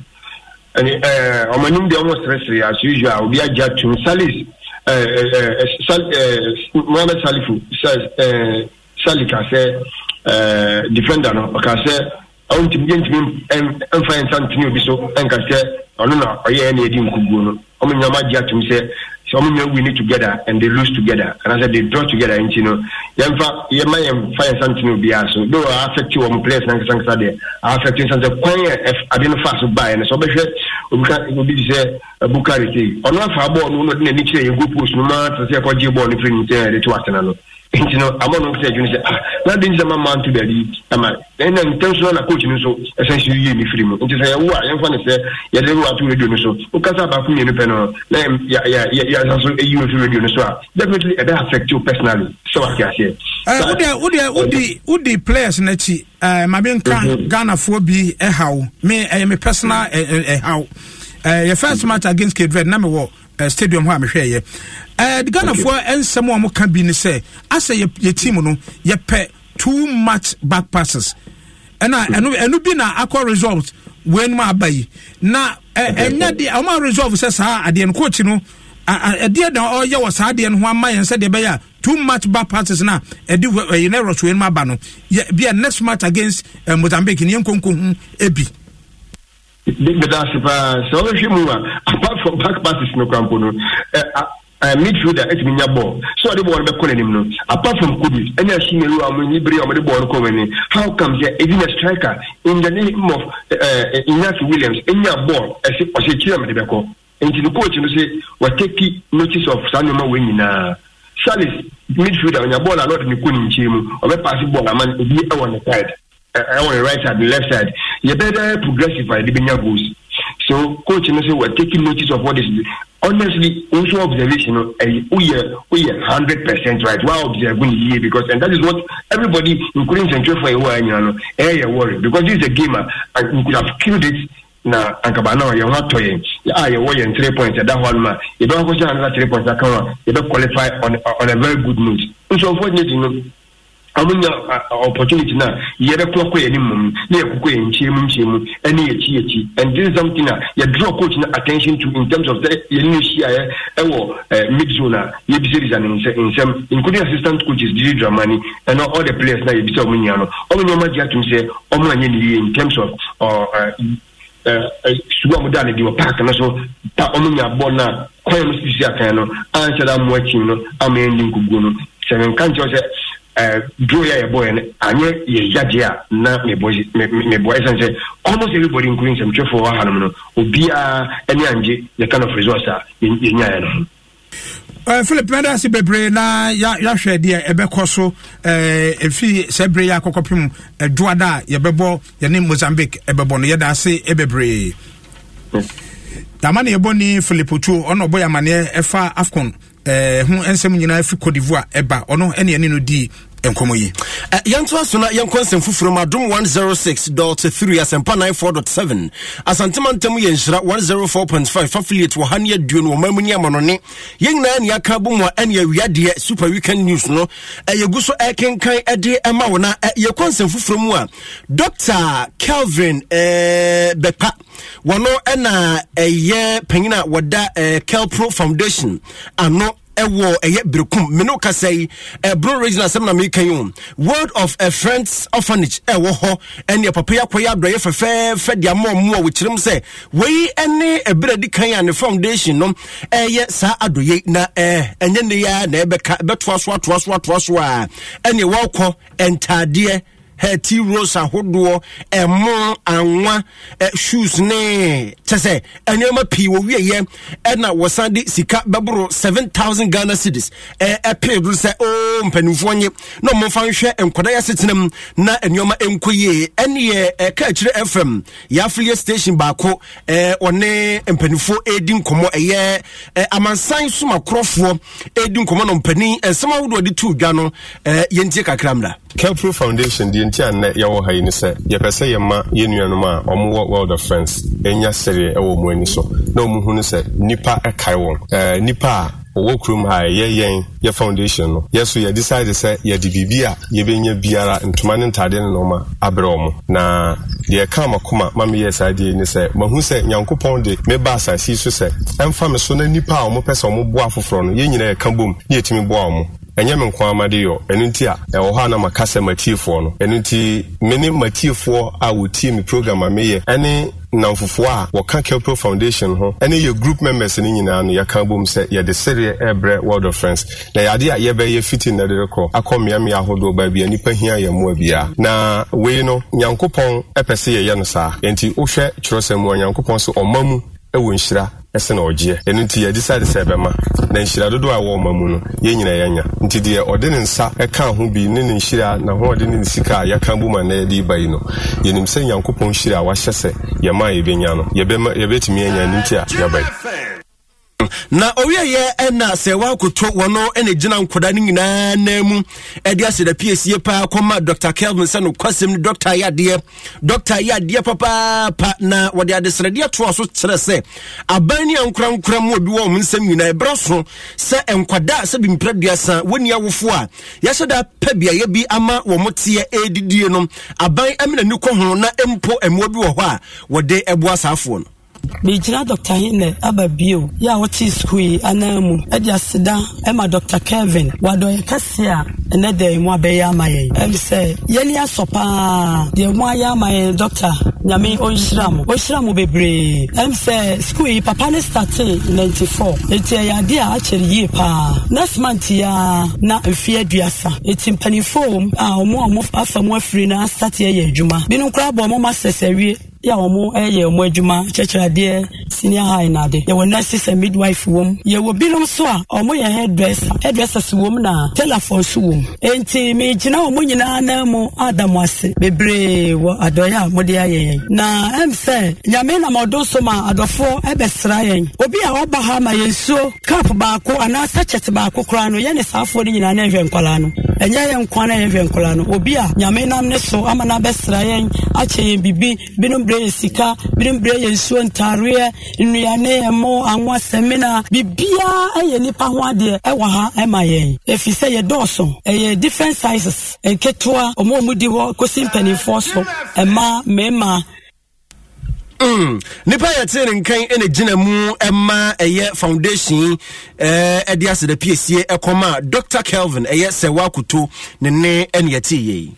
ɔmo anim deɛ ɔmo seresere as usual obi agye atum salis mohamed salifu sali ka sɛ defender no ɔka sɛ ntumi yɛntumi mfa nsa ntene obi so nka sɛ ɔno na ɔyɛ ɛna yɛdi nkuguo no ɔmo nyinaa ɔmo agye atum sɛ sɛ ɔmo nyinaa win together and they lose together anaasɛ they draw together nti no yɛmfa yɛma yɛmfa yɛnsa ntene obiara so do a affecti wɔn players nankasankasa deɛ a affecti nsa sɛ kwan yɛ ade no fa so baeɛ no sɛ ɔbɛhwɛ obi ka obi ti sɛ eh, bukari sei ɔno afa bɔɔl no ɔno de n'ani kyerɛ yɛ go post no maa te sɛ ɛkɔgye bɔɔl no firi ne nkyɛn yɛde to atena no nti no ama no sɛ adwene sɛ na de nsɛm ama nto baabi ama ɛna ntɛm so na coach no so ɛsan si yie ne firi mu nti sɛ yɛwo a yɛmfa ne sɛ yɛde wo ato radio no so wokasa baako mmienu pɛ no na yɛasa so ɛyi wo firi radio no so a definitely ɛbɛ affect you personally sɛ wate aseɛ eh, wode players no akyi eh, mabe nka mhm. ghanafoɔ bi ɛhaw me ɛyɛ eh, me personal ɛhaw yɛ first match against cape verde na mewɔ stadium hɔ a mehwɛɛyɛ ɛɛ eh, ghanafoɔ eh, nsɛm a wɔn ka bi ne sɛ asɛ yɛ team no yɛpɛ two match back passes ɛna ɛnu ɛnu bi na akɔ result wɔn anim aba yi na ɛnya de wɔn a result sɛ saa adeɛ no coach no ɛdeɛ na ɔyɛ wɔ saa adeɛ no ho ama yɛn sɛ deɛ bɛyɛ a two match back passes na ɛde ɛyɛ na ɛrɔso wɔn aba no yɛ bia next match against ɛɛ eh, mozambique ne yɛn nkonko ho ebi. dèbè dà sí paa sọ wọ́n fi mu apart from back passes no kwan no Eh, midfielder ɛtumi nya bɔɔl so ɔde bɔɔl bɛkɔ n'anim no apart from kudus ɛna asumelu a wɔn yibire a wɔde bɔɔl kɔ wɔn ani how come sɛ even a striker in the name of eh, eh, inyasi williams enya bɔɔl ɛsi ɔsi kyerɛ mu de bɛkɔ nti ne coach no sɛ wɔteki notice of saa nneɛma wɔ nyinaa salis midfielder ɔnya bɔɔl a lɔɔre ne kɔ ne nkyɛn mu ɔbɛpaase bɔɔl ama ebi ɛwɔ ne side ɛwɔ ne right side ne left side yɛbɛyɛ progressive a yɛde bɛnya goals so coach no sɛ wɔteki notice of what is honestly also observation ɛyi woyɛ woyɛ hundred percent right wa observe ni yie because and that is what everybody including Central for ha nyina no ɛyɛ yɛ worry because this is a game and you could have killed it na ankaba na yɛn ho atɔ yɛn a yɛwɔ yɛn three points ɛda hɔ anoma yɛbɛn akɔhyɛ another three points aka ho a yɛbɛ qualify on on a very good note nso unfortunately no amunya opportunity na yɛrɛ kɔ kɔ yɛ ni mɔmu ne yɛ kɔkɔ yɛ nkyɛn mu nkyɛn mu ɛne yɛ kyi yɛ kyi and this is something na yɛ draw coach na attention to in terms of sɛ yɛn ni si ayɛ ɛwɔ e, ɛɛ e, mid zone a yɛ bi se bisa ne nsɛ nsɛm including assistant coaches didi dramani ɛnna all the players na yɛ bi sɛ ɔmo nyina no ɔmo nyɛ ɔmo agye atum sɛ ɔmo anyɛ ne yie in terms of ɔɔ ɛɛ sugu a mo da ne di wɔ park no so ta ɔmo nya bɔ na kwan yɛ mo sisi akan no anhyɛ da mo akyi no ama yɛn di nkuguo no sɛ nka nkyɛw sɛ draw eh, ya yɛ bɔyɛ no anyɛ yɛ yadeɛ a na mɛ mebɔ ɛsiane sɛ almost everybody including sɛmtwɛfoɔ wɔ hanom no obiaa ne angye yɛ kind of resource a yɛnyaeɛ no ho Uh, philip mɛda ase bebree na yahwɛ yɛahwɛ deɛ ɛbɛkɔ so ɛfiri sɛ berɛ yɛ akɔkɔpem ɛdoada a yɛbɛbɔ yɛne mozambique ɛbɛbɔ no yɛda ase bebree dama ne yɛbɔ ni philip otuo ɔna ɔbɔ yɛ amanneɛ ɛfa e afcon ɛho eh, nsɛm nyinaa firi cote d'ivoire ɛba ɔno ɛne ɛne no dii nkɔmmɔ yi yɛnto aso na yɛnkɔ nsɛm foforɔ mu adom 106.3 asɛmpa dot seven ntam yɛ nhyira 104.5 affiliate wɔ ha ne aduo no wɔma mu ne amanɔne yɛn nyinaa ne aka bɔ mu a ɛne awiadeɛ super weekend news no yɛgu so ɛkenkan de ma wo na yɛkɔ nsɛm foforɔ mu a dr calvin bɛpa wɔno ɛna ɛyɛ panyin a wɔda kelpro foundation ano ɛwɔ ɛyɛ berekum mene kasa yi ɛbro regional asɛm na meka yi o world of a friends orphanage ɛwɔ hɔ ɛne papa yi akɔyɛ adɔyɛ fɛfɛɛfɛ de ama ɔmo a wɔkyerɛ m sɛ wei ɛne ɛberɛ adi kan a ne foundation no ɛyɛ saa adɔyɛ na ɛnyɛ ne yɛ na ɛbɛka ɛbɛtoa so atoa so atoa so a ɛne wɔkɔ ɛntaadeɛ hair tea rolls ahodoɔ ɛmo anwa shoes ne kyɛ sɛ nneɛma pii wɔ wieyɛ ɛna wɔsan de sika bɛboro seven thousand ghana cities ɛpee do sɛ oo oh, mpanimfoɔ nye na ɔmomfa nhwɛ nkwadaa yɛ asetena mu na nneɛma nkɔ yie ɛneɛ ɛka akyire fm yɛafilie station baako ɔne mpanimfoɔ ɛredi nkɔmmɔ ɛyɛ amansan somakorɔfoɔ ɛredi nkɔmmɔ na mpanin nsɛm ahodoɔ de tuu dwa no yɛntie kakra mmra capro foundation deɛ deɛ nti a nnɛ yɛwɔ ha yi ne sɛ yɛpɛ sɛ yɛma yɛn nuanom a ɔmowɔ world of friends ɛnya sereɛ ɛwɔ ɔmo ani so na ɔmo hu no sɛ nipa ɛkae wɔn ɛɛ nipa a ɔwɔ kurom ha yɛ yɛn yɛ foundation no yɛso yɛ decide sɛ yɛde biribi a yɛbɛnya biara ntoma ne ntadeɛ ne nɔɔma abrɛ ɔmo na deɛ ɛka ma koma ma meyɛ saa deɛ ne sɛ mahu sɛ nyankopɔn de meba asase yi so sɛ ɛmfa me so na nipa a ɔmo pɛ sɛ ɔmo boa afoforɔ no yɛn nyinaa yɛka bom na yɛtumi boa ɔmo ɛnyɛ me nko amade yɔ ɛno nti a ɛwɔ hɔ a na maka sɛ matiefoɔ no ɛno nti me matiefoɔ a wɔtie me program a meyɛ ɛne nnamfofoɔ a wɔka Kelpro Foundation ho ɛne yɛ group members no nyinaa no yɛka bom sɛ yɛde sereɛ ɛrebrɛ World of Friends na yɛade a yɛbɛyɛ fiti na de rekɔ akɔ mmeammea ahodoɔ baabi a nnipa hia yɛ mmoa biara na wei no nyankopɔn ɛpɛ sɛ yɛyɛ no saa enti wohwɛ kyerɛsɛm mu a nyankopɔn sɛ ɔma mu ɛwɔ e nhyira ɛsɛ na ɔgyeɛ ɛno nti yɛde sade sɛ ɛbɛma na nhyira dodoɔ a ɛwɔ ɔma mu no yɛn nyina yɛanya nti deɛ ɔde ne nsa ɛka ho bi ne ne nhyira na ho ɔde ne sika a yɛaka bu ma na yɛde ba yi no yɛnim sɛ nyankopɔn hyira a wahyɛ sɛ yɛma a yɛbɛnya no yɛbɛtumi anya no nti a yɛba yi na ɔwieyɛ ɛna sɛ woakoto wɔno ɛne gyina nkɔda no nyinaa na mu ɛde ahyɛ da piesie paa kɔma dr kelvin sɛ nokwasɛm no dr yɛ dr yɛ adeɛ papaapa na wɔde adesrɛdeɛ toa so kyerɛ sɛ aban ne ankorankora mu obi wɔ ɔm nsɛm nyinaa ɛberɛ so sɛ ɛnkwada sɛ bimprɛduasa wɔnni awofo a yɛhyɛ da pɛ biayɛ bi ama wɔ mo teɛ ɛdidie no aban ɛmenani kɔ ho na mpo mmoa bi wɔ hɔ a wɔde ɛboa saafoɔ no birigyina dr hinne aba bio yɛ a wɔte sukuu yi anan mu de aseda ma dr kevin wadɔyɛ kɛseɛ a ɛnɛ dan mu abɛyɛ ama yɛn ɛbi sɛ yɛni asɔ paa deɛ mu ayɛ ama yɛn dr nyame ɔnhyira mo ɔnhyira mo bebree ɛm sɛ sukuu yi papa ne startee ninety four eti ɛyɛ adeɛ a akyɛre yie paa next month ya na mfe aduasa eti mpanimfoɔ a wɔn a wɔn afa mu afiri na asate yɛ adwuma binom koraa bɔ wɔn ma sɛsɛ wie yɛ a wɔn yɛ wɔn adwuma kyerɛkyerɛdeɛ senior high na ade yɛwɔ nurses and midwife wɔm yɛwɔ binom nso a wɔn yɛ hairdresser hairdressers wɔm na tailorfoɔ nso wɔm nti megyina wɔn nyinaa nan mu ada ase bebree wɔ adɔeɛ a wɔde ayɛ yɛn na ɛm sɛ nyame nam ɔdo so ma adɔfoɔ ɛbɛsra yɛn obi a ɔba ha ma yɛn nsuo cup baako anaa sachet baako koraa no yɛne saafoɔ no nyinaa ne nhwɛ nkwadaa no ɛnyɛ yɛn nkwa na yɛn nhwɛ nkwadaa no obi a nyame nam ne so ama na abɛsra yɛn akyɛ yɛn bibi binom bere bɛbrɛ sika biribirɛ yɛ nsuo ntareɛ nnuane ɛmo anwa sɛmina biribiaa ɛyɛ nipa ho adeɛ ɛwɔ ha ɛma yɛn ɛfiri sɛ yɛdɔɔso ɛyɛ different sizes nketewa ɔmo ɔmo di hɔ kɔsi mpanimfoɔ so ɛma mmarima mm. nipa yɛte ne nkan ɛna gyina mu ɛma ɛyɛ foundation ɛde asɛ da piesie ɛkɔm a dr kelvin ɛyɛ sɛ wakoto ne ne ɛne yɛte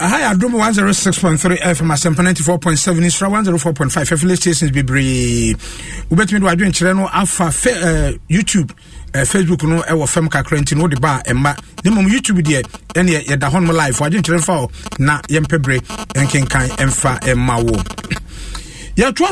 aha yɛ adom 106.3 fm asɛmpa 94.7 nsra 104.5 fm stations bebree wobɛtumi de wadwenkyerɛ no afa fe, uh, youtube uh, facebook no ɛwɔ fam kakra nti no wode ba a ɛma na mmom youtube deɛ ɛneɛ yɛda hɔnom life. wadwenkyerɛ mfa o na yɛmpɛ berɛ ɛnkenkan ɛmfa ɛma wo yɛtoa